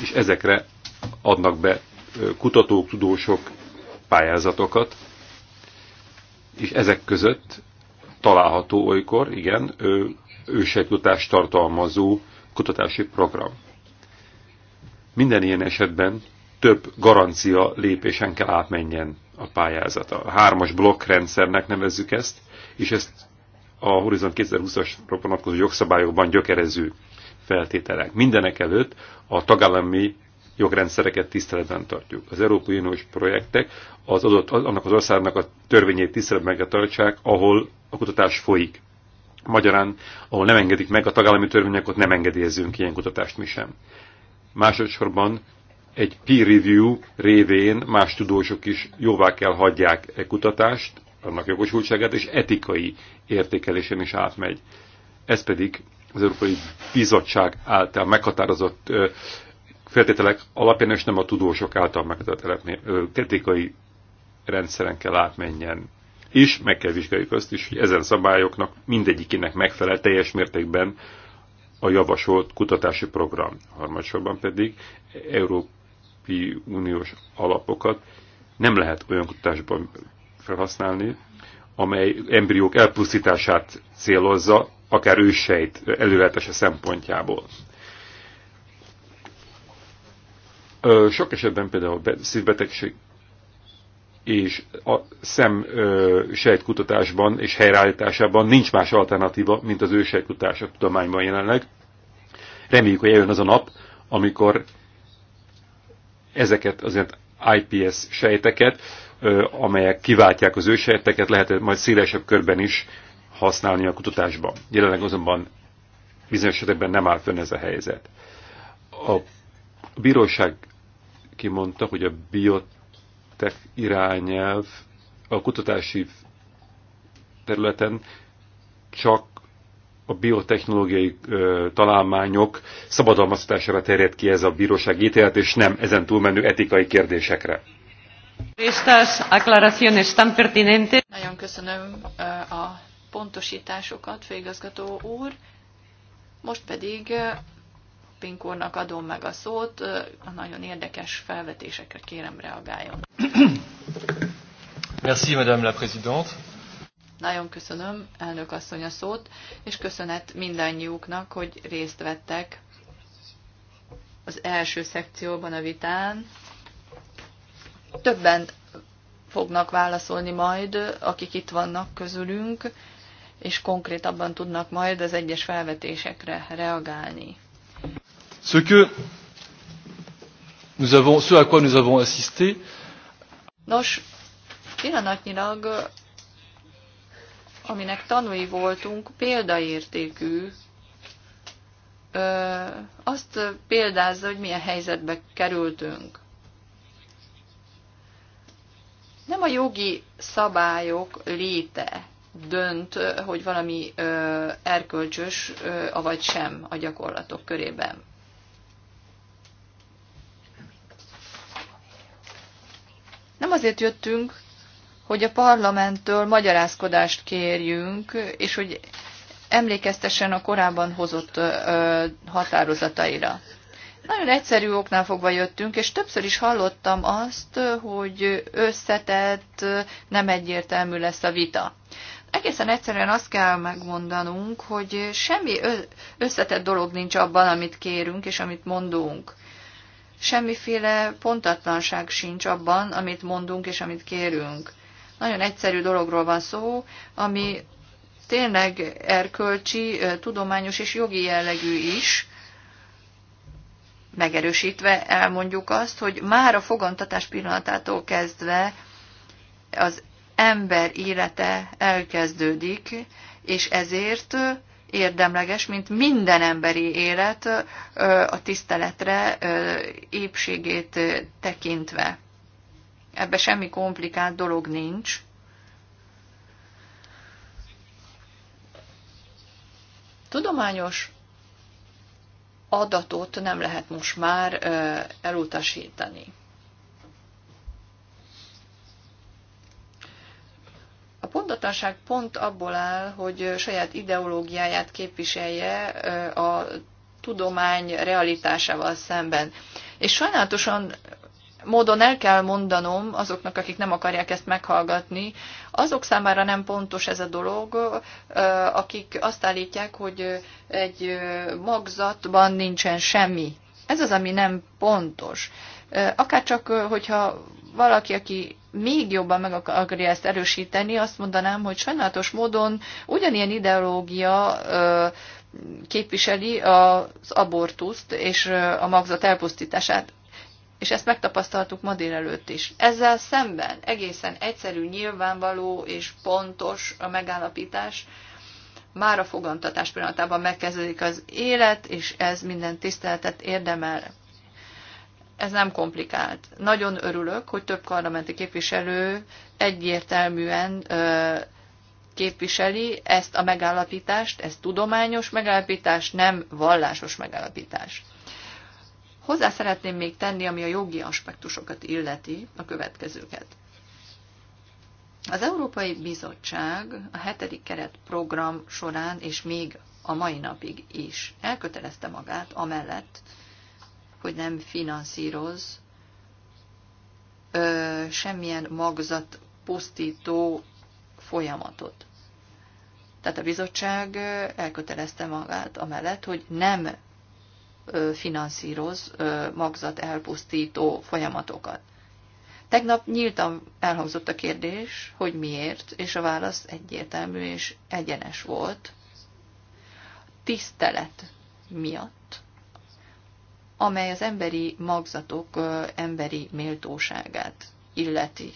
És ezekre adnak be kutatók, tudósok pályázatokat, és ezek között található olykor, igen, ősejtutást tartalmazó kutatási program. Minden ilyen esetben több garancia lépésen kell átmenjen a pályázat. A hármas blokkrendszernek nevezzük ezt, és ezt a Horizon 2020-as vonatkozó jogszabályokban gyökerező feltételek. Mindenek előtt a tagállami jogrendszereket tiszteletben tartjuk. Az Európai Uniós projektek az adott, annak az országnak a törvényét tiszteletben kell tartsák, ahol a kutatás folyik. Magyarán, ahol nem engedik meg a tagállami törvények, ott nem engedélyezünk ilyen kutatást mi sem. Másodszorban egy peer review révén más tudósok is jóvá kell hagyják egy kutatást, annak jogosultságát, és etikai értékelésen is átmegy. Ez pedig az Európai Bizottság által meghatározott feltételek alapján, és nem a tudósok által meghatározott etikai rendszeren kell átmenjen. És meg kell vizsgáljuk azt is, hogy ezen szabályoknak mindegyikének megfelel teljes mértékben a javasolt kutatási program. Harmadsorban pedig Európai Uniós alapokat nem lehet olyan kutatásban felhasználni, amely embriók elpusztítását célozza, akár őssejt előletes szempontjából. Sok esetben például szívbetegség és a szem sejtkutatásban és helyreállításában nincs más alternatíva, mint az ősejtkutatás a tudományban jelenleg. Reméljük, hogy eljön az a nap, amikor ezeket azért IPS sejteket amelyek kiváltják az ősejteket, lehet majd szélesebb körben is használni a kutatásban. Jelenleg azonban bizonyos esetekben nem áll fönn ez a helyzet. A bíróság kimondta, hogy a biotek irányelv a kutatási területen csak a biotechnológiai ö, találmányok szabadalmaztatására terjed ki ez a bíróság ítélet, és nem ezen túlmenő etikai kérdésekre. Nagyon köszönöm eh, a pontosításokat, főigazgató úr. Most pedig eh, Pinkornak adom meg a szót, eh, a nagyon érdekes felvetésekre kérem reagáljon. Merci, Madame la Présidente. Nagyon köszönöm, elnök asszony a szót, és köszönet mindannyiuknak, hogy részt vettek az első szekcióban a vitán. Többen fognak válaszolni majd, akik itt vannak közülünk, és konkrétabban tudnak majd az egyes felvetésekre reagálni. Ce que nous avons, ce à quoi nous avons assisté. Nos, pillanatnyilag, aminek tanúi voltunk, példaértékű, ö, azt példázza, hogy milyen helyzetbe kerültünk nem a jogi szabályok léte dönt, hogy valami ö, erkölcsös, ö, avagy sem a gyakorlatok körében. Nem azért jöttünk, hogy a parlamenttől magyarázkodást kérjünk, és hogy emlékeztessen a korábban hozott ö, határozataira. Nagyon egyszerű oknál fogva jöttünk, és többször is hallottam azt, hogy összetett, nem egyértelmű lesz a vita. Egészen egyszerűen azt kell megmondanunk, hogy semmi összetett dolog nincs abban, amit kérünk és amit mondunk. Semmiféle pontatlanság sincs abban, amit mondunk és amit kérünk. Nagyon egyszerű dologról van szó, ami tényleg erkölcsi, tudományos és jogi jellegű is, megerősítve elmondjuk azt, hogy már a fogantatás pillanatától kezdve az ember élete elkezdődik, és ezért érdemleges, mint minden emberi élet a tiszteletre épségét tekintve. Ebbe semmi komplikált dolog nincs. Tudományos adatot nem lehet most már elutasítani. A pontatlanság pont abból áll, hogy saját ideológiáját képviselje a tudomány realitásával szemben. És sajnálatosan módon el kell mondanom azoknak, akik nem akarják ezt meghallgatni, azok számára nem pontos ez a dolog, akik azt állítják, hogy egy magzatban nincsen semmi. Ez az, ami nem pontos. Akár csak, hogyha valaki, aki még jobban meg akarja ezt erősíteni, azt mondanám, hogy sajnálatos módon ugyanilyen ideológia képviseli az abortuszt és a magzat elpusztítását és ezt megtapasztaltuk ma délelőtt is. Ezzel szemben egészen egyszerű, nyilvánvaló és pontos a megállapítás, már a fogantatás pillanatában megkezdődik az élet, és ez minden tiszteletet érdemel. Ez nem komplikált. Nagyon örülök, hogy több parlamenti képviselő egyértelműen ö, képviseli ezt a megállapítást, ez tudományos megállapítás, nem vallásos megállapítás. Hozzá szeretném még tenni, ami a jogi aspektusokat illeti, a következőket. Az Európai Bizottság a hetedik keretprogram során, és még a mai napig is elkötelezte magát amellett, hogy nem finanszíroz ö, semmilyen magzat pusztító folyamatot. Tehát a bizottság elkötelezte magát amellett, hogy nem finanszíroz magzat elpusztító folyamatokat. Tegnap nyíltan elhangzott a kérdés, hogy miért, és a válasz egyértelmű és egyenes volt. Tisztelet miatt, amely az emberi magzatok emberi méltóságát illeti.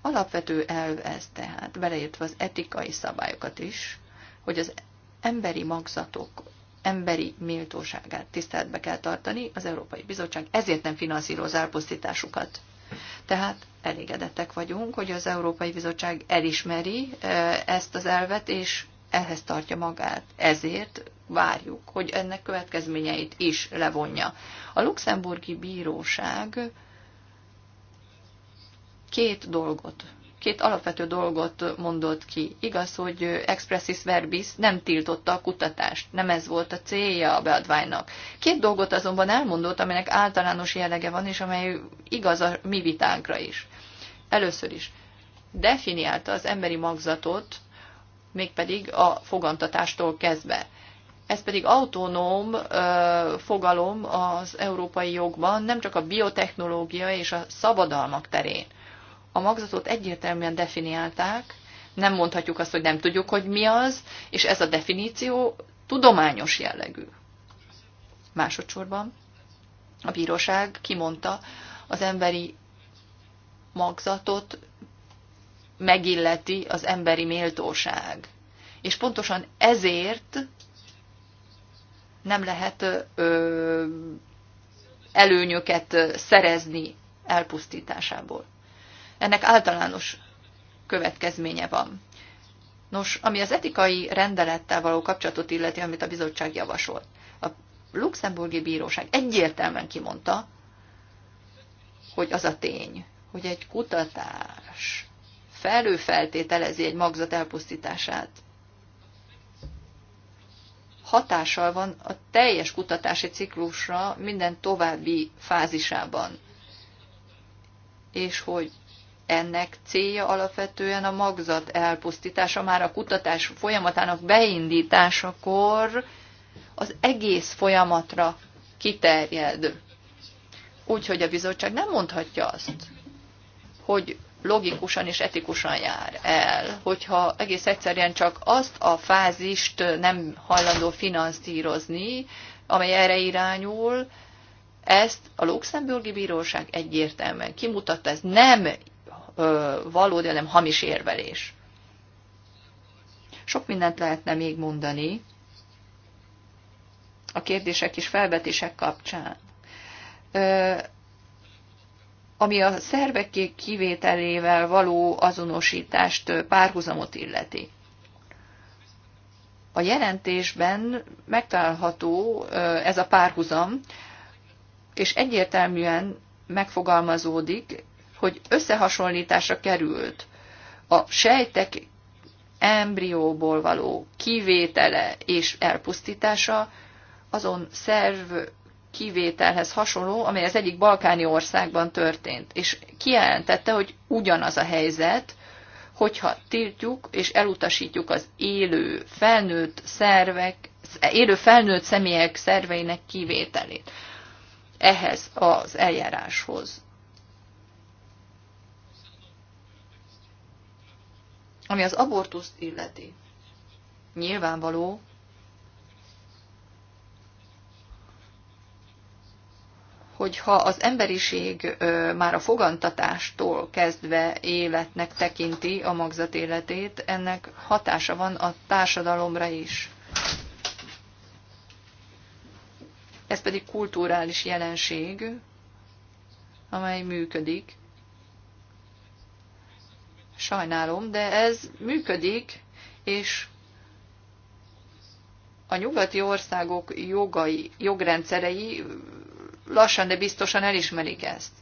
Alapvető elv ez tehát, beleértve az etikai szabályokat is, hogy az emberi magzatok emberi méltóságát tiszteletbe kell tartani, az Európai Bizottság ezért nem finanszíroz elpusztításukat. Tehát elégedettek vagyunk, hogy az Európai Bizottság elismeri ezt az elvet, és ehhez tartja magát. Ezért várjuk, hogy ennek következményeit is levonja. A luxemburgi bíróság két dolgot két alapvető dolgot mondott ki. Igaz, hogy expressis verbis nem tiltotta a kutatást, nem ez volt a célja a beadványnak. Két dolgot azonban elmondott, aminek általános jellege van, és amely igaz a mi vitánkra is. Először is definiálta az emberi magzatot, mégpedig a fogantatástól kezdve. Ez pedig autonóm ö, fogalom az európai jogban, nem csak a biotechnológia és a szabadalmak terén a magzatot egyértelműen definiálták, nem mondhatjuk azt, hogy nem tudjuk, hogy mi az, és ez a definíció tudományos jellegű. Másodszorban a bíróság kimondta, az emberi magzatot megilleti az emberi méltóság. És pontosan ezért nem lehet ö, előnyöket szerezni elpusztításából ennek általános következménye van. Nos, ami az etikai rendelettel való kapcsolatot illeti, amit a bizottság javasolt. A luxemburgi bíróság egyértelműen kimondta, hogy az a tény, hogy egy kutatás felőfeltételezi egy magzat elpusztítását, hatással van a teljes kutatási ciklusra minden további fázisában. És hogy ennek célja alapvetően a magzat elpusztítása, már a kutatás folyamatának beindításakor az egész folyamatra kiterjed. Úgyhogy a bizottság nem mondhatja azt, hogy logikusan és etikusan jár el, hogyha egész egyszerűen csak azt a fázist nem hajlandó finanszírozni, amely erre irányul, ezt a Luxemburgi Bíróság egyértelműen kimutatta, ez nem valódi, hanem hamis érvelés. Sok mindent lehetne még mondani a kérdések és felvetések kapcsán. Ami a szervek kivételével való azonosítást, párhuzamot illeti. A jelentésben megtalálható ez a párhuzam, és egyértelműen megfogalmazódik, hogy összehasonlításra került a sejtek embrióból való kivétele és elpusztítása azon szerv kivételhez hasonló, amely az egyik balkáni országban történt. És kijelentette, hogy ugyanaz a helyzet, hogyha tiltjuk és elutasítjuk az élő felnőtt szervek, élő felnőtt személyek szerveinek kivételét ehhez az eljáráshoz. Ami az abortuszt illeti. Nyilvánvaló, hogyha az emberiség már a fogantatástól kezdve életnek tekinti a magzat életét, ennek hatása van a társadalomra is. Ez pedig kulturális jelenség, amely működik, Sajnálom, de ez működik, és a nyugati országok jogai, jogrendszerei lassan, de biztosan elismerik ezt.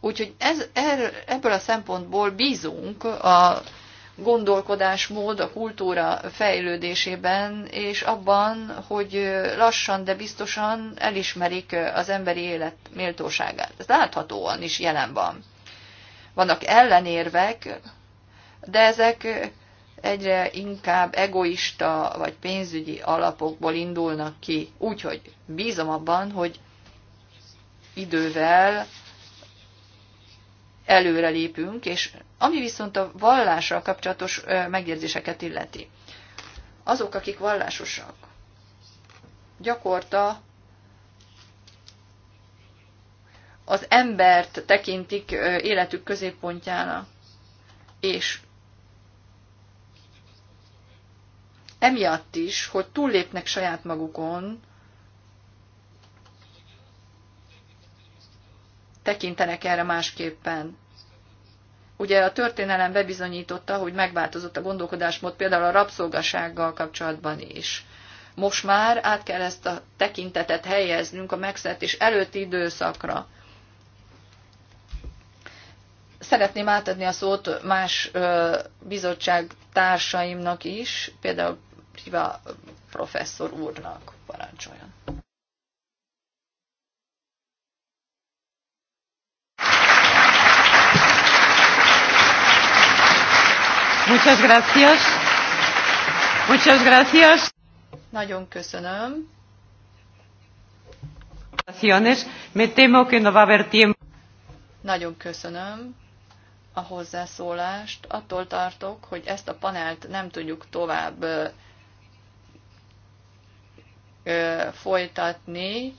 Úgyhogy ez, er, ebből a szempontból bízunk a gondolkodásmód, a kultúra fejlődésében, és abban, hogy lassan, de biztosan elismerik az emberi élet méltóságát. Ez láthatóan is jelen van vannak ellenérvek, de ezek egyre inkább egoista vagy pénzügyi alapokból indulnak ki. Úgyhogy bízom abban, hogy idővel előrelépünk, és ami viszont a vallással kapcsolatos megjegyzéseket illeti. Azok, akik vallásosak, gyakorta az embert tekintik életük középpontjának. És emiatt is, hogy túllépnek saját magukon, tekintenek erre másképpen. Ugye a történelem bebizonyította, hogy megváltozott a gondolkodásmód például a rabszolgasággal kapcsolatban is. Most már át kell ezt a tekintetet helyeznünk a megszert és előtti időszakra. Szeretném átadni a szót más bizottság társaimnak is, például Priva professzor úrnak parancsoljon. Muchas gracias. Muchas gracias. Nagyon köszönöm. Me temo que no va a haber tiempo. Nagyon köszönöm a hozzászólást. Attól tartok, hogy ezt a panelt nem tudjuk tovább folytatni.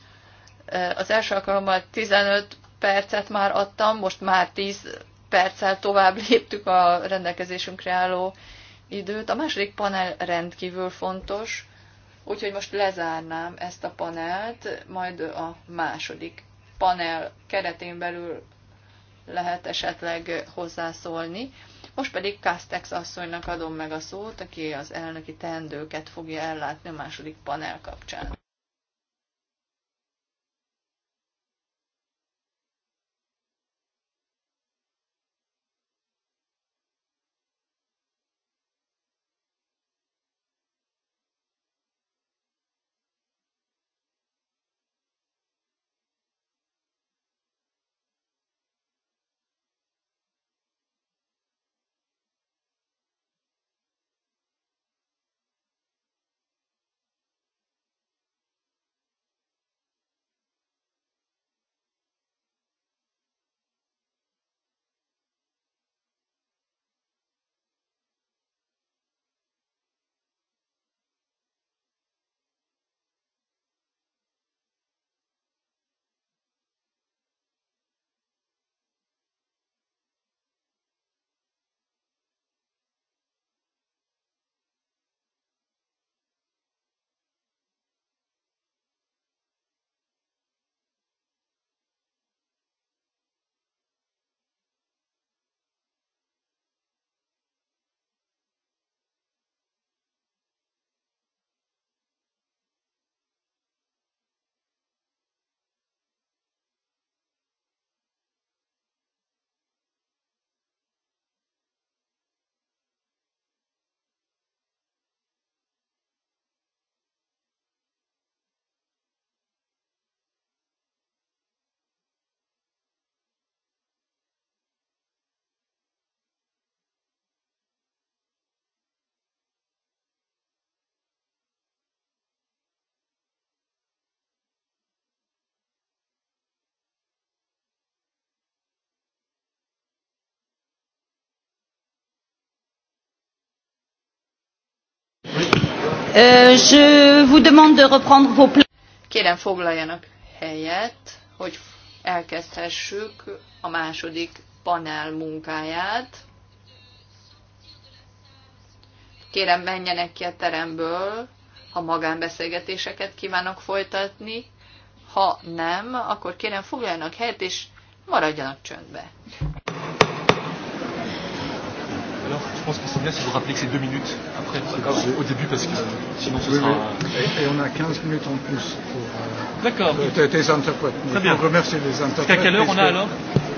Az első alkalommal 15 percet már adtam, most már 10 perccel tovább [LAUGHS] léptük a rendelkezésünkre álló időt. A második panel rendkívül fontos, úgyhogy most lezárnám ezt a panelt, majd a második panel keretén belül lehet esetleg hozzászólni. Most pedig Castex asszonynak adom meg a szót, aki az elnöki teendőket fogja ellátni a második panel kapcsán. Euh, je vous demande de reprendre vos Kérem foglaljanak helyet, hogy elkezdhessük a második panel munkáját. Kérem menjenek ki a teremből, ha magánbeszélgetéseket kívánok folytatni. Ha nem, akkor kérem foglaljanak helyet és maradjanak csöndbe pense que c'est bien si vous rappelez que c'est deux minutes après, au début, parce que euh, sinon ce oui, sera. Et, on a 15 minutes en plus pour. Euh, D'accord. Euh, tes interprètes. Très bien. remercier les interprètes. Jusqu'à quelle heure on a alors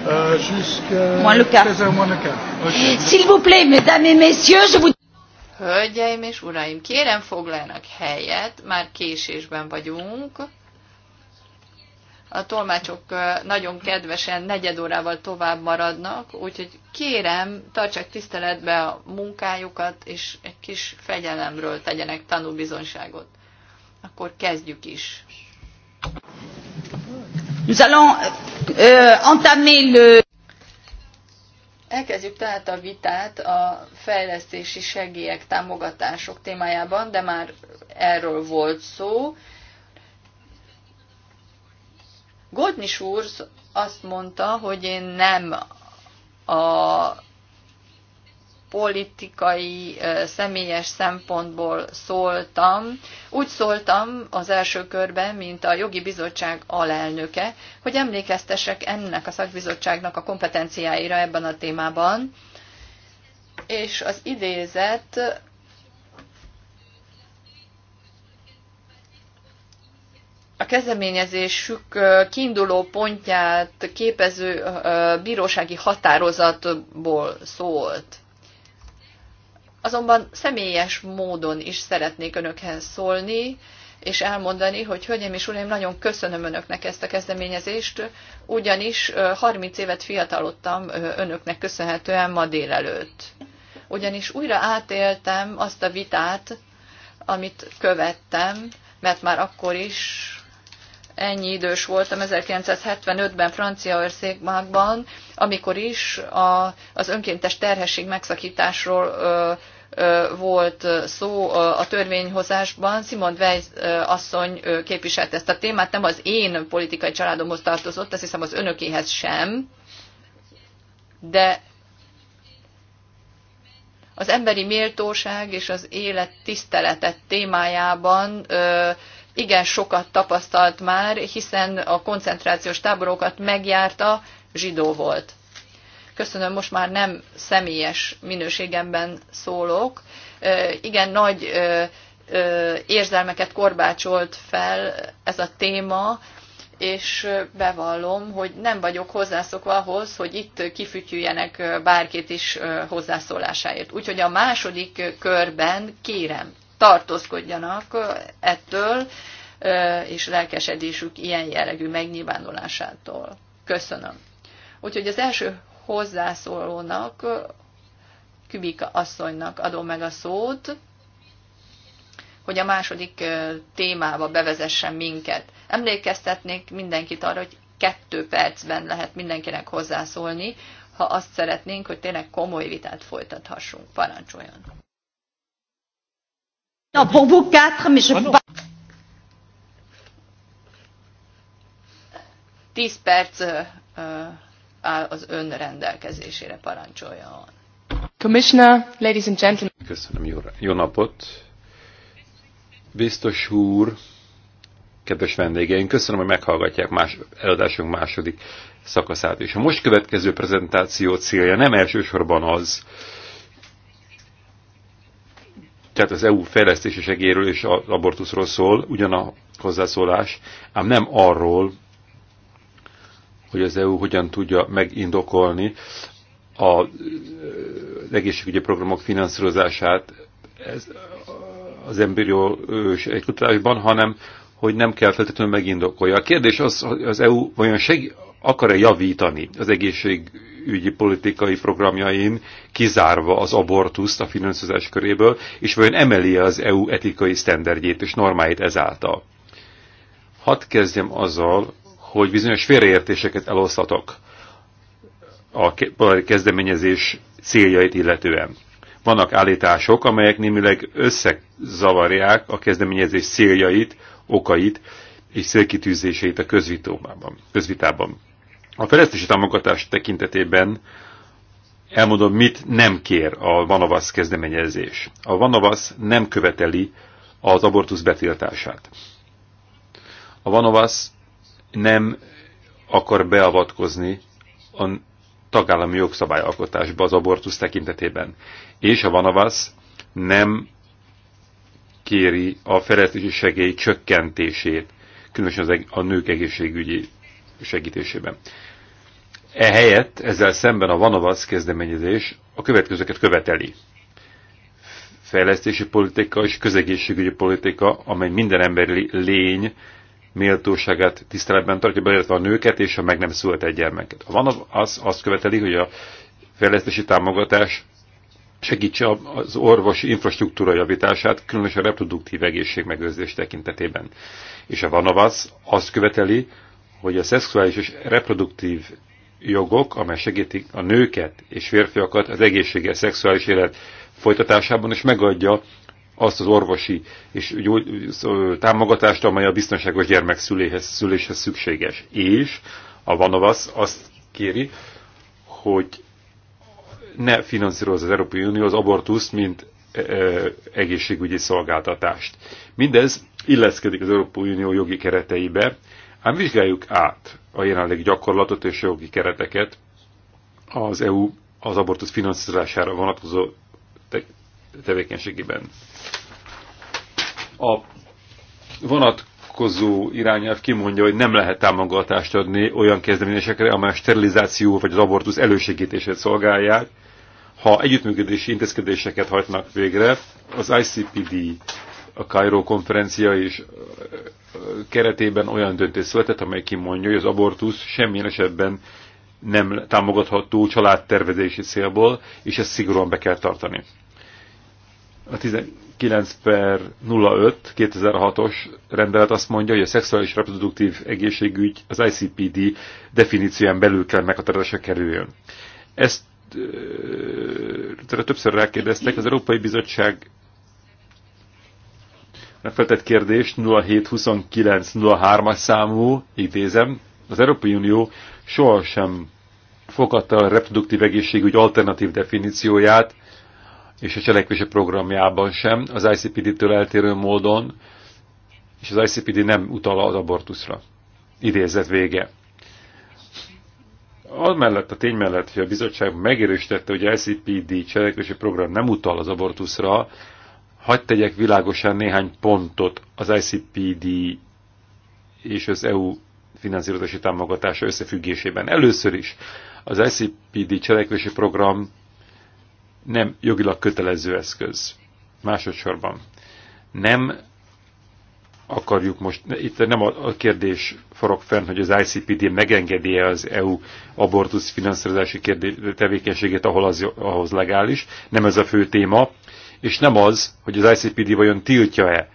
euh, Jusqu'à. Moins le quart. Okay. S'il vous plaît, mesdames et messieurs, je vous. Hölgyeim és uraim, kérem foglalnak helyet, már késésben vagyunk a tolmácsok nagyon kedvesen negyed órával tovább maradnak, úgyhogy kérem, tartsák tiszteletbe a munkájukat, és egy kis fegyelemről tegyenek tanúbizonságot. Akkor kezdjük is. Nous allons euh, entamer le... Elkezdjük tehát a vitát a fejlesztési segélyek, támogatások témájában, de már erről volt szó. Godni úr azt mondta, hogy én nem a politikai, személyes szempontból szóltam. Úgy szóltam az első körben, mint a jogi bizottság alelnöke, hogy emlékeztessek ennek a szakbizottságnak a kompetenciáira ebben a témában. És az idézet a kezdeményezésük kiinduló pontját képező bírósági határozatból szólt. Azonban személyes módon is szeretnék önökhez szólni, és elmondani, hogy hölgyeim és uraim, nagyon köszönöm önöknek ezt a kezdeményezést, ugyanis 30 évet fiatalodtam önöknek köszönhetően ma délelőtt. Ugyanis újra átéltem azt a vitát, amit követtem, mert már akkor is ennyi idős voltam 1975-ben Franciaországban, amikor is a, az önkéntes terhesség megszakításról ö, ö, volt szó a törvényhozásban. Simon Weiss asszony képviselte ezt a témát, nem az én politikai családomhoz tartozott, azt hiszem az önökéhez sem, de az emberi méltóság és az élet tiszteletet témájában ö, igen sokat tapasztalt már, hiszen a koncentrációs táborokat megjárta, zsidó volt. Köszönöm, most már nem személyes minőségemben szólok. Igen, nagy érzelmeket korbácsolt fel ez a téma, és bevallom, hogy nem vagyok hozzászokva ahhoz, hogy itt kifütyüljenek bárkit is hozzászólásáért. Úgyhogy a második körben kérem, tartózkodjanak ettől, és lelkesedésük ilyen jellegű megnyilvánulásától. Köszönöm. Úgyhogy az első hozzászólónak, Kübika asszonynak adom meg a szót, hogy a második témába bevezessen minket. Emlékeztetnék mindenkit arra, hogy kettő percben lehet mindenkinek hozzászólni, ha azt szeretnénk, hogy tényleg komoly vitát folytathassunk. Parancsoljon! Non, pour vous quatre, mais je ah, peux Tíz perc uh, áll az ön rendelkezésére parancsoljon. Commissioner, ladies and gentlemen. Köszönöm, jó, jó napot. Biztos úr, kedves vendégeink, köszönöm, hogy meghallgatják más, előadásunk második szakaszát. És a most következő prezentáció célja nem elsősorban az, tehát az EU fejlesztési segélyéről és az abortuszról szól, ugyan a hozzászólás, ám nem arról, hogy az EU hogyan tudja megindokolni a, az egészségügyi programok finanszírozását ez, az embriós egy kutatásban, hanem hogy nem kell feltétlenül megindokolja. A kérdés az, hogy az EU vajon segít, akar-e javítani az egészségügyi politikai programjain, kizárva az abortuszt a finanszírozás köréből, és vajon emeli az EU etikai sztenderdjét és normáit ezáltal. Hadd kezdjem azzal, hogy bizonyos félreértéseket eloszlatok a kezdeményezés céljait illetően. Vannak állítások, amelyek némileg összezavarják a kezdeményezés céljait, okait és célkitűzéseit a közvitában. A fejlesztési támogatás tekintetében elmondom, mit nem kér a Vanavasz kezdeményezés. A Vanavasz nem követeli az abortusz betiltását. A Vanavasz nem akar beavatkozni a tagállami jogszabályalkotásba az abortusz tekintetében. És a Vanavasz nem kéri a fejlesztési segély csökkentését, különösen az a nők egészségügyi segítésében. Ehelyett ezzel szemben a Vanavac kezdeményezés a következőket követeli. Fejlesztési politika és közegészségügyi politika, amely minden emberi lény méltóságát tiszteletben tartja, beleértve a nőket és a meg nem született gyermeket. A Vanavac azt követeli, hogy a fejlesztési támogatás segítse az orvosi infrastruktúra javítását, különösen a reproduktív egészség megőrzés tekintetében. És a Vanavac azt követeli, hogy a szexuális és reproduktív jogok, amely segítik a nőket és férfiakat az egészséges szexuális élet folytatásában, és megadja azt az orvosi és támogatást, amely a biztonságos gyermekszüléshez szüléshez szükséges. És a Vanovas azt kéri, hogy ne finanszírozza az Európai Unió az abortusz, mint egészségügyi szolgáltatást. Mindez illeszkedik az Európai Unió jogi kereteibe, Ám hát vizsgáljuk át a jelenlegi gyakorlatot és jogi kereteket az EU az abortusz finanszírozására vonatkozó te tevékenységében. A vonatkozó irányelv kimondja, hogy nem lehet támogatást adni olyan kezdeményezésekre, amely a sterilizáció vagy az abortusz elősegítését szolgálják, ha együttműködési intézkedéseket hajtnak végre, az ICPD, a Cairo konferencia és keretében olyan döntés született, amely kimondja, hogy az abortusz semmilyen esetben nem támogatható családtervezési célból, és ezt szigorúan be kell tartani. A 19 per 05 2006-os rendelet azt mondja, hogy a szexuális reproduktív egészségügy az ICPD definícióján belül kell meghatározása kerüljön. Ezt többször rákérdeztek, az Európai Bizottság megfeltett kérdést 072903-as számú, idézem, az Európai Unió sohasem fogadta a reproduktív egészségügy alternatív definícióját, és a cselekvési programjában sem, az ICPD-től eltérő módon, és az ICPD nem utal az abortuszra. Idézet vége. Amellett, a tény mellett, hogy a bizottság megerősítette, hogy a ICPD cselekvési program nem utal az abortuszra, hagyd tegyek világosan néhány pontot az ICPD és az EU finanszírozási támogatása összefüggésében. Először is az ICPD cselekvési program nem jogilag kötelező eszköz. Másodszorban nem akarjuk most, itt nem a kérdés forog fenn, hogy az ICPD megengedi-e az EU abortusz finanszírozási tevékenységét, ahol az, ahhoz legális. Nem ez a fő téma és nem az, hogy az ICPD vajon tiltja-e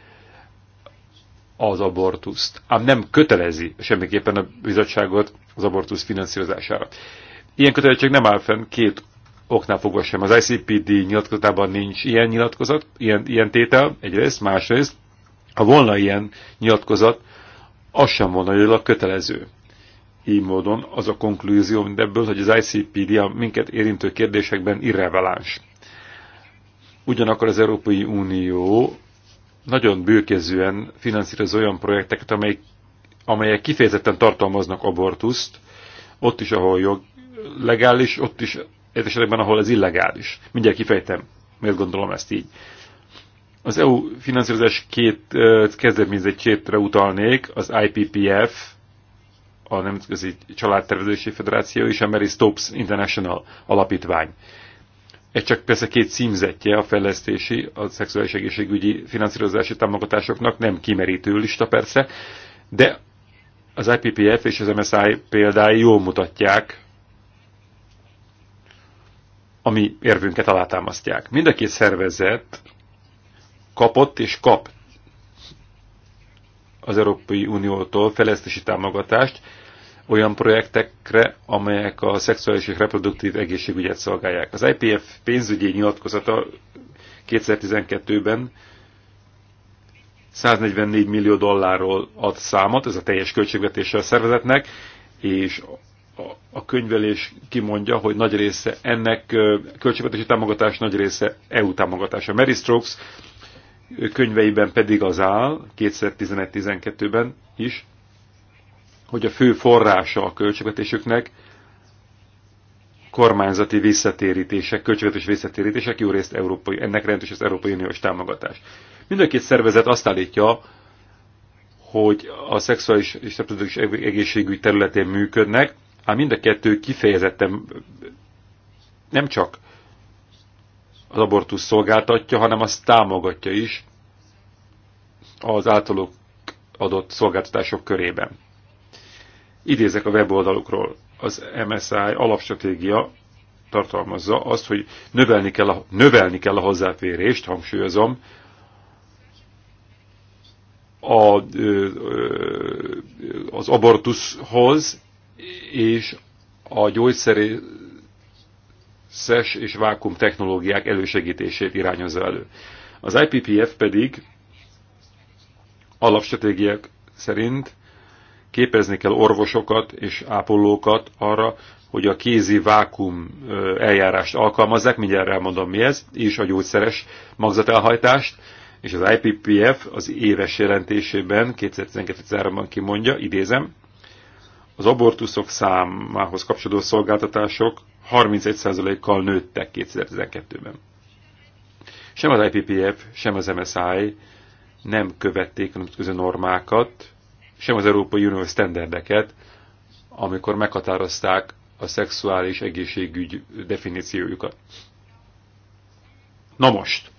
az abortuszt, ám nem kötelezi semmiképpen a bizottságot az abortusz finanszírozására. Ilyen kötelezettség nem áll fenn két oknál fogva sem. Az ICPD nyilatkozatában nincs ilyen nyilatkozat, ilyen, ilyen tétel, egyrészt, másrészt, ha volna ilyen nyilatkozat, az sem volna a kötelező. Így módon az a konklúzió mindebből, hogy az ICPD a minket érintő kérdésekben irreveláns. Ugyanakkor az Európai Unió nagyon bőkezően finanszíroz olyan projekteket, amelyek, amelyek kifejezetten tartalmaznak abortuszt, ott is, ahol jog legális, ott is esetben, ahol ez illegális. Mindjárt kifejtem, miért gondolom ezt így. Az EU finanszírozás két kezdeményezésétre utalnék, az IPPF, a Nemzetközi Családtervezési Federáció és a Mary Stopes International alapítvány. Ez csak persze két címzetje a fejlesztési, a szexuális egészségügyi finanszírozási támogatásoknak, nem kimerítő lista persze, de az IPPF és az MSI példái jól mutatják, ami érvünket alátámasztják. Mind a két szervezet kapott és kap az Európai Uniótól fejlesztési támogatást, olyan projektekre, amelyek a szexuális és reproduktív egészségügyet szolgálják. Az IPF pénzügyi nyilatkozata 2012-ben 144 millió dollárról ad számot, ez a teljes költségvetése a szervezetnek, és a könyvelés kimondja, hogy nagy része ennek költségvetési támogatás, nagy része EU támogatása. Mary Strokes könyveiben pedig az áll, 2011-12-ben is, hogy a fő forrása a költségvetésüknek kormányzati visszatérítések, költségvetés visszatérítések, jó részt európai, ennek rendős az Európai Uniós támogatás. Mind a két szervezet azt állítja, hogy a szexuális és szexuális egészségügy területén működnek, ám mind a kettő kifejezetten nem csak az abortusz szolgáltatja, hanem azt támogatja is az általuk adott szolgáltatások körében. Idézek a weboldalukról. Az MSI alapstratégia tartalmazza azt, hogy növelni kell a, növelni kell a hozzáférést, hangsúlyozom, a, az abortuszhoz és a gyógyszeres és vákum technológiák elősegítését irányozza elő. Az IPPF pedig alapstratégiák szerint Képezni kell orvosokat és ápolókat arra, hogy a kézi vákum eljárást alkalmazzák, mindjárt elmondom mi ez, és a gyógyszeres magzatelhajtást, és az IPPF az éves jelentésében 2012-2013-ban kimondja, idézem, az abortuszok számához kapcsolódó szolgáltatások 31%-kal nőttek 2012-ben. Sem az IPPF, sem az MSI nem követték a nemzetközi normákat sem az Európai Unió sztenderdeket, amikor meghatározták a szexuális egészségügy definíciójukat. Na most,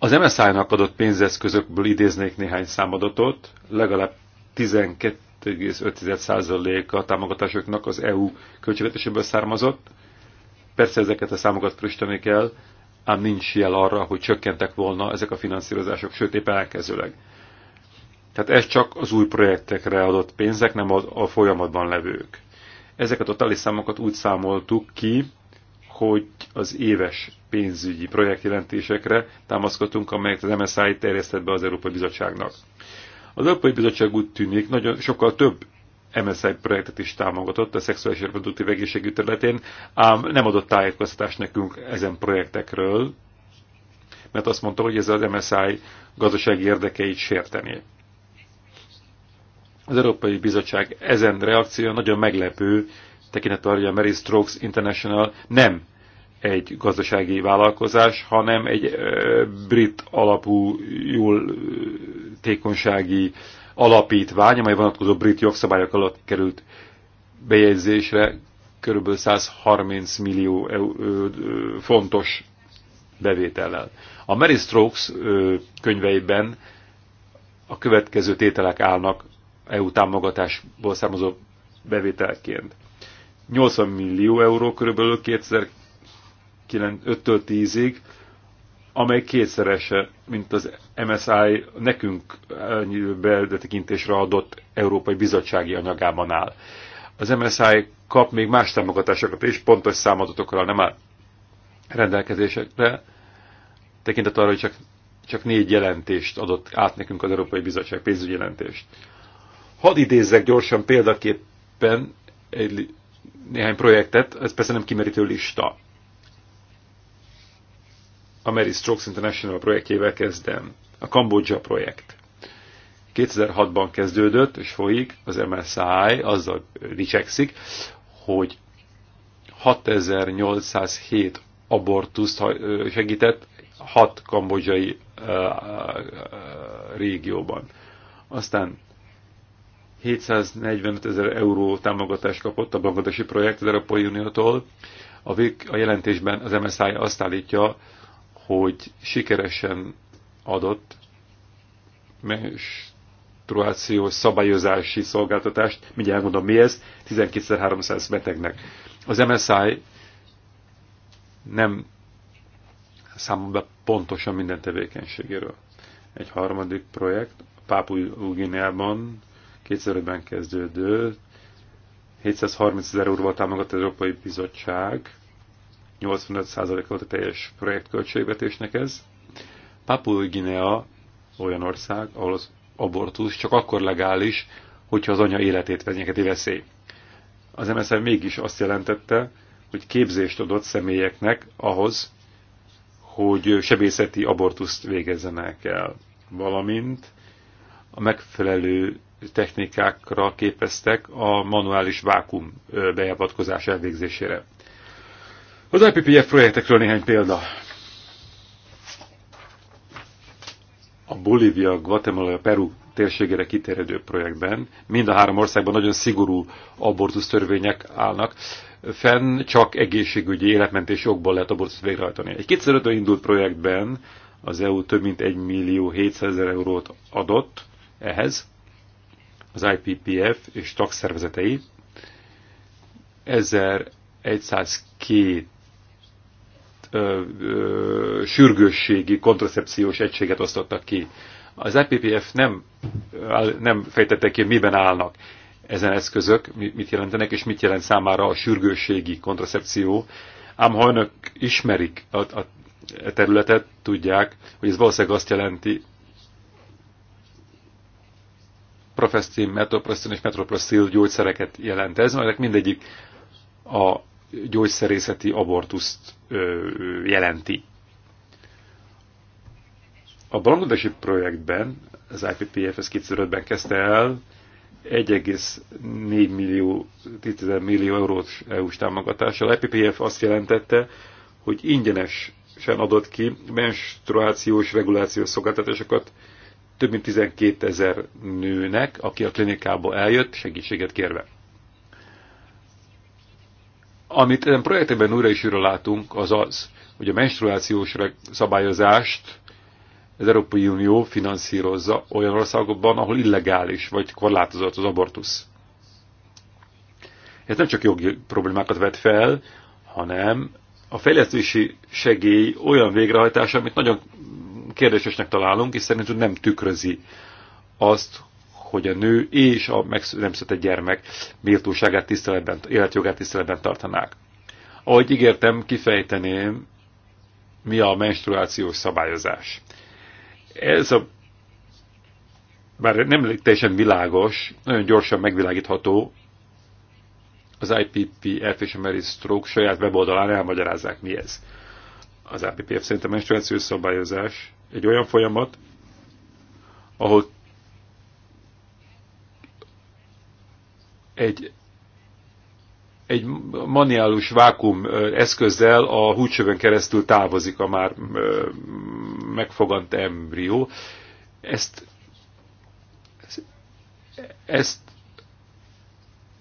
az MSI-nak adott pénzeszközökből idéznék néhány számadatot, legalább 12,5%-a a támogatásoknak az EU költségvetéséből származott. Persze ezeket a számokat frissíteni kell, ám nincs jel arra, hogy csökkentek volna ezek a finanszírozások, sőt éppen elkezőleg. Tehát ez csak az új projektekre adott pénzek, nem a, a folyamatban levők. Ezeket a totális számokat úgy számoltuk ki, hogy az éves pénzügyi projektjelentésekre támaszkodtunk, amelyet az MSI terjesztett be az Európai Bizottságnak. Az Európai Bizottság úgy tűnik, nagyon sokkal több MSI projektet is támogatott a szexuális és reproduktív egészségügy területén, ám nem adott tájékoztatást nekünk ezen projektekről, mert azt mondta, hogy ez az MSI gazdasági érdekeit sértené. Az Európai Bizottság ezen reakció nagyon meglepő, tekintettel, hogy a Mary Strokes International nem egy gazdasági vállalkozás, hanem egy brit alapú jól tékonysági alapítvány, amely vonatkozó brit jogszabályok alatt került bejegyzésre kb. 130 millió fontos bevétellel. A Mary Strokes könyveiben a következő tételek állnak EU támogatásból származó bevételként. 80 millió euró körülbelül 2005-től 10-ig, amely kétszerese, mint az MSI nekünk beldetekintésre adott Európai Bizottsági anyagában áll. Az MSI kap még más támogatásokat is, pontos számadatokra nem áll rendelkezésekre, tekintet arra, hogy csak, csak négy jelentést adott át nekünk az Európai Bizottság, pénzügyi jelentést. Hadd idézzek gyorsan példaképpen egy, néhány projektet, ez persze nem kimerítő lista. A Mary Strokes International projektjével kezdem. A Kambodzsa projekt. 2006-ban kezdődött, és folyik, az MSI azzal dicsekszik, hogy 6807 abortuszt segített 6 kambodzsai régióban. Aztán 745 ezer euró támogatást kapott a bangladesi projekt az Európai Uniótól. A, vég, a jelentésben az MSI azt állítja, hogy sikeresen adott menstruációs szabályozási szolgáltatást, mindjárt elmondom mi ez, 12.300 betegnek. Az MSI nem számol be pontosan minden tevékenységéről. Egy harmadik projekt, Pápui Ugineában 2005-ben kezdődő 730 ezer euróval támogatott az Európai Bizottság, 85% volt a teljes projektköltségvetésnek ez. Papua Guinea olyan ország, ahol az abortusz csak akkor legális, hogyha az anya életét fenyegeti veszély. Az MSZM mégis azt jelentette, hogy képzést adott személyeknek ahhoz, hogy sebészeti abortuszt végezzenek el, valamint a megfelelő technikákra képeztek a manuális vákum beavatkozás elvégzésére. Az IPPF projektekről néhány példa. A Bolívia, Guatemala, Peru térségére kiterjedő projektben mind a három országban nagyon szigorú abortusz törvények állnak fenn, csak egészségügyi életmentési okból lehet abortuszt végrehajtani. Egy 2005 indult projektben az EU több mint 1 millió 700 ezer eurót adott ehhez, az IPPF és tagszervezetei 1102 ö, ö, sürgősségi kontracepciós egységet osztottak ki. Az IPPF nem, nem fejtette ki, miben állnak ezen eszközök, mit jelentenek, és mit jelent számára a sürgősségi kontracepció. Ám ha önök ismerik a, a területet, tudják, hogy ez valószínűleg azt jelenti, Profesztin, Metoprasztin és Metroprasztil gyógyszereket jelent ez, amelyek mindegyik a gyógyszerészeti abortuszt ö, jelenti. A bangladesi projektben, az IPPFS 2005-ben kezdte el, 1,4 millió, 10 millió eurós EU-s támogatással. A IPPF azt jelentette, hogy ingyenesen adott ki menstruációs regulációs szolgáltatásokat több mint 12 ezer nőnek, aki a klinikából eljött segítséget kérve. Amit ezen projektben újra is újra látunk, az az, hogy a menstruációs szabályozást az Európai Unió finanszírozza olyan országokban, ahol illegális vagy korlátozott az abortusz. Ez nem csak jogi problémákat vet fel, hanem a fejlesztési segély olyan végrehajtása, amit nagyon kérdésesnek találunk, és szerintünk nem tükrözi azt, hogy a nő és a nem született gyermek méltóságát tiszteletben, életjogát tiszteletben tartanák. Ahogy ígértem, kifejteném, mi a menstruációs szabályozás. Ez a bár nem teljesen világos, nagyon gyorsan megvilágítható, az IPPF és a Mary Stroke saját weboldalán elmagyarázzák, mi ez. Az IPPF szerint a menstruációs szabályozás egy olyan folyamat, ahol egy, egy maniálus vákum eszközzel a húcsövön keresztül távozik a már megfogant embrió. Ezt, ezt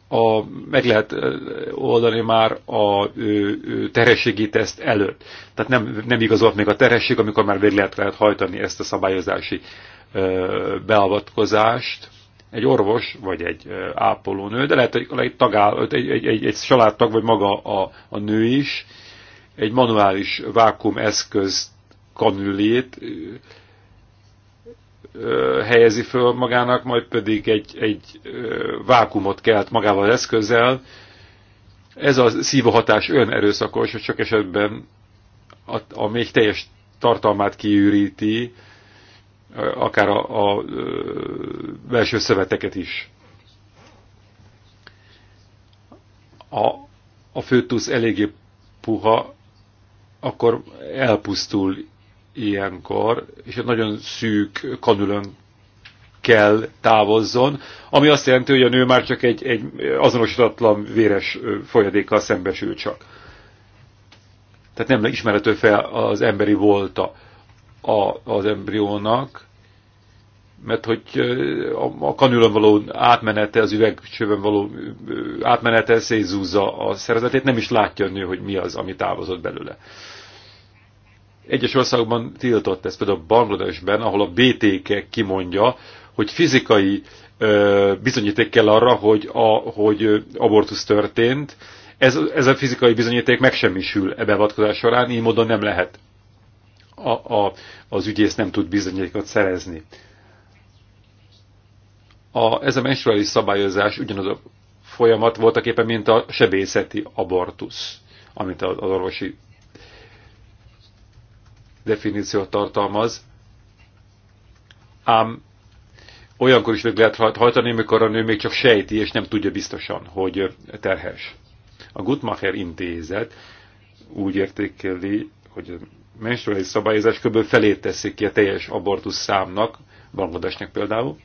a, meg lehet oldani már a terhességi teszt előtt. Tehát nem, nem igazolt még a terhesség, amikor már végre lehet hajtani ezt a szabályozási ö, beavatkozást. Egy orvos, vagy egy ápolónő, de lehet egy, tagál, egy, egy, egy, egy családtag, vagy maga a, a nő is, egy manuális vákumeszköz eszköz kanülét helyezi föl magának, majd pedig egy, egy vákumot kelt magával eszközzel. Ez a szívóhatás olyan erőszakos, hogy sok esetben a, a még teljes tartalmát kiüríti, akár a, a belső szöveteket is. A, a főtusz eléggé puha, akkor elpusztul ilyenkor, és nagyon szűk kanülön kell távozzon, ami azt jelenti, hogy a nő már csak egy, egy azonosítatlan véres folyadékkal szembesül csak. Tehát nem ismerhető fel az emberi volta a, az embriónak, mert hogy a kanülön való átmenete, az üvegcsőben való átmenete szétzúzza a szervezetét, nem is látja a nő, hogy mi az, ami távozott belőle. Egyes országokban tiltott ez, például Bangladesben, ahol a BTK kimondja, hogy fizikai ö, bizonyíték kell arra, hogy, a, hogy abortusz történt. Ez, ez a fizikai bizonyíték megsemmisül e beavatkozás során, így módon nem lehet. A, a, az ügyész nem tud bizonyítékot szerezni. A, ez a menstruális szabályozás ugyanaz a folyamat voltak éppen, mint a sebészeti abortusz, amit az orvosi definíciót tartalmaz, ám olyankor is meg lehet hajtani, amikor a nő még csak sejti, és nem tudja biztosan, hogy terhes. A Guttmacher intézet úgy értékeli, hogy a menstruális szabályozás kb. felét teszik ki a teljes abortusz számnak, Bangladesnek például,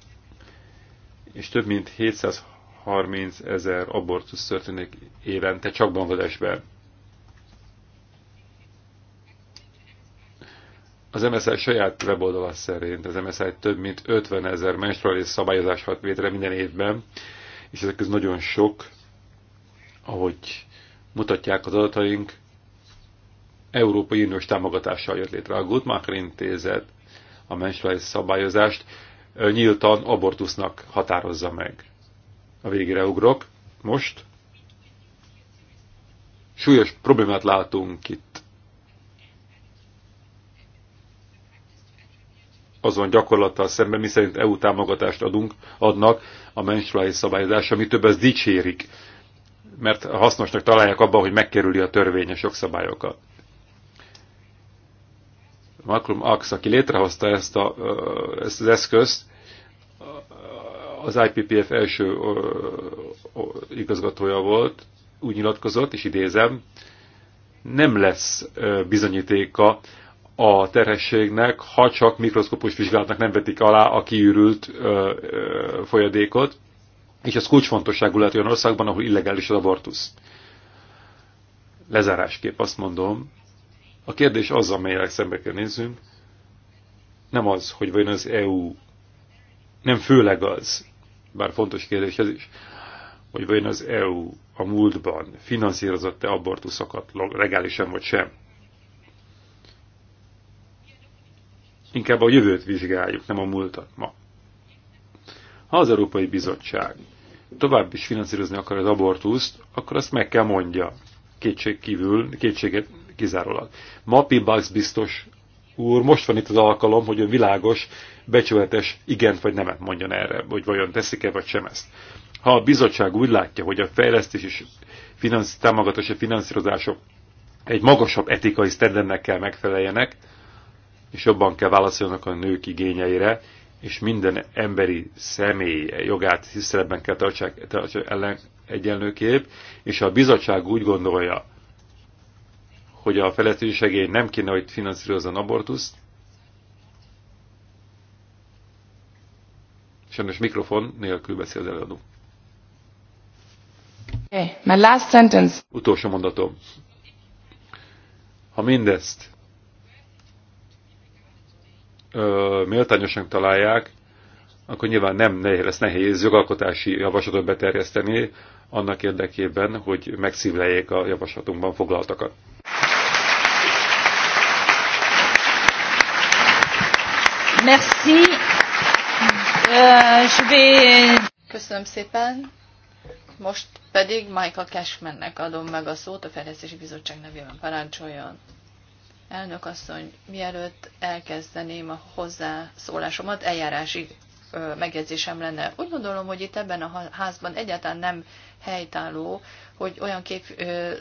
és több mint 730 ezer abortusz történik évente csak Bangladesben. Az MSI saját weboldala szerint az MSI több mint 50 ezer menstruális szabályozás hat létre minden évben, és ezek közül nagyon sok, ahogy mutatják az adataink, Európai Uniós támogatással jött létre. A Gutmacher Intézet a menstruális szabályozást nyíltan abortusznak határozza meg. A végére ugrok. Most súlyos problémát látunk itt azon gyakorlattal szemben, mi szerint EU támogatást adunk, adnak a menstruális szabályozás, mi több az dicsérik, mert hasznosnak találják abban, hogy megkerüli a törvényes jogszabályokat. Malcolm Ax, aki létrehozta ezt, a, ezt az eszközt, az IPPF első igazgatója volt, úgy nyilatkozott, és idézem, nem lesz bizonyítéka a terhességnek, ha csak mikroszkopos vizsgálatnak nem vetik alá a kiürült ö, ö, folyadékot, és ez kulcsfontosságú lehet olyan országban, ahol illegális az abortusz. Lezárásképp azt mondom, a kérdés az, amelyel szembe kell nézzünk, nem az, hogy vajon az EU, nem főleg az, bár fontos kérdés ez is, hogy vajon az EU a múltban finanszírozott-e abortuszokat legálisan vagy sem. Inkább a jövőt vizsgáljuk, nem a múltat ma. Ha az Európai Bizottság tovább is finanszírozni akar az abortuszt, akkor azt meg kell mondja. Kétség kívül, kétséget kizárólag. Ma Pibax biztos úr, most van itt az alkalom, hogy a világos, becsületes igent vagy nemet mondjon erre, hogy vajon teszik-e vagy sem ezt. Ha a bizottság úgy látja, hogy a fejlesztés és finansz, támogatási finanszírozások egy magasabb etikai sztendernek kell megfeleljenek, és jobban kell válaszolnak a nők igényeire, és minden emberi személy jogát tiszteletben kell tartsák, tartsák ellen egyenlőképp, és a bizottság úgy gondolja, hogy a fejlesztési segély nem kéne, hogy finanszírozzon abortuszt, sajnos mikrofon nélkül beszél az előadó. Okay, my last sentence. Utolsó mondatom. Ha mindezt ö, méltányosnak találják, akkor nyilván nem nehéz, lesz nehéz jogalkotási javaslatot beterjeszteni annak érdekében, hogy megszívleljék a javaslatunkban foglaltakat. Merci. Köszönöm szépen. Most pedig Michael Cashmannek adom meg a szót, a Fejlesztési Bizottság nevében parancsoljon. Elnök asszony, mielőtt elkezdeném a hozzászólásomat, eljárási megjegyzésem lenne. Úgy gondolom, hogy itt ebben a házban egyáltalán nem helytálló, hogy olyan kép,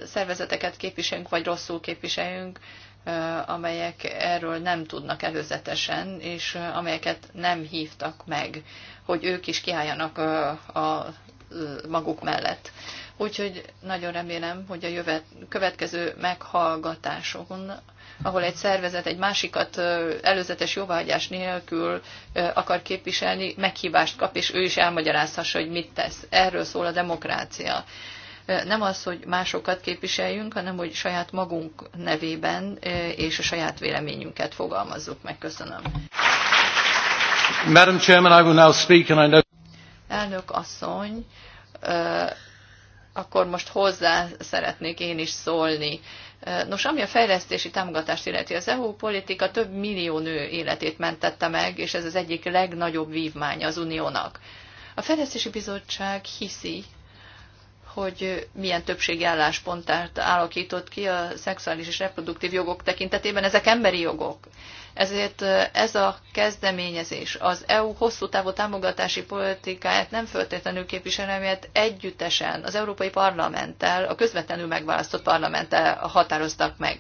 szervezeteket képviseljünk, vagy rosszul képviseljünk, amelyek erről nem tudnak előzetesen, és amelyeket nem hívtak meg, hogy ők is kiálljanak a, maguk mellett. Úgyhogy nagyon remélem, hogy a jövet, következő meghallgatásokon ahol egy szervezet egy másikat előzetes jóváhagyás nélkül akar képviselni, meghívást kap, és ő is elmagyarázhassa, hogy mit tesz. Erről szól a demokrácia. Nem az, hogy másokat képviseljünk, hanem hogy saját magunk nevében és a saját véleményünket fogalmazzuk meg. Köszönöm. Madam Chairman, I will now speak and I know... Elnök asszony, akkor most hozzá szeretnék én is szólni. Nos, ami a fejlesztési támogatást illeti, az EU politika több millió nő életét mentette meg, és ez az egyik legnagyobb vívmány az uniónak. A Fejlesztési Bizottság hiszi, hogy milyen többségi álláspontát alakított ki a szexuális és reproduktív jogok tekintetében. Ezek emberi jogok. Ezért ez a kezdeményezés az EU hosszú távú támogatási politikáját nem feltétlenül képviselem, mert együttesen az Európai Parlamenttel, a közvetlenül megválasztott parlamenttel határoztak meg.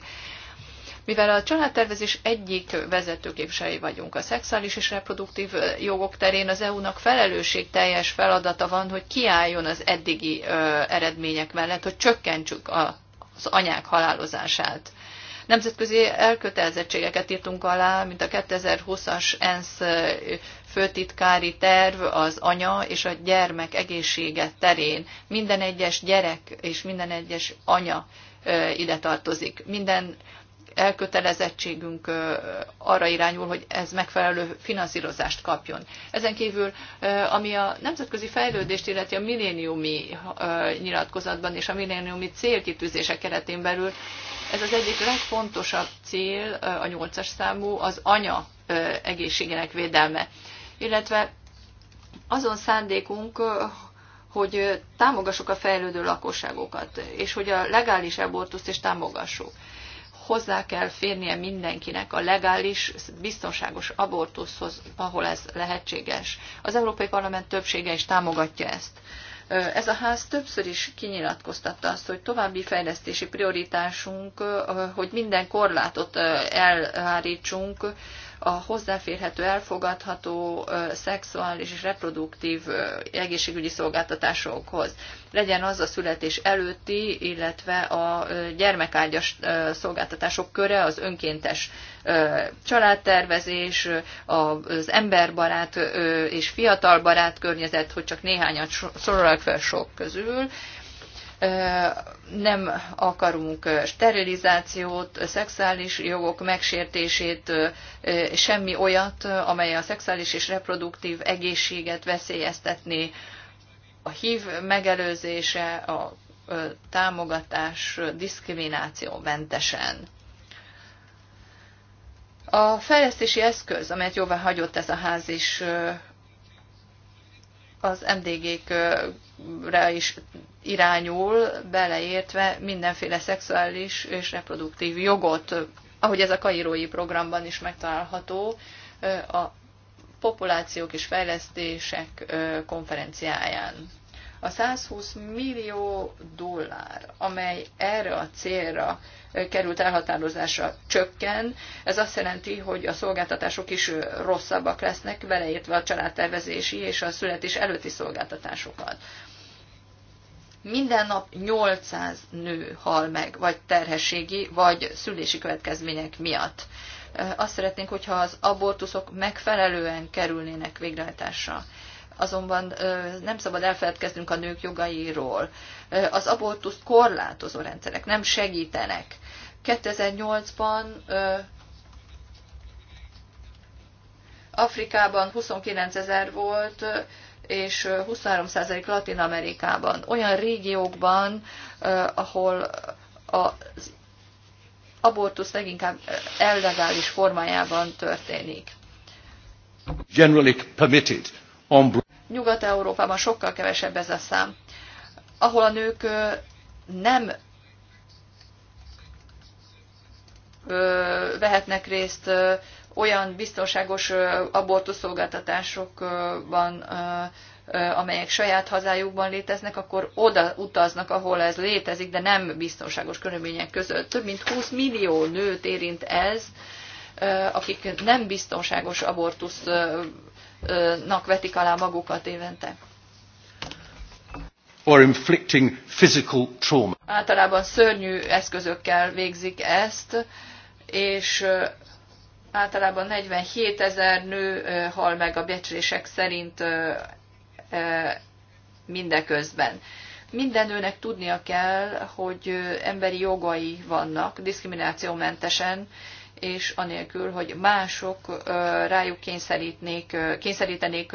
Mivel a családtervezés egyik vezetőképviselői vagyunk a szexuális és reproduktív jogok terén, az EU-nak felelősségteljes feladata van, hogy kiálljon az eddigi ö, eredmények mellett, hogy csökkentsük a, az anyák halálozását. Nemzetközi elkötelezettségeket írtunk alá, mint a 2020-as ENSZ főtitkári terv az anya és a gyermek egészsége terén. Minden egyes gyerek és minden egyes anya ide tartozik. Minden elkötelezettségünk arra irányul, hogy ez megfelelő finanszírozást kapjon. Ezen kívül, ami a nemzetközi fejlődést illeti a milléniumi nyilatkozatban és a milléniumi célkitűzések keretén belül, ez az egyik legfontosabb cél, a nyolcas számú, az anya egészségének védelme. Illetve azon szándékunk, hogy támogassuk a fejlődő lakosságokat, és hogy a legális abortuszt is támogassuk hozzá kell férnie mindenkinek a legális, biztonságos abortuszhoz, ahol ez lehetséges. Az Európai Parlament többsége is támogatja ezt. Ez a ház többször is kinyilatkoztatta azt, hogy további fejlesztési prioritásunk, hogy minden korlátot elhárítsunk a hozzáférhető, elfogadható szexuális és reproduktív egészségügyi szolgáltatásokhoz. Legyen az a születés előtti, illetve a gyermekágyas szolgáltatások köre, az önkéntes családtervezés, az emberbarát és fiatalbarát környezet, hogy csak néhányat soroljak fel sok közül, nem akarunk sterilizációt, szexuális jogok megsértését, semmi olyat, amely a szexuális és reproduktív egészséget veszélyeztetné. A HIV megelőzése, a támogatás mentesen. A fejlesztési eszköz, amelyet jóvá hagyott ez a ház is, az MDG-k rá is irányul, beleértve mindenféle szexuális és reproduktív jogot, ahogy ez a kairói programban is megtalálható, a populációk és fejlesztések konferenciáján. A 120 millió dollár, amely erre a célra került elhatározásra csökken, ez azt jelenti, hogy a szolgáltatások is rosszabbak lesznek, beleértve a családtervezési és a születés előtti szolgáltatásokat minden nap 800 nő hal meg, vagy terhességi, vagy szülési következmények miatt. Azt szeretnénk, hogyha az abortuszok megfelelően kerülnének végrehajtásra. Azonban nem szabad elfeledkeznünk a nők jogairól. Az abortuszt korlátozó rendszerek nem segítenek. 2008-ban Afrikában 29 ezer volt, és 23% Latin Amerikában, olyan régiókban, ahol az abortusz leginkább ellegális formájában történik. Generally permitted on... Nyugat-Európában sokkal kevesebb ez a szám, ahol a nők nem vehetnek részt olyan biztonságos abortuszolgáltatásokban, amelyek saját hazájukban léteznek, akkor oda utaznak, ahol ez létezik, de nem biztonságos körülmények között. Több mint 20 millió nőt érint ez, akik nem biztonságos abortusznak vetik alá magukat évente. Or inflicting physical trauma. Általában szörnyű eszközökkel végzik ezt, és általában 47 ezer nő hal meg a becslések szerint mindeközben. Minden nőnek tudnia kell, hogy emberi jogai vannak diszkriminációmentesen, és anélkül, hogy mások rájuk kényszerítnék, kényszerítenék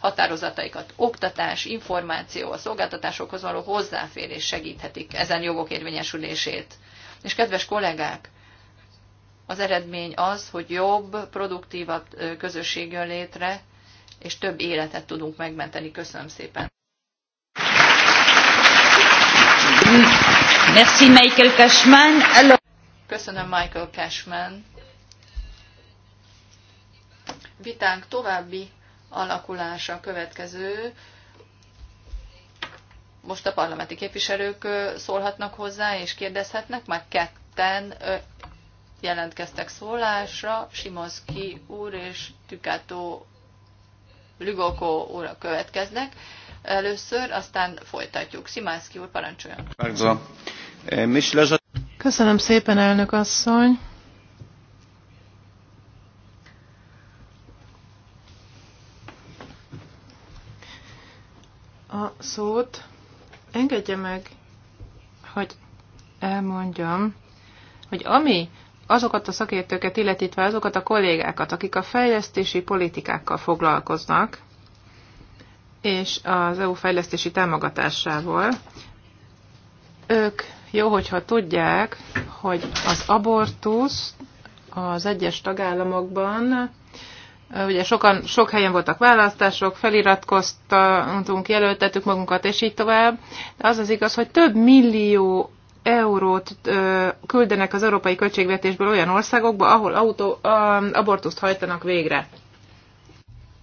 határozataikat. Oktatás, információ, a szolgáltatásokhoz való hozzáférés segíthetik ezen jogok érvényesülését. És kedves kollégák, az eredmény az, hogy jobb, produktívabb közösség jön létre, és több életet tudunk megmenteni. Köszönöm szépen! Merci Michael Cashman. Köszönöm Michael Cashman. Vitánk további alakulása következő. Most a parlamenti képviselők szólhatnak hozzá és kérdezhetnek, már ketten jelentkeztek szólásra, Simonszki úr és Tükátó Lügokó úr következnek. Először, aztán folytatjuk. Szimánszki úr, parancsoljon. E, Köszönöm szépen, elnök asszony. A szót engedje meg, hogy elmondjam, hogy ami azokat a szakértőket, illetítve azokat a kollégákat, akik a fejlesztési politikákkal foglalkoznak, és az EU fejlesztési támogatásával, ők jó, hogyha tudják, hogy az abortusz az egyes tagállamokban, ugye sokan, sok helyen voltak választások, feliratkoztunk, jelöltettük magunkat, és így tovább, de az az igaz, hogy több millió eurót ö, küldenek az európai költségvetésből olyan országokba, ahol autó, ö, abortuszt hajtanak végre.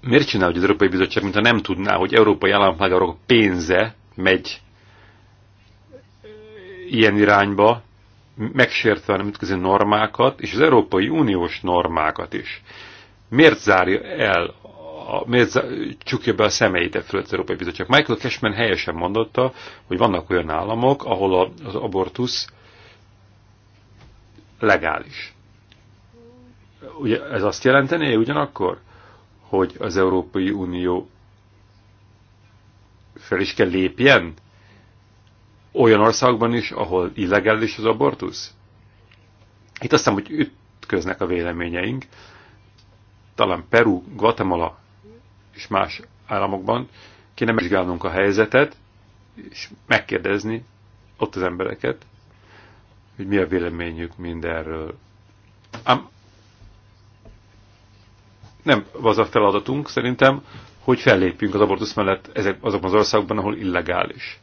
Miért csinál, hogy az Európai Bizottság, mintha nem tudná, hogy európai állampolgárok pénze megy ilyen irányba, megsértve a nemzetközi normákat, és az Európai Uniós normákat is. Miért zárja el a, miért csukja be a szemeit e fölött az Európai Bizottság. Michael Cashman helyesen mondotta, hogy vannak olyan államok, ahol az abortusz legális. Ugye ez azt jelenteni ugyanakkor, hogy az Európai Unió fel is kell lépjen olyan országban is, ahol illegális az abortusz? Itt azt hiszem, hogy ütköznek a véleményeink, talán Peru, Guatemala és más államokban kéne megvizsgálnunk a helyzetet, és megkérdezni ott az embereket, hogy mi a véleményük mindenről. Ám nem az a feladatunk szerintem, hogy fellépjünk az abortusz mellett ezek, azokban az országokban, ahol illegális.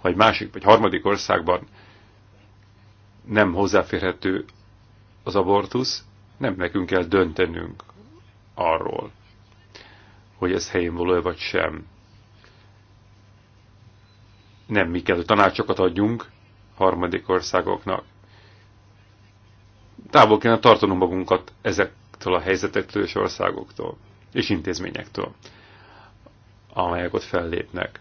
Ha egy másik vagy harmadik országban nem hozzáférhető az abortusz, nem nekünk kell döntenünk arról, hogy ez helyén való vagy sem. Nem mi kell, hogy tanácsokat adjunk harmadik országoknak. Távol kéne tartanunk magunkat ezektől a helyzetektől és országoktól, és intézményektől, amelyek ott fellépnek.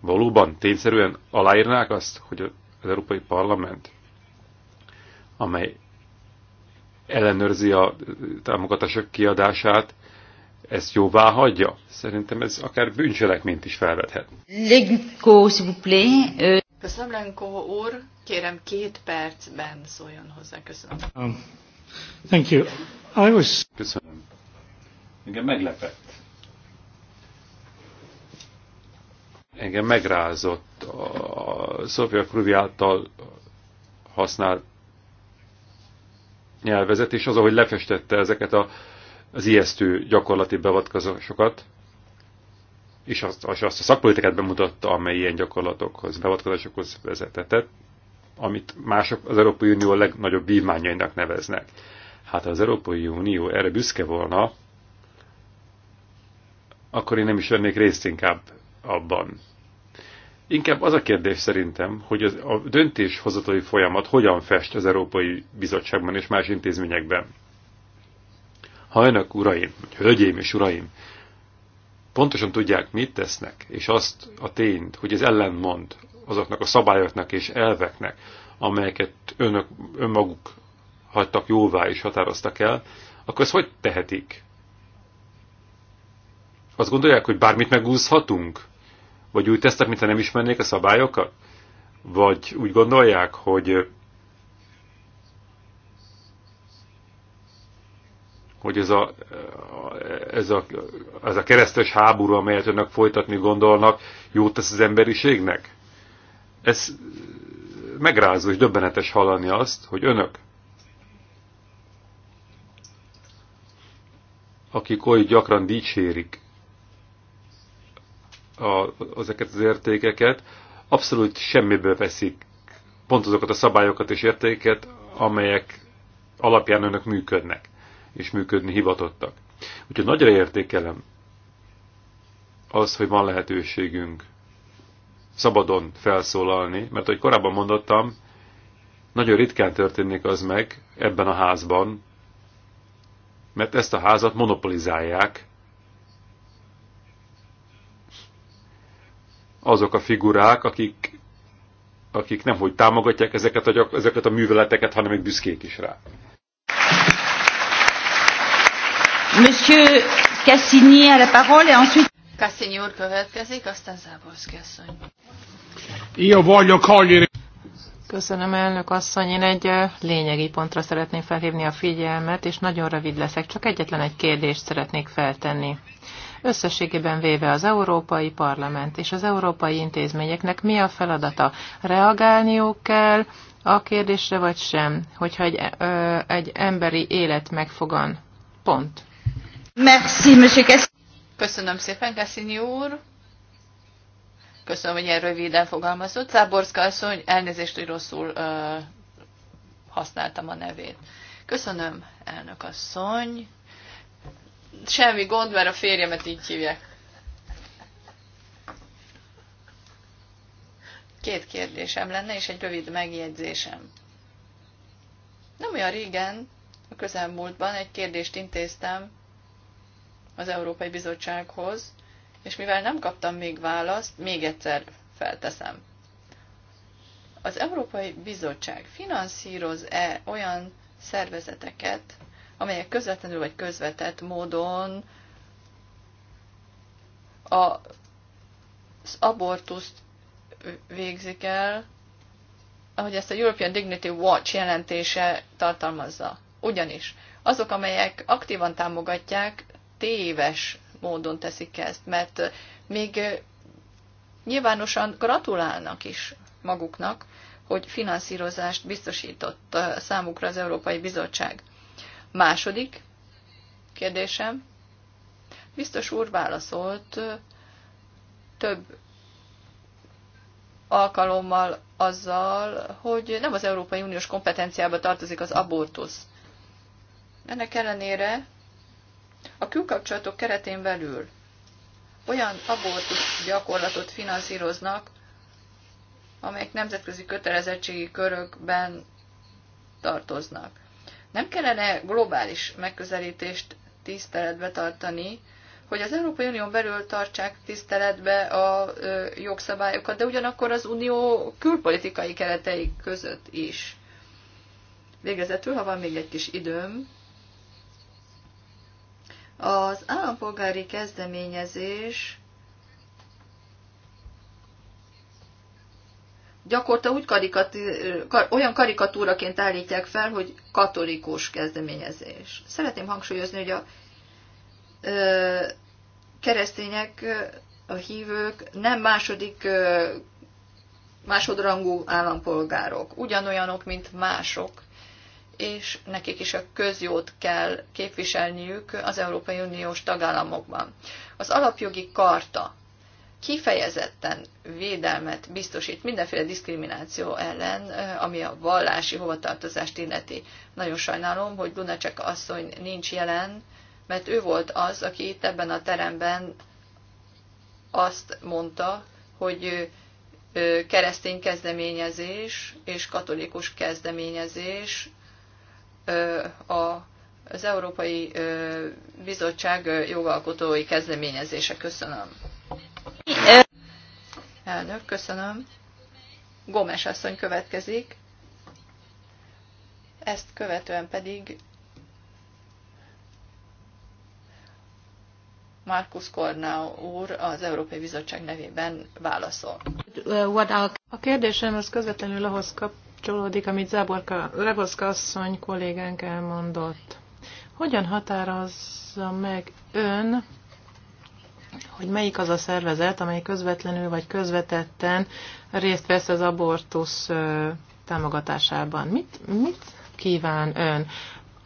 Valóban, tényszerűen aláírnák azt, hogy az Európai Parlament, amely ellenőrzi a támogatások kiadását, ezt jóvá hagyja? Szerintem ez akár bűncselekményt is felvethet. Legko, s'il vous Köszönöm, Lenko úr. Kérem, két percben szóljon hozzá. Köszönöm. Um, thank you. I was... Köszönöm. Engem meglepett. Engem megrázott a Sofia Kruvi által használt nyelvezet, és az, ahogy lefestette ezeket a az ijesztő gyakorlati beavatkozásokat, és azt, és azt a szakpolitikát bemutatta, amely ilyen gyakorlatokhoz, beavatkozásokhoz vezetett, amit mások az Európai Unió legnagyobb vívmányainak neveznek. Hát az Európai Unió erre büszke volna, akkor én nem is vennék részt inkább abban. Inkább az a kérdés szerintem, hogy az, a döntéshozatói folyamat hogyan fest az Európai Bizottságban és más intézményekben. Ha uraim, hölgyeim és uraim, pontosan tudják, mit tesznek, és azt a tényt, hogy ez ellenmond azoknak a szabályoknak és elveknek, amelyeket önök, önmaguk hagytak jóvá és határoztak el, akkor ezt hogy tehetik? Azt gondolják, hogy bármit megúszhatunk? Vagy úgy tesztek, mintha nem ismernék a szabályokat? Vagy úgy gondolják, hogy hogy ez a, ez a, ez a keresztes háború, amelyet önök folytatni gondolnak, jót tesz az emberiségnek? Ez megrázó és döbbenetes hallani azt, hogy önök, akik oly gyakran dicsérik a, ezeket az értékeket, abszolút semmibe veszik pont azokat a szabályokat és értéket, amelyek alapján önök működnek és működni hivatottak. Úgyhogy nagyra értékelem az, hogy van lehetőségünk szabadon felszólalni, mert ahogy korábban mondottam, nagyon ritkán történik az meg ebben a házban, mert ezt a házat monopolizálják azok a figurák, akik, akik nem hogy támogatják ezeket a, ezeket a műveleteket, hanem még büszkék is rá. Monsieur Cassini a la parole, et ensuite... Cassini aztán Io voglio cogliere... Köszönöm, elnök asszony. Én egy eh, lényegi pontra szeretném felhívni a figyelmet, és nagyon rövid leszek, csak egyetlen egy kérdést szeretnék feltenni. Összességében véve az Európai Parlament és az európai intézményeknek mi a feladata? Reagálniuk kell a kérdésre, vagy sem, hogyha egy, eh, ö, egy emberi élet megfogan? Pont. Merci, Monsieur Cassini. Köszönöm szépen, Cassini úr. Köszönöm, hogy ilyen röviden fogalmazott. Záborszka asszony, elnézést, hogy rosszul ö, használtam a nevét. Köszönöm, elnök asszony. Semmi gond, mert a férjemet így hívják. Két kérdésem lenne, és egy rövid megjegyzésem. Nem olyan régen, a közelmúltban egy kérdést intéztem az Európai Bizottsághoz, és mivel nem kaptam még választ, még egyszer felteszem. Az Európai Bizottság finanszíroz-e olyan szervezeteket, amelyek közvetlenül vagy közvetett módon a, az abortuszt végzik el, ahogy ezt a European Dignity Watch jelentése tartalmazza. Ugyanis azok, amelyek aktívan támogatják, téves módon teszik ezt, mert még nyilvánosan gratulálnak is maguknak, hogy finanszírozást biztosított számukra az Európai Bizottság. Második kérdésem. Biztos úr válaszolt több alkalommal azzal, hogy nem az Európai Uniós kompetenciába tartozik az abortusz. Ennek ellenére a külkapcsolatok keretén belül olyan abortus gyakorlatot finanszíroznak, amelyek nemzetközi kötelezettségi körökben tartoznak. Nem kellene globális megközelítést tiszteletbe tartani, hogy az Európai Unión belül tartsák tiszteletbe a jogszabályokat, de ugyanakkor az unió külpolitikai keretei között is. Végezetül, ha van még egy kis időm, az állampolgári kezdeményezés gyakorta úgy karikatúr, olyan karikatúraként állítják fel, hogy katolikus kezdeményezés. Szeretném hangsúlyozni, hogy a ö, keresztények, a hívők nem második ö, másodrangú állampolgárok, ugyanolyanok, mint mások, és nekik is a közjót kell képviselniük az Európai Uniós tagállamokban. Az alapjogi karta kifejezetten védelmet biztosít mindenféle diszkrimináció ellen, ami a vallási hovatartozást illeti. Nagyon sajnálom, hogy Dunacek asszony nincs jelen, mert ő volt az, aki itt ebben a teremben azt mondta, hogy keresztény kezdeményezés és katolikus kezdeményezés a az Európai Bizottság jogalkotói kezdeményezése. Köszönöm. Elnök, köszönöm. Gómez asszony következik. Ezt követően pedig Markus Kornau úr az Európai Bizottság nevében válaszol. A kérdésem az közvetlenül ahhoz kap, kapcsolódik, amit Záborka, Zaborszka asszony kollégánk elmondott. Hogyan határozza meg ön, hogy melyik az a szervezet, amely közvetlenül vagy közvetetten részt vesz az abortusz támogatásában? Mit, mit kíván ön?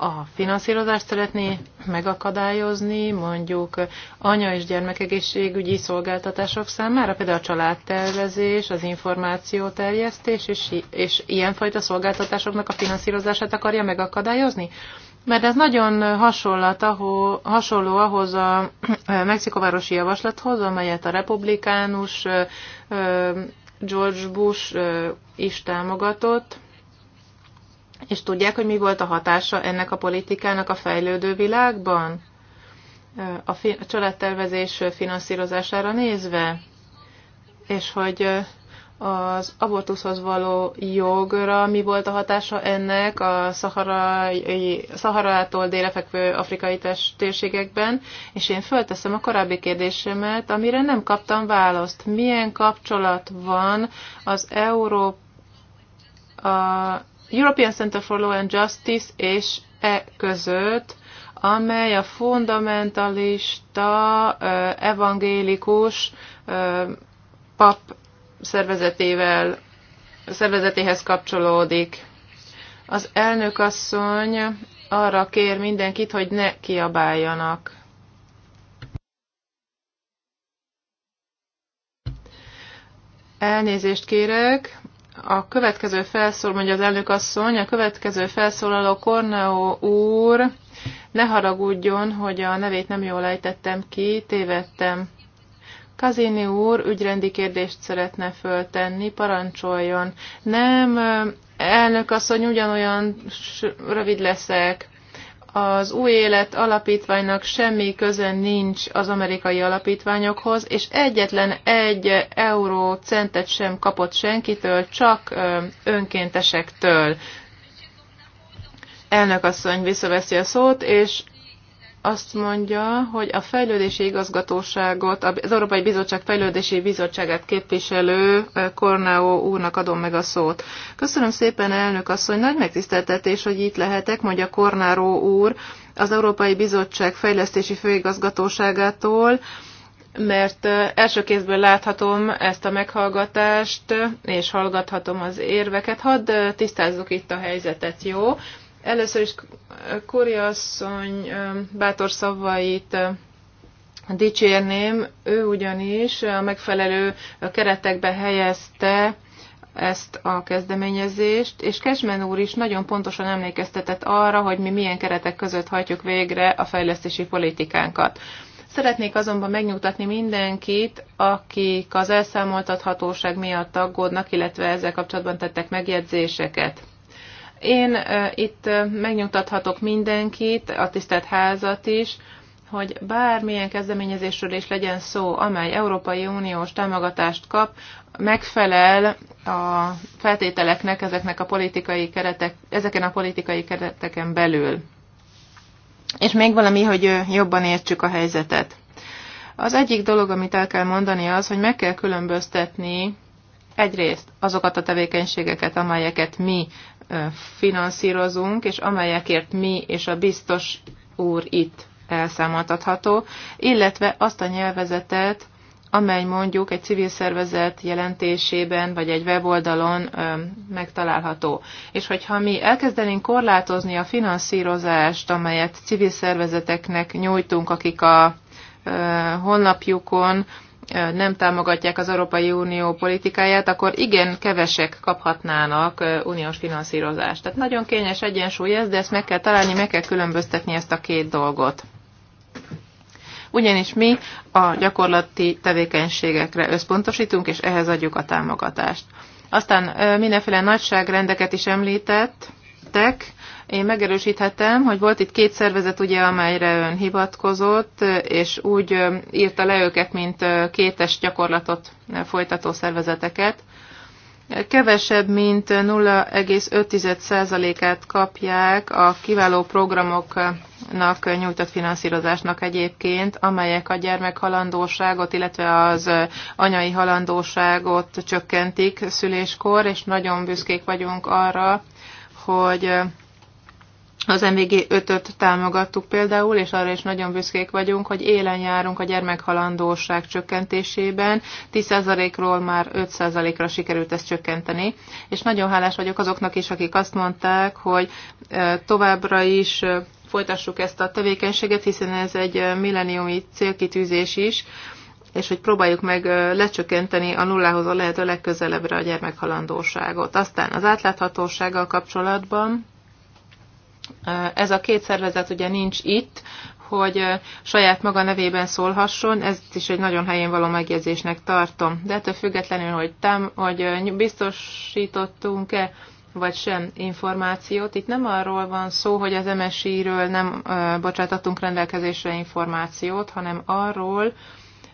a finanszírozást szeretné megakadályozni, mondjuk anya és gyermekegészségügyi szolgáltatások számára, például a családtervezés, az információterjesztés és, és ilyenfajta szolgáltatásoknak a finanszírozását akarja megakadályozni? Mert ez nagyon hasonlat, ahol, hasonló ahhoz a [CLEARS THROAT] mexikovárosi javaslathoz, amelyet a republikánus George Bush is támogatott, és tudják, hogy mi volt a hatása ennek a politikának a fejlődő világban? A, a családtervezés finanszírozására nézve? És hogy az abortuszhoz való jogra mi volt a hatása ennek a szaharai, szaharától délefekvő afrikai térségekben, és én fölteszem a korábbi kérdésemet, amire nem kaptam választ. Milyen kapcsolat van az Európa a European Center for Law and Justice és e között, amely a fundamentalista, evangélikus pap szervezetével, szervezetéhez kapcsolódik. Az elnök asszony arra kér mindenkit, hogy ne kiabáljanak. Elnézést kérek, a következő felszól, mondja az elnök asszony, a következő felszólaló Korneó úr, ne haragudjon, hogy a nevét nem jól ejtettem ki, tévedtem. Kazini úr ügyrendi kérdést szeretne föltenni, parancsoljon. Nem, elnök asszony, ugyanolyan rövid leszek az új élet alapítványnak semmi köze nincs az amerikai alapítványokhoz, és egyetlen egy euró centet sem kapott senkitől, csak önkéntesektől. Elnök asszony visszaveszi a szót, és azt mondja, hogy a fejlődési igazgatóságot, az Európai Bizottság fejlődési bizottságát képviselő eh, Kornáó úrnak adom meg a szót. Köszönöm szépen, elnök asszony, nagy megtiszteltetés, hogy itt lehetek, mondja Kornáó úr az Európai Bizottság fejlesztési főigazgatóságától, mert eh, első kézből láthatom ezt a meghallgatást, és hallgathatom az érveket. Hadd eh, tisztázzuk itt a helyzetet, jó? Először is Kória asszony bátor szavait dicsérném, ő ugyanis a megfelelő keretekbe helyezte ezt a kezdeményezést, és Kesmen úr is nagyon pontosan emlékeztetett arra, hogy mi milyen keretek között hajtjuk végre a fejlesztési politikánkat. Szeretnék azonban megnyugtatni mindenkit, akik az elszámoltathatóság miatt aggódnak, illetve ezzel kapcsolatban tettek megjegyzéseket. Én itt megnyugtathatok mindenkit, a tisztelt házat is, hogy bármilyen kezdeményezésről is legyen szó, amely Európai Uniós támogatást kap, megfelel a feltételeknek ezeknek a politikai keretek, ezeken a politikai kereteken belül. És még valami, hogy jobban értsük a helyzetet. Az egyik dolog, amit el kell mondani az, hogy meg kell különböztetni egyrészt azokat a tevékenységeket, amelyeket mi finanszírozunk, és amelyekért mi és a biztos úr itt elszámoltatható, illetve azt a nyelvezetet, amely mondjuk egy civil szervezet jelentésében vagy egy weboldalon ö, megtalálható. És hogyha mi elkezdenénk korlátozni a finanszírozást, amelyet civil szervezeteknek nyújtunk, akik a ö, honlapjukon nem támogatják az Európai Unió politikáját, akkor igen kevesek kaphatnának uniós finanszírozást. Tehát nagyon kényes egyensúly ez, de ezt meg kell találni, meg kell különböztetni ezt a két dolgot. Ugyanis mi a gyakorlati tevékenységekre összpontosítunk, és ehhez adjuk a támogatást. Aztán mindenféle nagyságrendeket is említettek, én megerősíthetem, hogy volt itt két szervezet, ugye, amelyre ön hivatkozott, és úgy írta le őket, mint kétes gyakorlatot folytató szervezeteket. Kevesebb, mint 0,5%-át kapják a kiváló programoknak nyújtott finanszírozásnak egyébként, amelyek a gyermekhalandóságot, illetve az anyai halandóságot csökkentik szüléskor, és nagyon büszkék vagyunk arra, hogy az MVG 5-öt támogattuk például, és arra is nagyon büszkék vagyunk, hogy élen járunk a gyermekhalandóság csökkentésében. 10%-ról már 5%-ra sikerült ezt csökkenteni. És nagyon hálás vagyok azoknak is, akik azt mondták, hogy továbbra is folytassuk ezt a tevékenységet, hiszen ez egy milleniumi célkitűzés is, és hogy próbáljuk meg lecsökkenteni a nullához a lehető legközelebbre a gyermekhalandóságot. Aztán az átláthatósággal kapcsolatban Eh, ez a két szervezet ugye nincs itt, hogy eh, saját maga nevében szólhasson, ezt is egy nagyon helyén való megjegyzésnek tartom. De ettől függetlenül, hogy, tám, hogy eh, biztosítottunk-e vagy sem információt. Itt nem arról van szó, hogy az MSI-ről nem bocsátottunk rendelkezésre információt, hanem arról,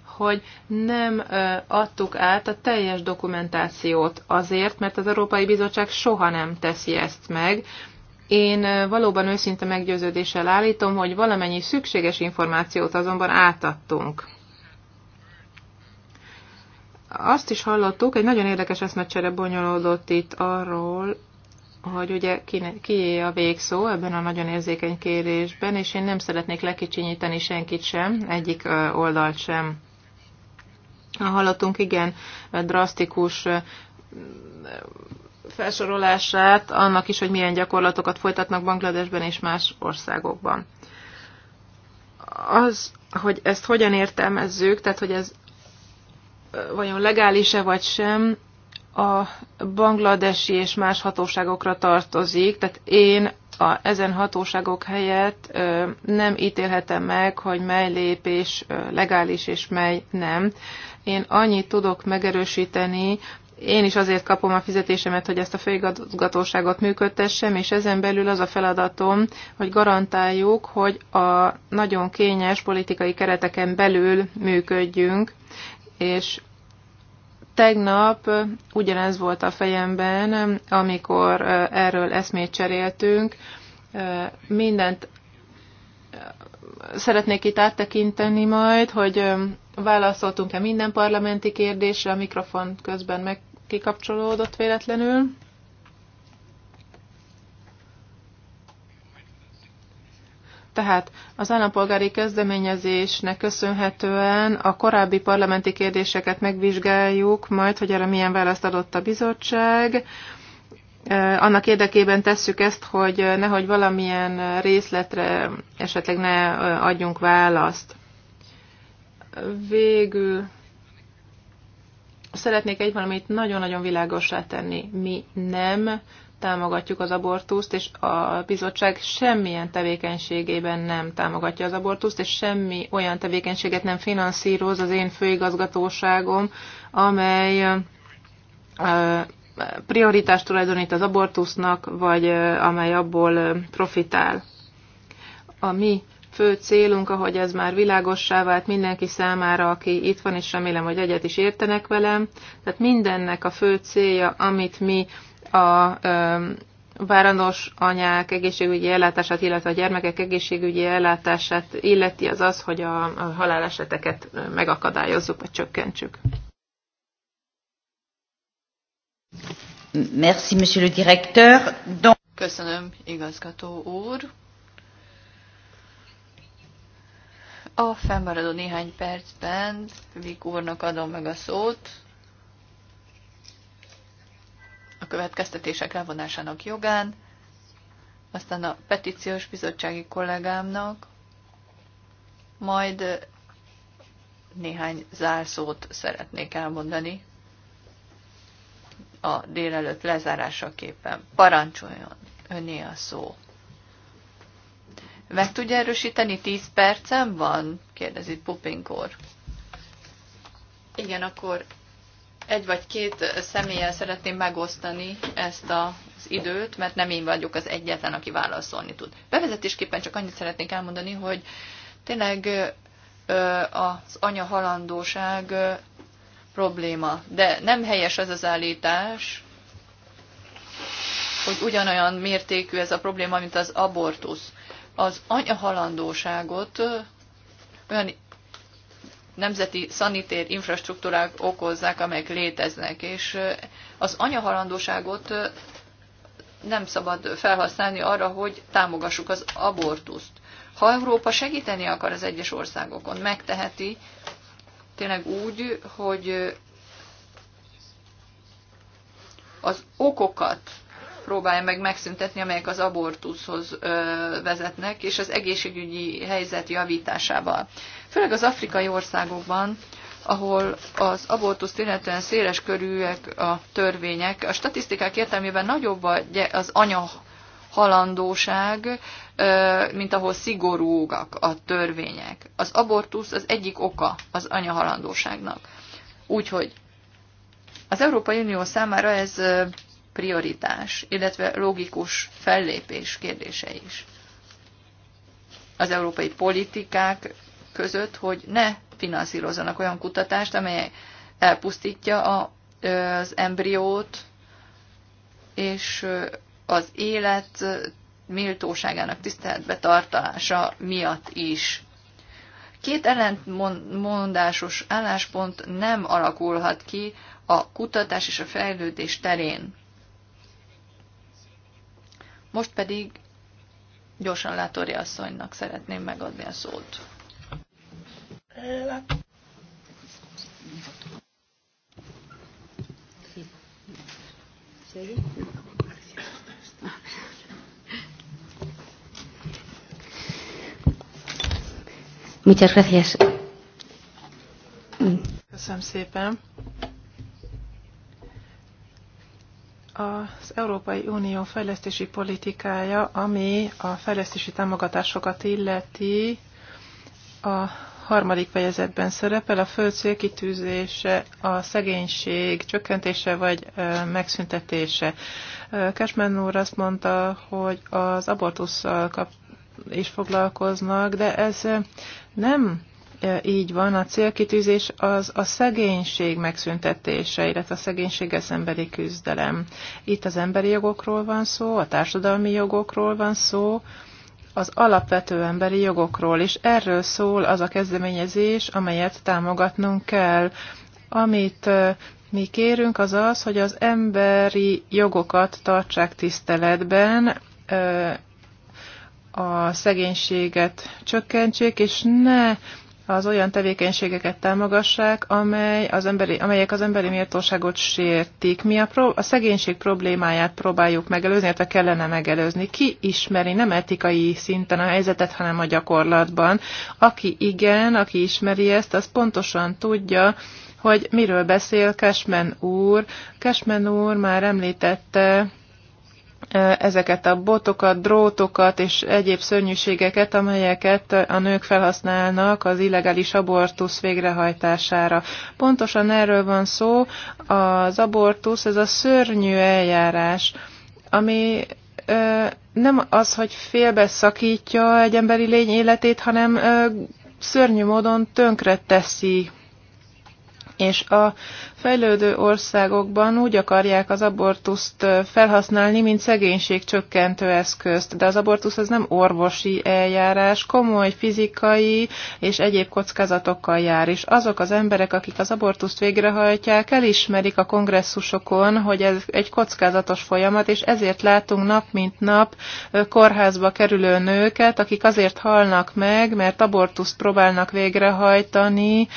hogy nem adtuk át a teljes dokumentációt azért, mert az Európai Bizottság soha nem teszi ezt meg, én valóban őszinte meggyőződéssel állítom, hogy valamennyi szükséges információt azonban átadtunk. Azt is hallottuk, egy nagyon érdekes eszmecsere bonyolódott itt arról, hogy ugye kié a végszó ebben a nagyon érzékeny kérésben, és én nem szeretnék lekicsinyíteni senkit sem, egyik oldalt sem. Hallottunk igen drasztikus felsorolását annak is, hogy milyen gyakorlatokat folytatnak Bangladesben és más országokban. Az, hogy ezt hogyan értelmezzük, tehát hogy ez vajon legális-e vagy sem, a bangladesi és más hatóságokra tartozik, tehát én a, ezen hatóságok helyett ö, nem ítélhetem meg, hogy mely lépés ö, legális és mely nem. Én annyit tudok megerősíteni, én is azért kapom a fizetésemet, hogy ezt a főigazgatóságot működtessem, és ezen belül az a feladatom, hogy garantáljuk, hogy a nagyon kényes politikai kereteken belül működjünk, és tegnap ugyanez volt a fejemben, amikor erről eszmét cseréltünk, mindent szeretnék itt áttekinteni majd, hogy válaszoltunk-e minden parlamenti kérdésre, a mikrofon közben meg kikapcsolódott véletlenül. Tehát az állampolgári kezdeményezésnek köszönhetően a korábbi parlamenti kérdéseket megvizsgáljuk, majd, hogy erre milyen választ adott a bizottság. E, annak érdekében tesszük ezt, hogy nehogy valamilyen részletre esetleg ne adjunk választ. Végül szeretnék egy valamit nagyon-nagyon világosra tenni. Mi nem támogatjuk az abortuszt, és a bizottság semmilyen tevékenységében nem támogatja az abortuszt, és semmi olyan tevékenységet nem finanszíroz az én főigazgatóságom, amely prioritást tulajdonít az abortusznak, vagy amely abból profitál. A mi fő célunk, ahogy ez már világossá vált mindenki számára, aki itt van, és remélem, hogy egyet is értenek velem. Tehát mindennek a fő célja, amit mi a várandós anyák egészségügyi ellátását, illetve a gyermekek egészségügyi ellátását illeti az az, hogy a haláleseteket megakadályozzuk vagy csökkentsük. Merci, monsieur le directeur. Köszönöm, igazgató úr. A fennmaradó néhány percben Vik úrnak adom meg a szót. A következtetések levonásának jogán, aztán a petíciós bizottsági kollégámnak, majd néhány zárszót szeretnék elmondani a délelőtt lezárásaképpen. Parancsoljon, öné a szó. Meg tudja erősíteni, 10 percen van? kérdezi Pupinkor. Igen, akkor egy vagy két személlyel szeretném megosztani ezt az időt, mert nem én vagyok az egyetlen, aki válaszolni tud. Bevezetésképpen csak annyit szeretnék elmondani, hogy tényleg az anya halandóság probléma. De nem helyes ez az állítás, hogy ugyanolyan mértékű ez a probléma, mint az abortusz az anyahalandóságot olyan nemzeti szanitér infrastruktúrák okozzák, amelyek léteznek, és az anyahalandóságot nem szabad felhasználni arra, hogy támogassuk az abortuszt. Ha Európa segíteni akar az egyes országokon, megteheti tényleg úgy, hogy az okokat próbálja meg megszüntetni, amelyek az abortuszhoz vezetnek, és az egészségügyi helyzet javításával. Főleg az afrikai országokban, ahol az abortuszt illetően széles körűek a törvények, a statisztikák értelmében nagyobb az anya halandóság, mint ahol szigorúak a törvények. Az abortusz az egyik oka az anya halandóságnak. Úgyhogy az Európai Unió számára ez prioritás, illetve logikus fellépés kérdése is az európai politikák között, hogy ne finanszírozzanak olyan kutatást, amely elpusztítja a, az embriót, és az élet méltóságának tiszteletbe tartása miatt is. Két ellentmondásos álláspont nem alakulhat ki a kutatás és a fejlődés terén. Most pedig gyorsan Látori asszonynak szeretném megadni a szót. Muchas gracias. Köszönöm szépen az Európai Unió fejlesztési politikája, ami a fejlesztési támogatásokat illeti, a harmadik fejezetben szerepel. A fő célkitűzése a szegénység csökkentése vagy megszüntetése. Kesmen úr azt mondta, hogy az abortussal kap és foglalkoznak, de ez nem E, így van, a célkitűzés az a szegénység megszüntetése, illetve a szegénységgel szembeni küzdelem. Itt az emberi jogokról van szó, a társadalmi jogokról van szó, az alapvető emberi jogokról, és erről szól az a kezdeményezés, amelyet támogatnunk kell. Amit e, mi kérünk az az, hogy az emberi jogokat tartsák tiszteletben, e, a szegénységet csökkentsék, és ne az olyan tevékenységeket támogassák, amely az emberi, amelyek az emberi méltóságot sértik. Mi a, pro, a szegénység problémáját próbáljuk megelőzni, illetve kellene megelőzni. Ki ismeri nem etikai szinten a helyzetet, hanem a gyakorlatban. Aki igen, aki ismeri ezt, az pontosan tudja, hogy miről beszél Kesmen úr. Kesmen úr már említette, ezeket a botokat, drótokat és egyéb szörnyűségeket, amelyeket a nők felhasználnak az illegális abortusz végrehajtására. Pontosan erről van szó, az abortusz, ez a szörnyű eljárás, ami nem az, hogy félbeszakítja egy emberi lény életét, hanem szörnyű módon tönkre teszi és a fejlődő országokban úgy akarják az abortuszt felhasználni, mint szegénység csökkentő eszközt, de az abortusz ez nem orvosi eljárás, komoly fizikai és egyéb kockázatokkal jár, és azok az emberek, akik az abortuszt végrehajtják, elismerik a kongresszusokon, hogy ez egy kockázatos folyamat, és ezért látunk nap mint nap kórházba kerülő nőket, akik azért halnak meg, mert abortuszt próbálnak végrehajtani,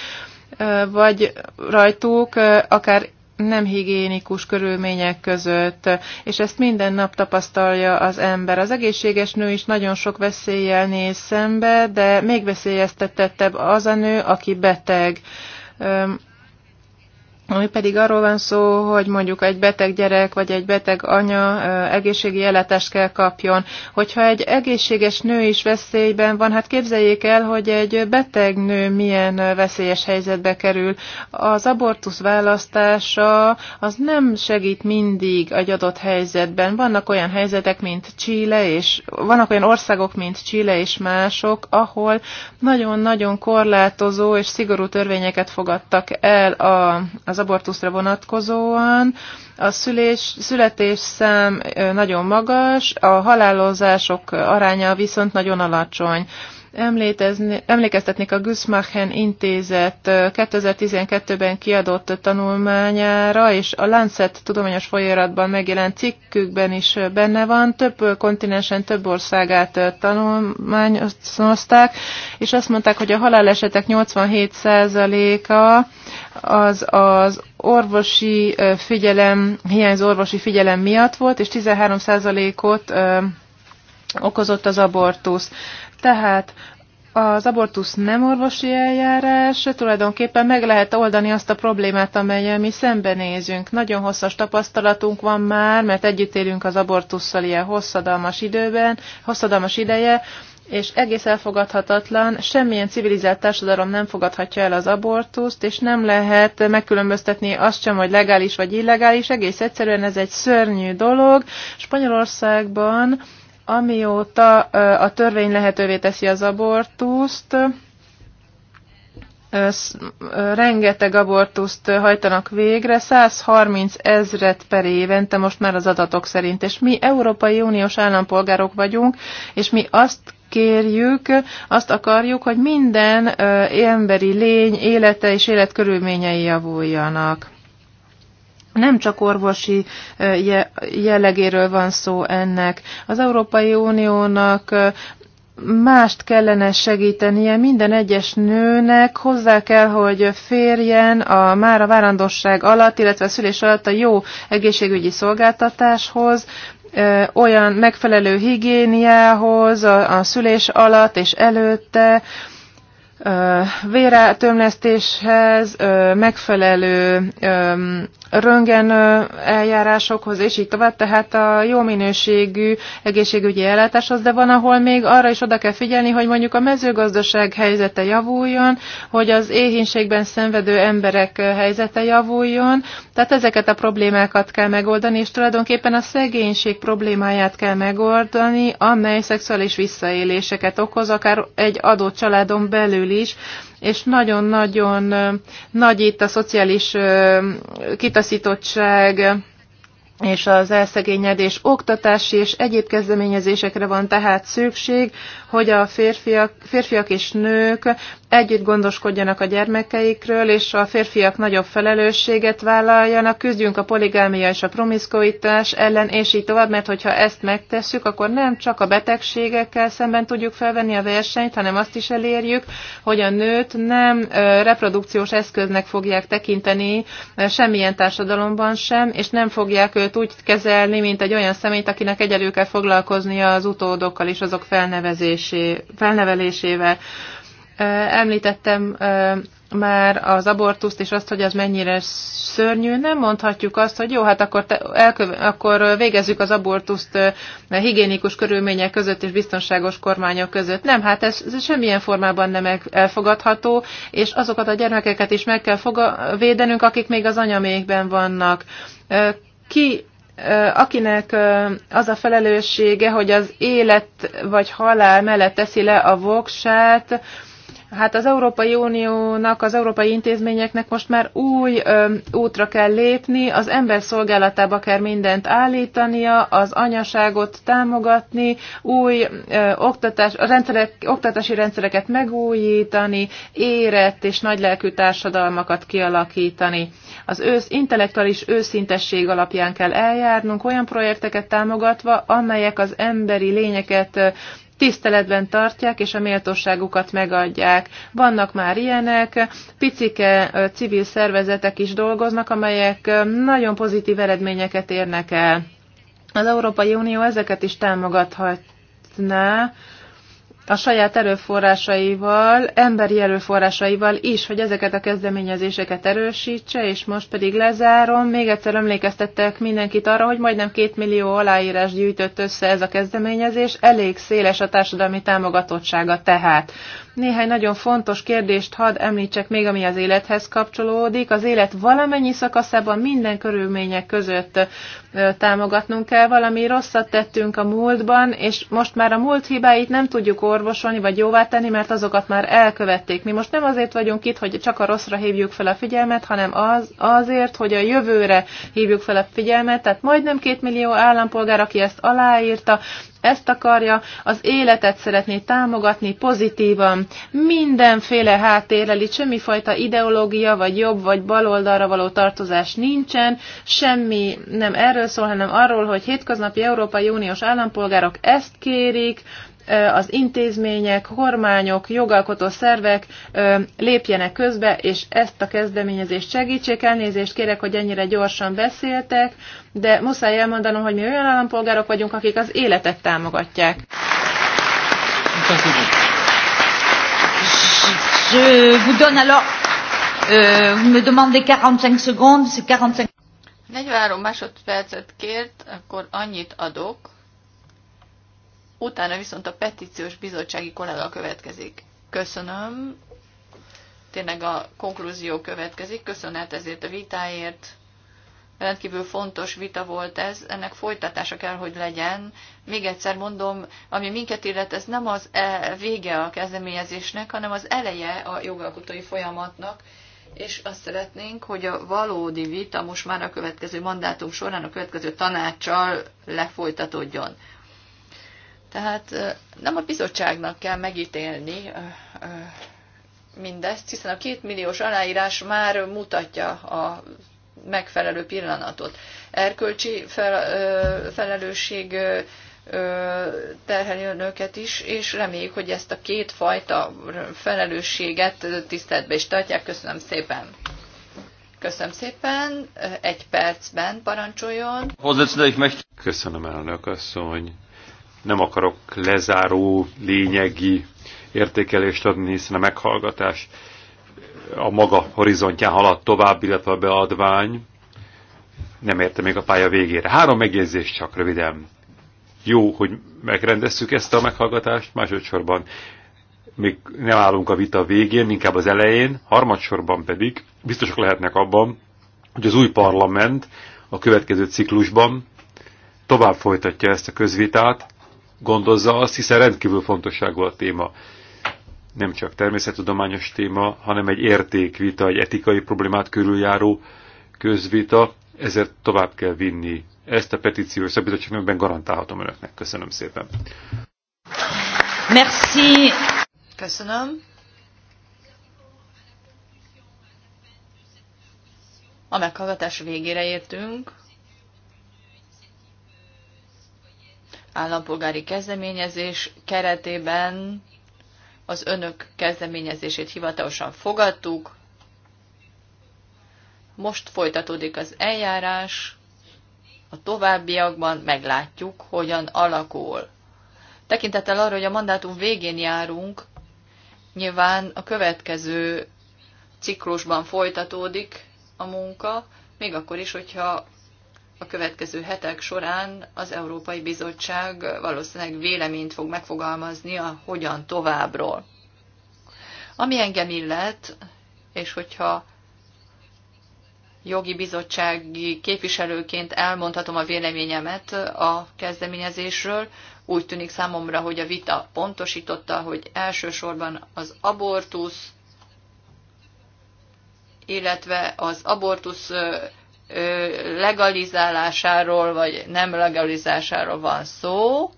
vagy rajtuk, akár nem higiénikus körülmények között, és ezt minden nap tapasztalja az ember. Az egészséges nő is nagyon sok veszéllyel néz szembe, de még veszélyeztetettebb az a nő, aki beteg ami pedig arról van szó, hogy mondjuk egy beteg gyerek vagy egy beteg anya egészségi jeletest kell kapjon. Hogyha egy egészséges nő is veszélyben van, hát képzeljék el, hogy egy beteg nő milyen veszélyes helyzetbe kerül. Az abortusz választása az nem segít mindig egy adott helyzetben. Vannak olyan helyzetek, mint Chile, és vannak olyan országok, mint Chile és mások, ahol nagyon-nagyon korlátozó és szigorú törvényeket fogadtak el a, az az abortuszra vonatkozóan. A szülés, születésszám nagyon magas, a halálozások aránya viszont nagyon alacsony emlékeztetnék a Güssmachen intézet 2012-ben kiadott tanulmányára, és a Lancet tudományos folyóiratban megjelent cikkükben is benne van. Több kontinensen több országát tanulmányozták, és azt mondták, hogy a halálesetek 87%-a az az orvosi figyelem, hiányzó orvosi figyelem miatt volt, és 13%-ot okozott az abortusz. Tehát az abortusz nem orvosi eljárás, tulajdonképpen meg lehet oldani azt a problémát, amelyel mi szembenézünk. Nagyon hosszas tapasztalatunk van már, mert együtt élünk az abortusszal ilyen hosszadalmas időben, hosszadalmas ideje, és egész elfogadhatatlan, semmilyen civilizált társadalom nem fogadhatja el az abortuszt, és nem lehet megkülönböztetni azt sem, hogy legális vagy illegális, egész egyszerűen ez egy szörnyű dolog. Spanyolországban Amióta a törvény lehetővé teszi az abortuszt, rengeteg abortuszt hajtanak végre, 130 ezret per évente most már az adatok szerint, és mi Európai Uniós állampolgárok vagyunk, és mi azt kérjük, azt akarjuk, hogy minden emberi lény élete és életkörülményei javuljanak nem csak orvosi jellegéről van szó ennek. Az Európai Uniónak mást kellene segítenie minden egyes nőnek, hozzá kell, hogy férjen a már a várandosság alatt, illetve a szülés alatt a jó egészségügyi szolgáltatáshoz, olyan megfelelő higiéniához a, a szülés alatt és előtte, véretömlesztéshez, megfelelő röngen eljárásokhoz, és így tovább, tehát a jó minőségű egészségügyi ellátáshoz, de van, ahol még arra is oda kell figyelni, hogy mondjuk a mezőgazdaság helyzete javuljon, hogy az éhínségben szenvedő emberek helyzete javuljon, tehát ezeket a problémákat kell megoldani, és tulajdonképpen a szegénység problémáját kell megoldani, amely szexuális visszaéléseket okoz, akár egy adott családon belül keresztül is, és nagyon-nagyon nagy itt a szociális kitaszítottság, és az elszegényedés oktatási és egyéb kezdeményezésekre van tehát szükség, hogy a férfiak, férfiak és nők együtt gondoskodjanak a gyermekeikről, és a férfiak nagyobb felelősséget vállaljanak, küzdjünk a poligámia és a promiszkoitás ellen, és így tovább, mert hogyha ezt megtesszük, akkor nem csak a betegségekkel szemben tudjuk felvenni a versenyt, hanem azt is elérjük, hogy a nőt nem reprodukciós eszköznek fogják tekinteni semmilyen társadalomban sem, és nem fogják őt úgy kezelni, mint egy olyan személyt, akinek egyelő kell foglalkoznia az utódokkal és azok felnevezés felnevelésé, felnevelésével. Említettem már az abortuszt és azt, hogy az mennyire szörnyű, nem mondhatjuk azt, hogy jó, hát akkor, te, elköve, akkor végezzük az abortuszt higiénikus körülmények között és biztonságos kormányok között. Nem, hát ez, ez semmilyen formában nem elfogadható, és azokat a gyermekeket is meg kell foga, védenünk, akik még az anyamékben vannak. Ki akinek az a felelőssége, hogy az élet vagy halál mellett teszi le a voksát, Hát az Európai Uniónak, az európai intézményeknek most már új ö, útra kell lépni, az ember szolgálatába kell mindent állítania, az anyaságot támogatni, új ö, oktatás, a rendszerek, oktatási rendszereket megújítani, érett és nagylelkű társadalmakat kialakítani. Az ősz, intellektuális őszintesség alapján kell eljárnunk, olyan projekteket támogatva, amelyek az emberi lényeket tiszteletben tartják, és a méltóságukat megadják. Vannak már ilyenek, picike civil szervezetek is dolgoznak, amelyek nagyon pozitív eredményeket érnek el. Az Európai Unió ezeket is támogathatná, a saját erőforrásaival, emberi erőforrásaival is, hogy ezeket a kezdeményezéseket erősítse, és most pedig lezárom. Még egyszer emlékeztettek mindenkit arra, hogy majdnem két millió aláírás gyűjtött össze ez a kezdeményezés, elég széles a társadalmi támogatottsága tehát. Néhány nagyon fontos kérdést hadd említsek még, ami az élethez kapcsolódik. Az élet valamennyi szakaszában minden körülmények között támogatnunk kell valami rosszat tettünk a múltban, és most már a múlt hibáit nem tudjuk orvosolni vagy jóvá tenni, mert azokat már elkövették. Mi most nem azért vagyunk itt, hogy csak a rosszra hívjuk fel a figyelmet, hanem az, azért, hogy a jövőre hívjuk fel a figyelmet. Tehát majdnem két millió állampolgár, aki ezt aláírta, ezt akarja, az életet szeretné támogatni pozitívan, mindenféle háttérrel, itt semmifajta ideológia, vagy jobb, vagy baloldalra való tartozás nincsen, semmi nem erről szól, hanem arról, hogy hétköznapi Európai Uniós állampolgárok ezt kérik, az intézmények, kormányok, jogalkotó szervek lépjenek közbe, és ezt a kezdeményezést segítsék. Elnézést kérek, hogy ennyire gyorsan beszéltek, de muszáj elmondanom, hogy mi olyan állampolgárok vagyunk, akik az életet támogatják. Je vous donne alors, euh, vous me demandez 45 secondes, c'est 45. 43 másodpercet kért, akkor annyit adok, utána viszont a petíciós bizottsági kollega következik. Köszönöm. Tényleg a konklúzió következik. Köszönet ezért a vitáért. Rendkívül fontos vita volt ez, ennek folytatása kell, hogy legyen. Még egyszer mondom, ami minket illet, ez nem az e vége a kezdeményezésnek, hanem az eleje a jogalkotói folyamatnak, és azt szeretnénk, hogy a valódi vita most már a következő mandátum során a következő tanácssal lefolytatódjon. Tehát nem a bizottságnak kell megítélni mindezt, hiszen a két milliós aláírás már mutatja a megfelelő pillanatot. Erkölcsi fel, ö, felelősség ö, terheli önöket is, és reméljük, hogy ezt a két fajta felelősséget tiszteletbe is tartják. Köszönöm szépen! Köszönöm szépen, egy percben parancsoljon. Köszönöm elnök asszony, nem akarok lezáró, lényegi értékelést adni, hiszen a meghallgatás a maga horizontján halad tovább, illetve a beadvány. Nem érte még a pálya végére. Három megjegyzés csak röviden. Jó, hogy megrendezzük ezt a meghallgatást, másodszorban még nem állunk a vita végén, inkább az elején, harmadsorban pedig biztosak lehetnek abban, hogy az új parlament a következő ciklusban tovább folytatja ezt a közvitát, gondozza azt, hiszen rendkívül fontosságú a téma. Nem csak természettudományos téma, hanem egy értékvita, egy etikai problémát körüljáró közvita, ezért tovább kell vinni. Ezt a petíciós szabadságnak garantálhatom önöknek. Köszönöm szépen. Merci. Köszönöm. A meghallgatás végére értünk. állampolgári kezdeményezés keretében az önök kezdeményezését hivatalosan fogadtuk. Most folytatódik az eljárás, a továbbiakban meglátjuk, hogyan alakul. Tekintettel arra, hogy a mandátum végén járunk, nyilván a következő ciklusban folytatódik a munka, még akkor is, hogyha a következő hetek során az Európai Bizottság valószínűleg véleményt fog megfogalmazni a hogyan továbbról. Ami engem illet, és hogyha jogi bizottsági képviselőként elmondhatom a véleményemet a kezdeményezésről, úgy tűnik számomra, hogy a vita pontosította, hogy elsősorban az abortusz, illetve az abortusz legalizálásáról vagy nem legalizálásáról van szó,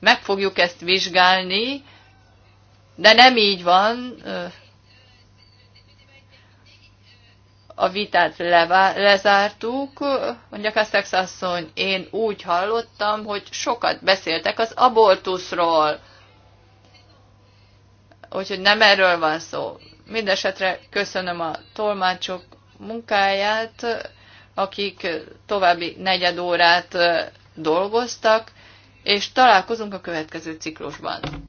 meg fogjuk ezt vizsgálni, de nem így van. A vitát levá- lezártuk, mondja Kastex asszony, én úgy hallottam, hogy sokat beszéltek az abortuszról. Úgyhogy nem erről van szó. Mindenesetre köszönöm a tolmácsok munkáját, akik további negyed órát dolgoztak, és találkozunk a következő ciklusban.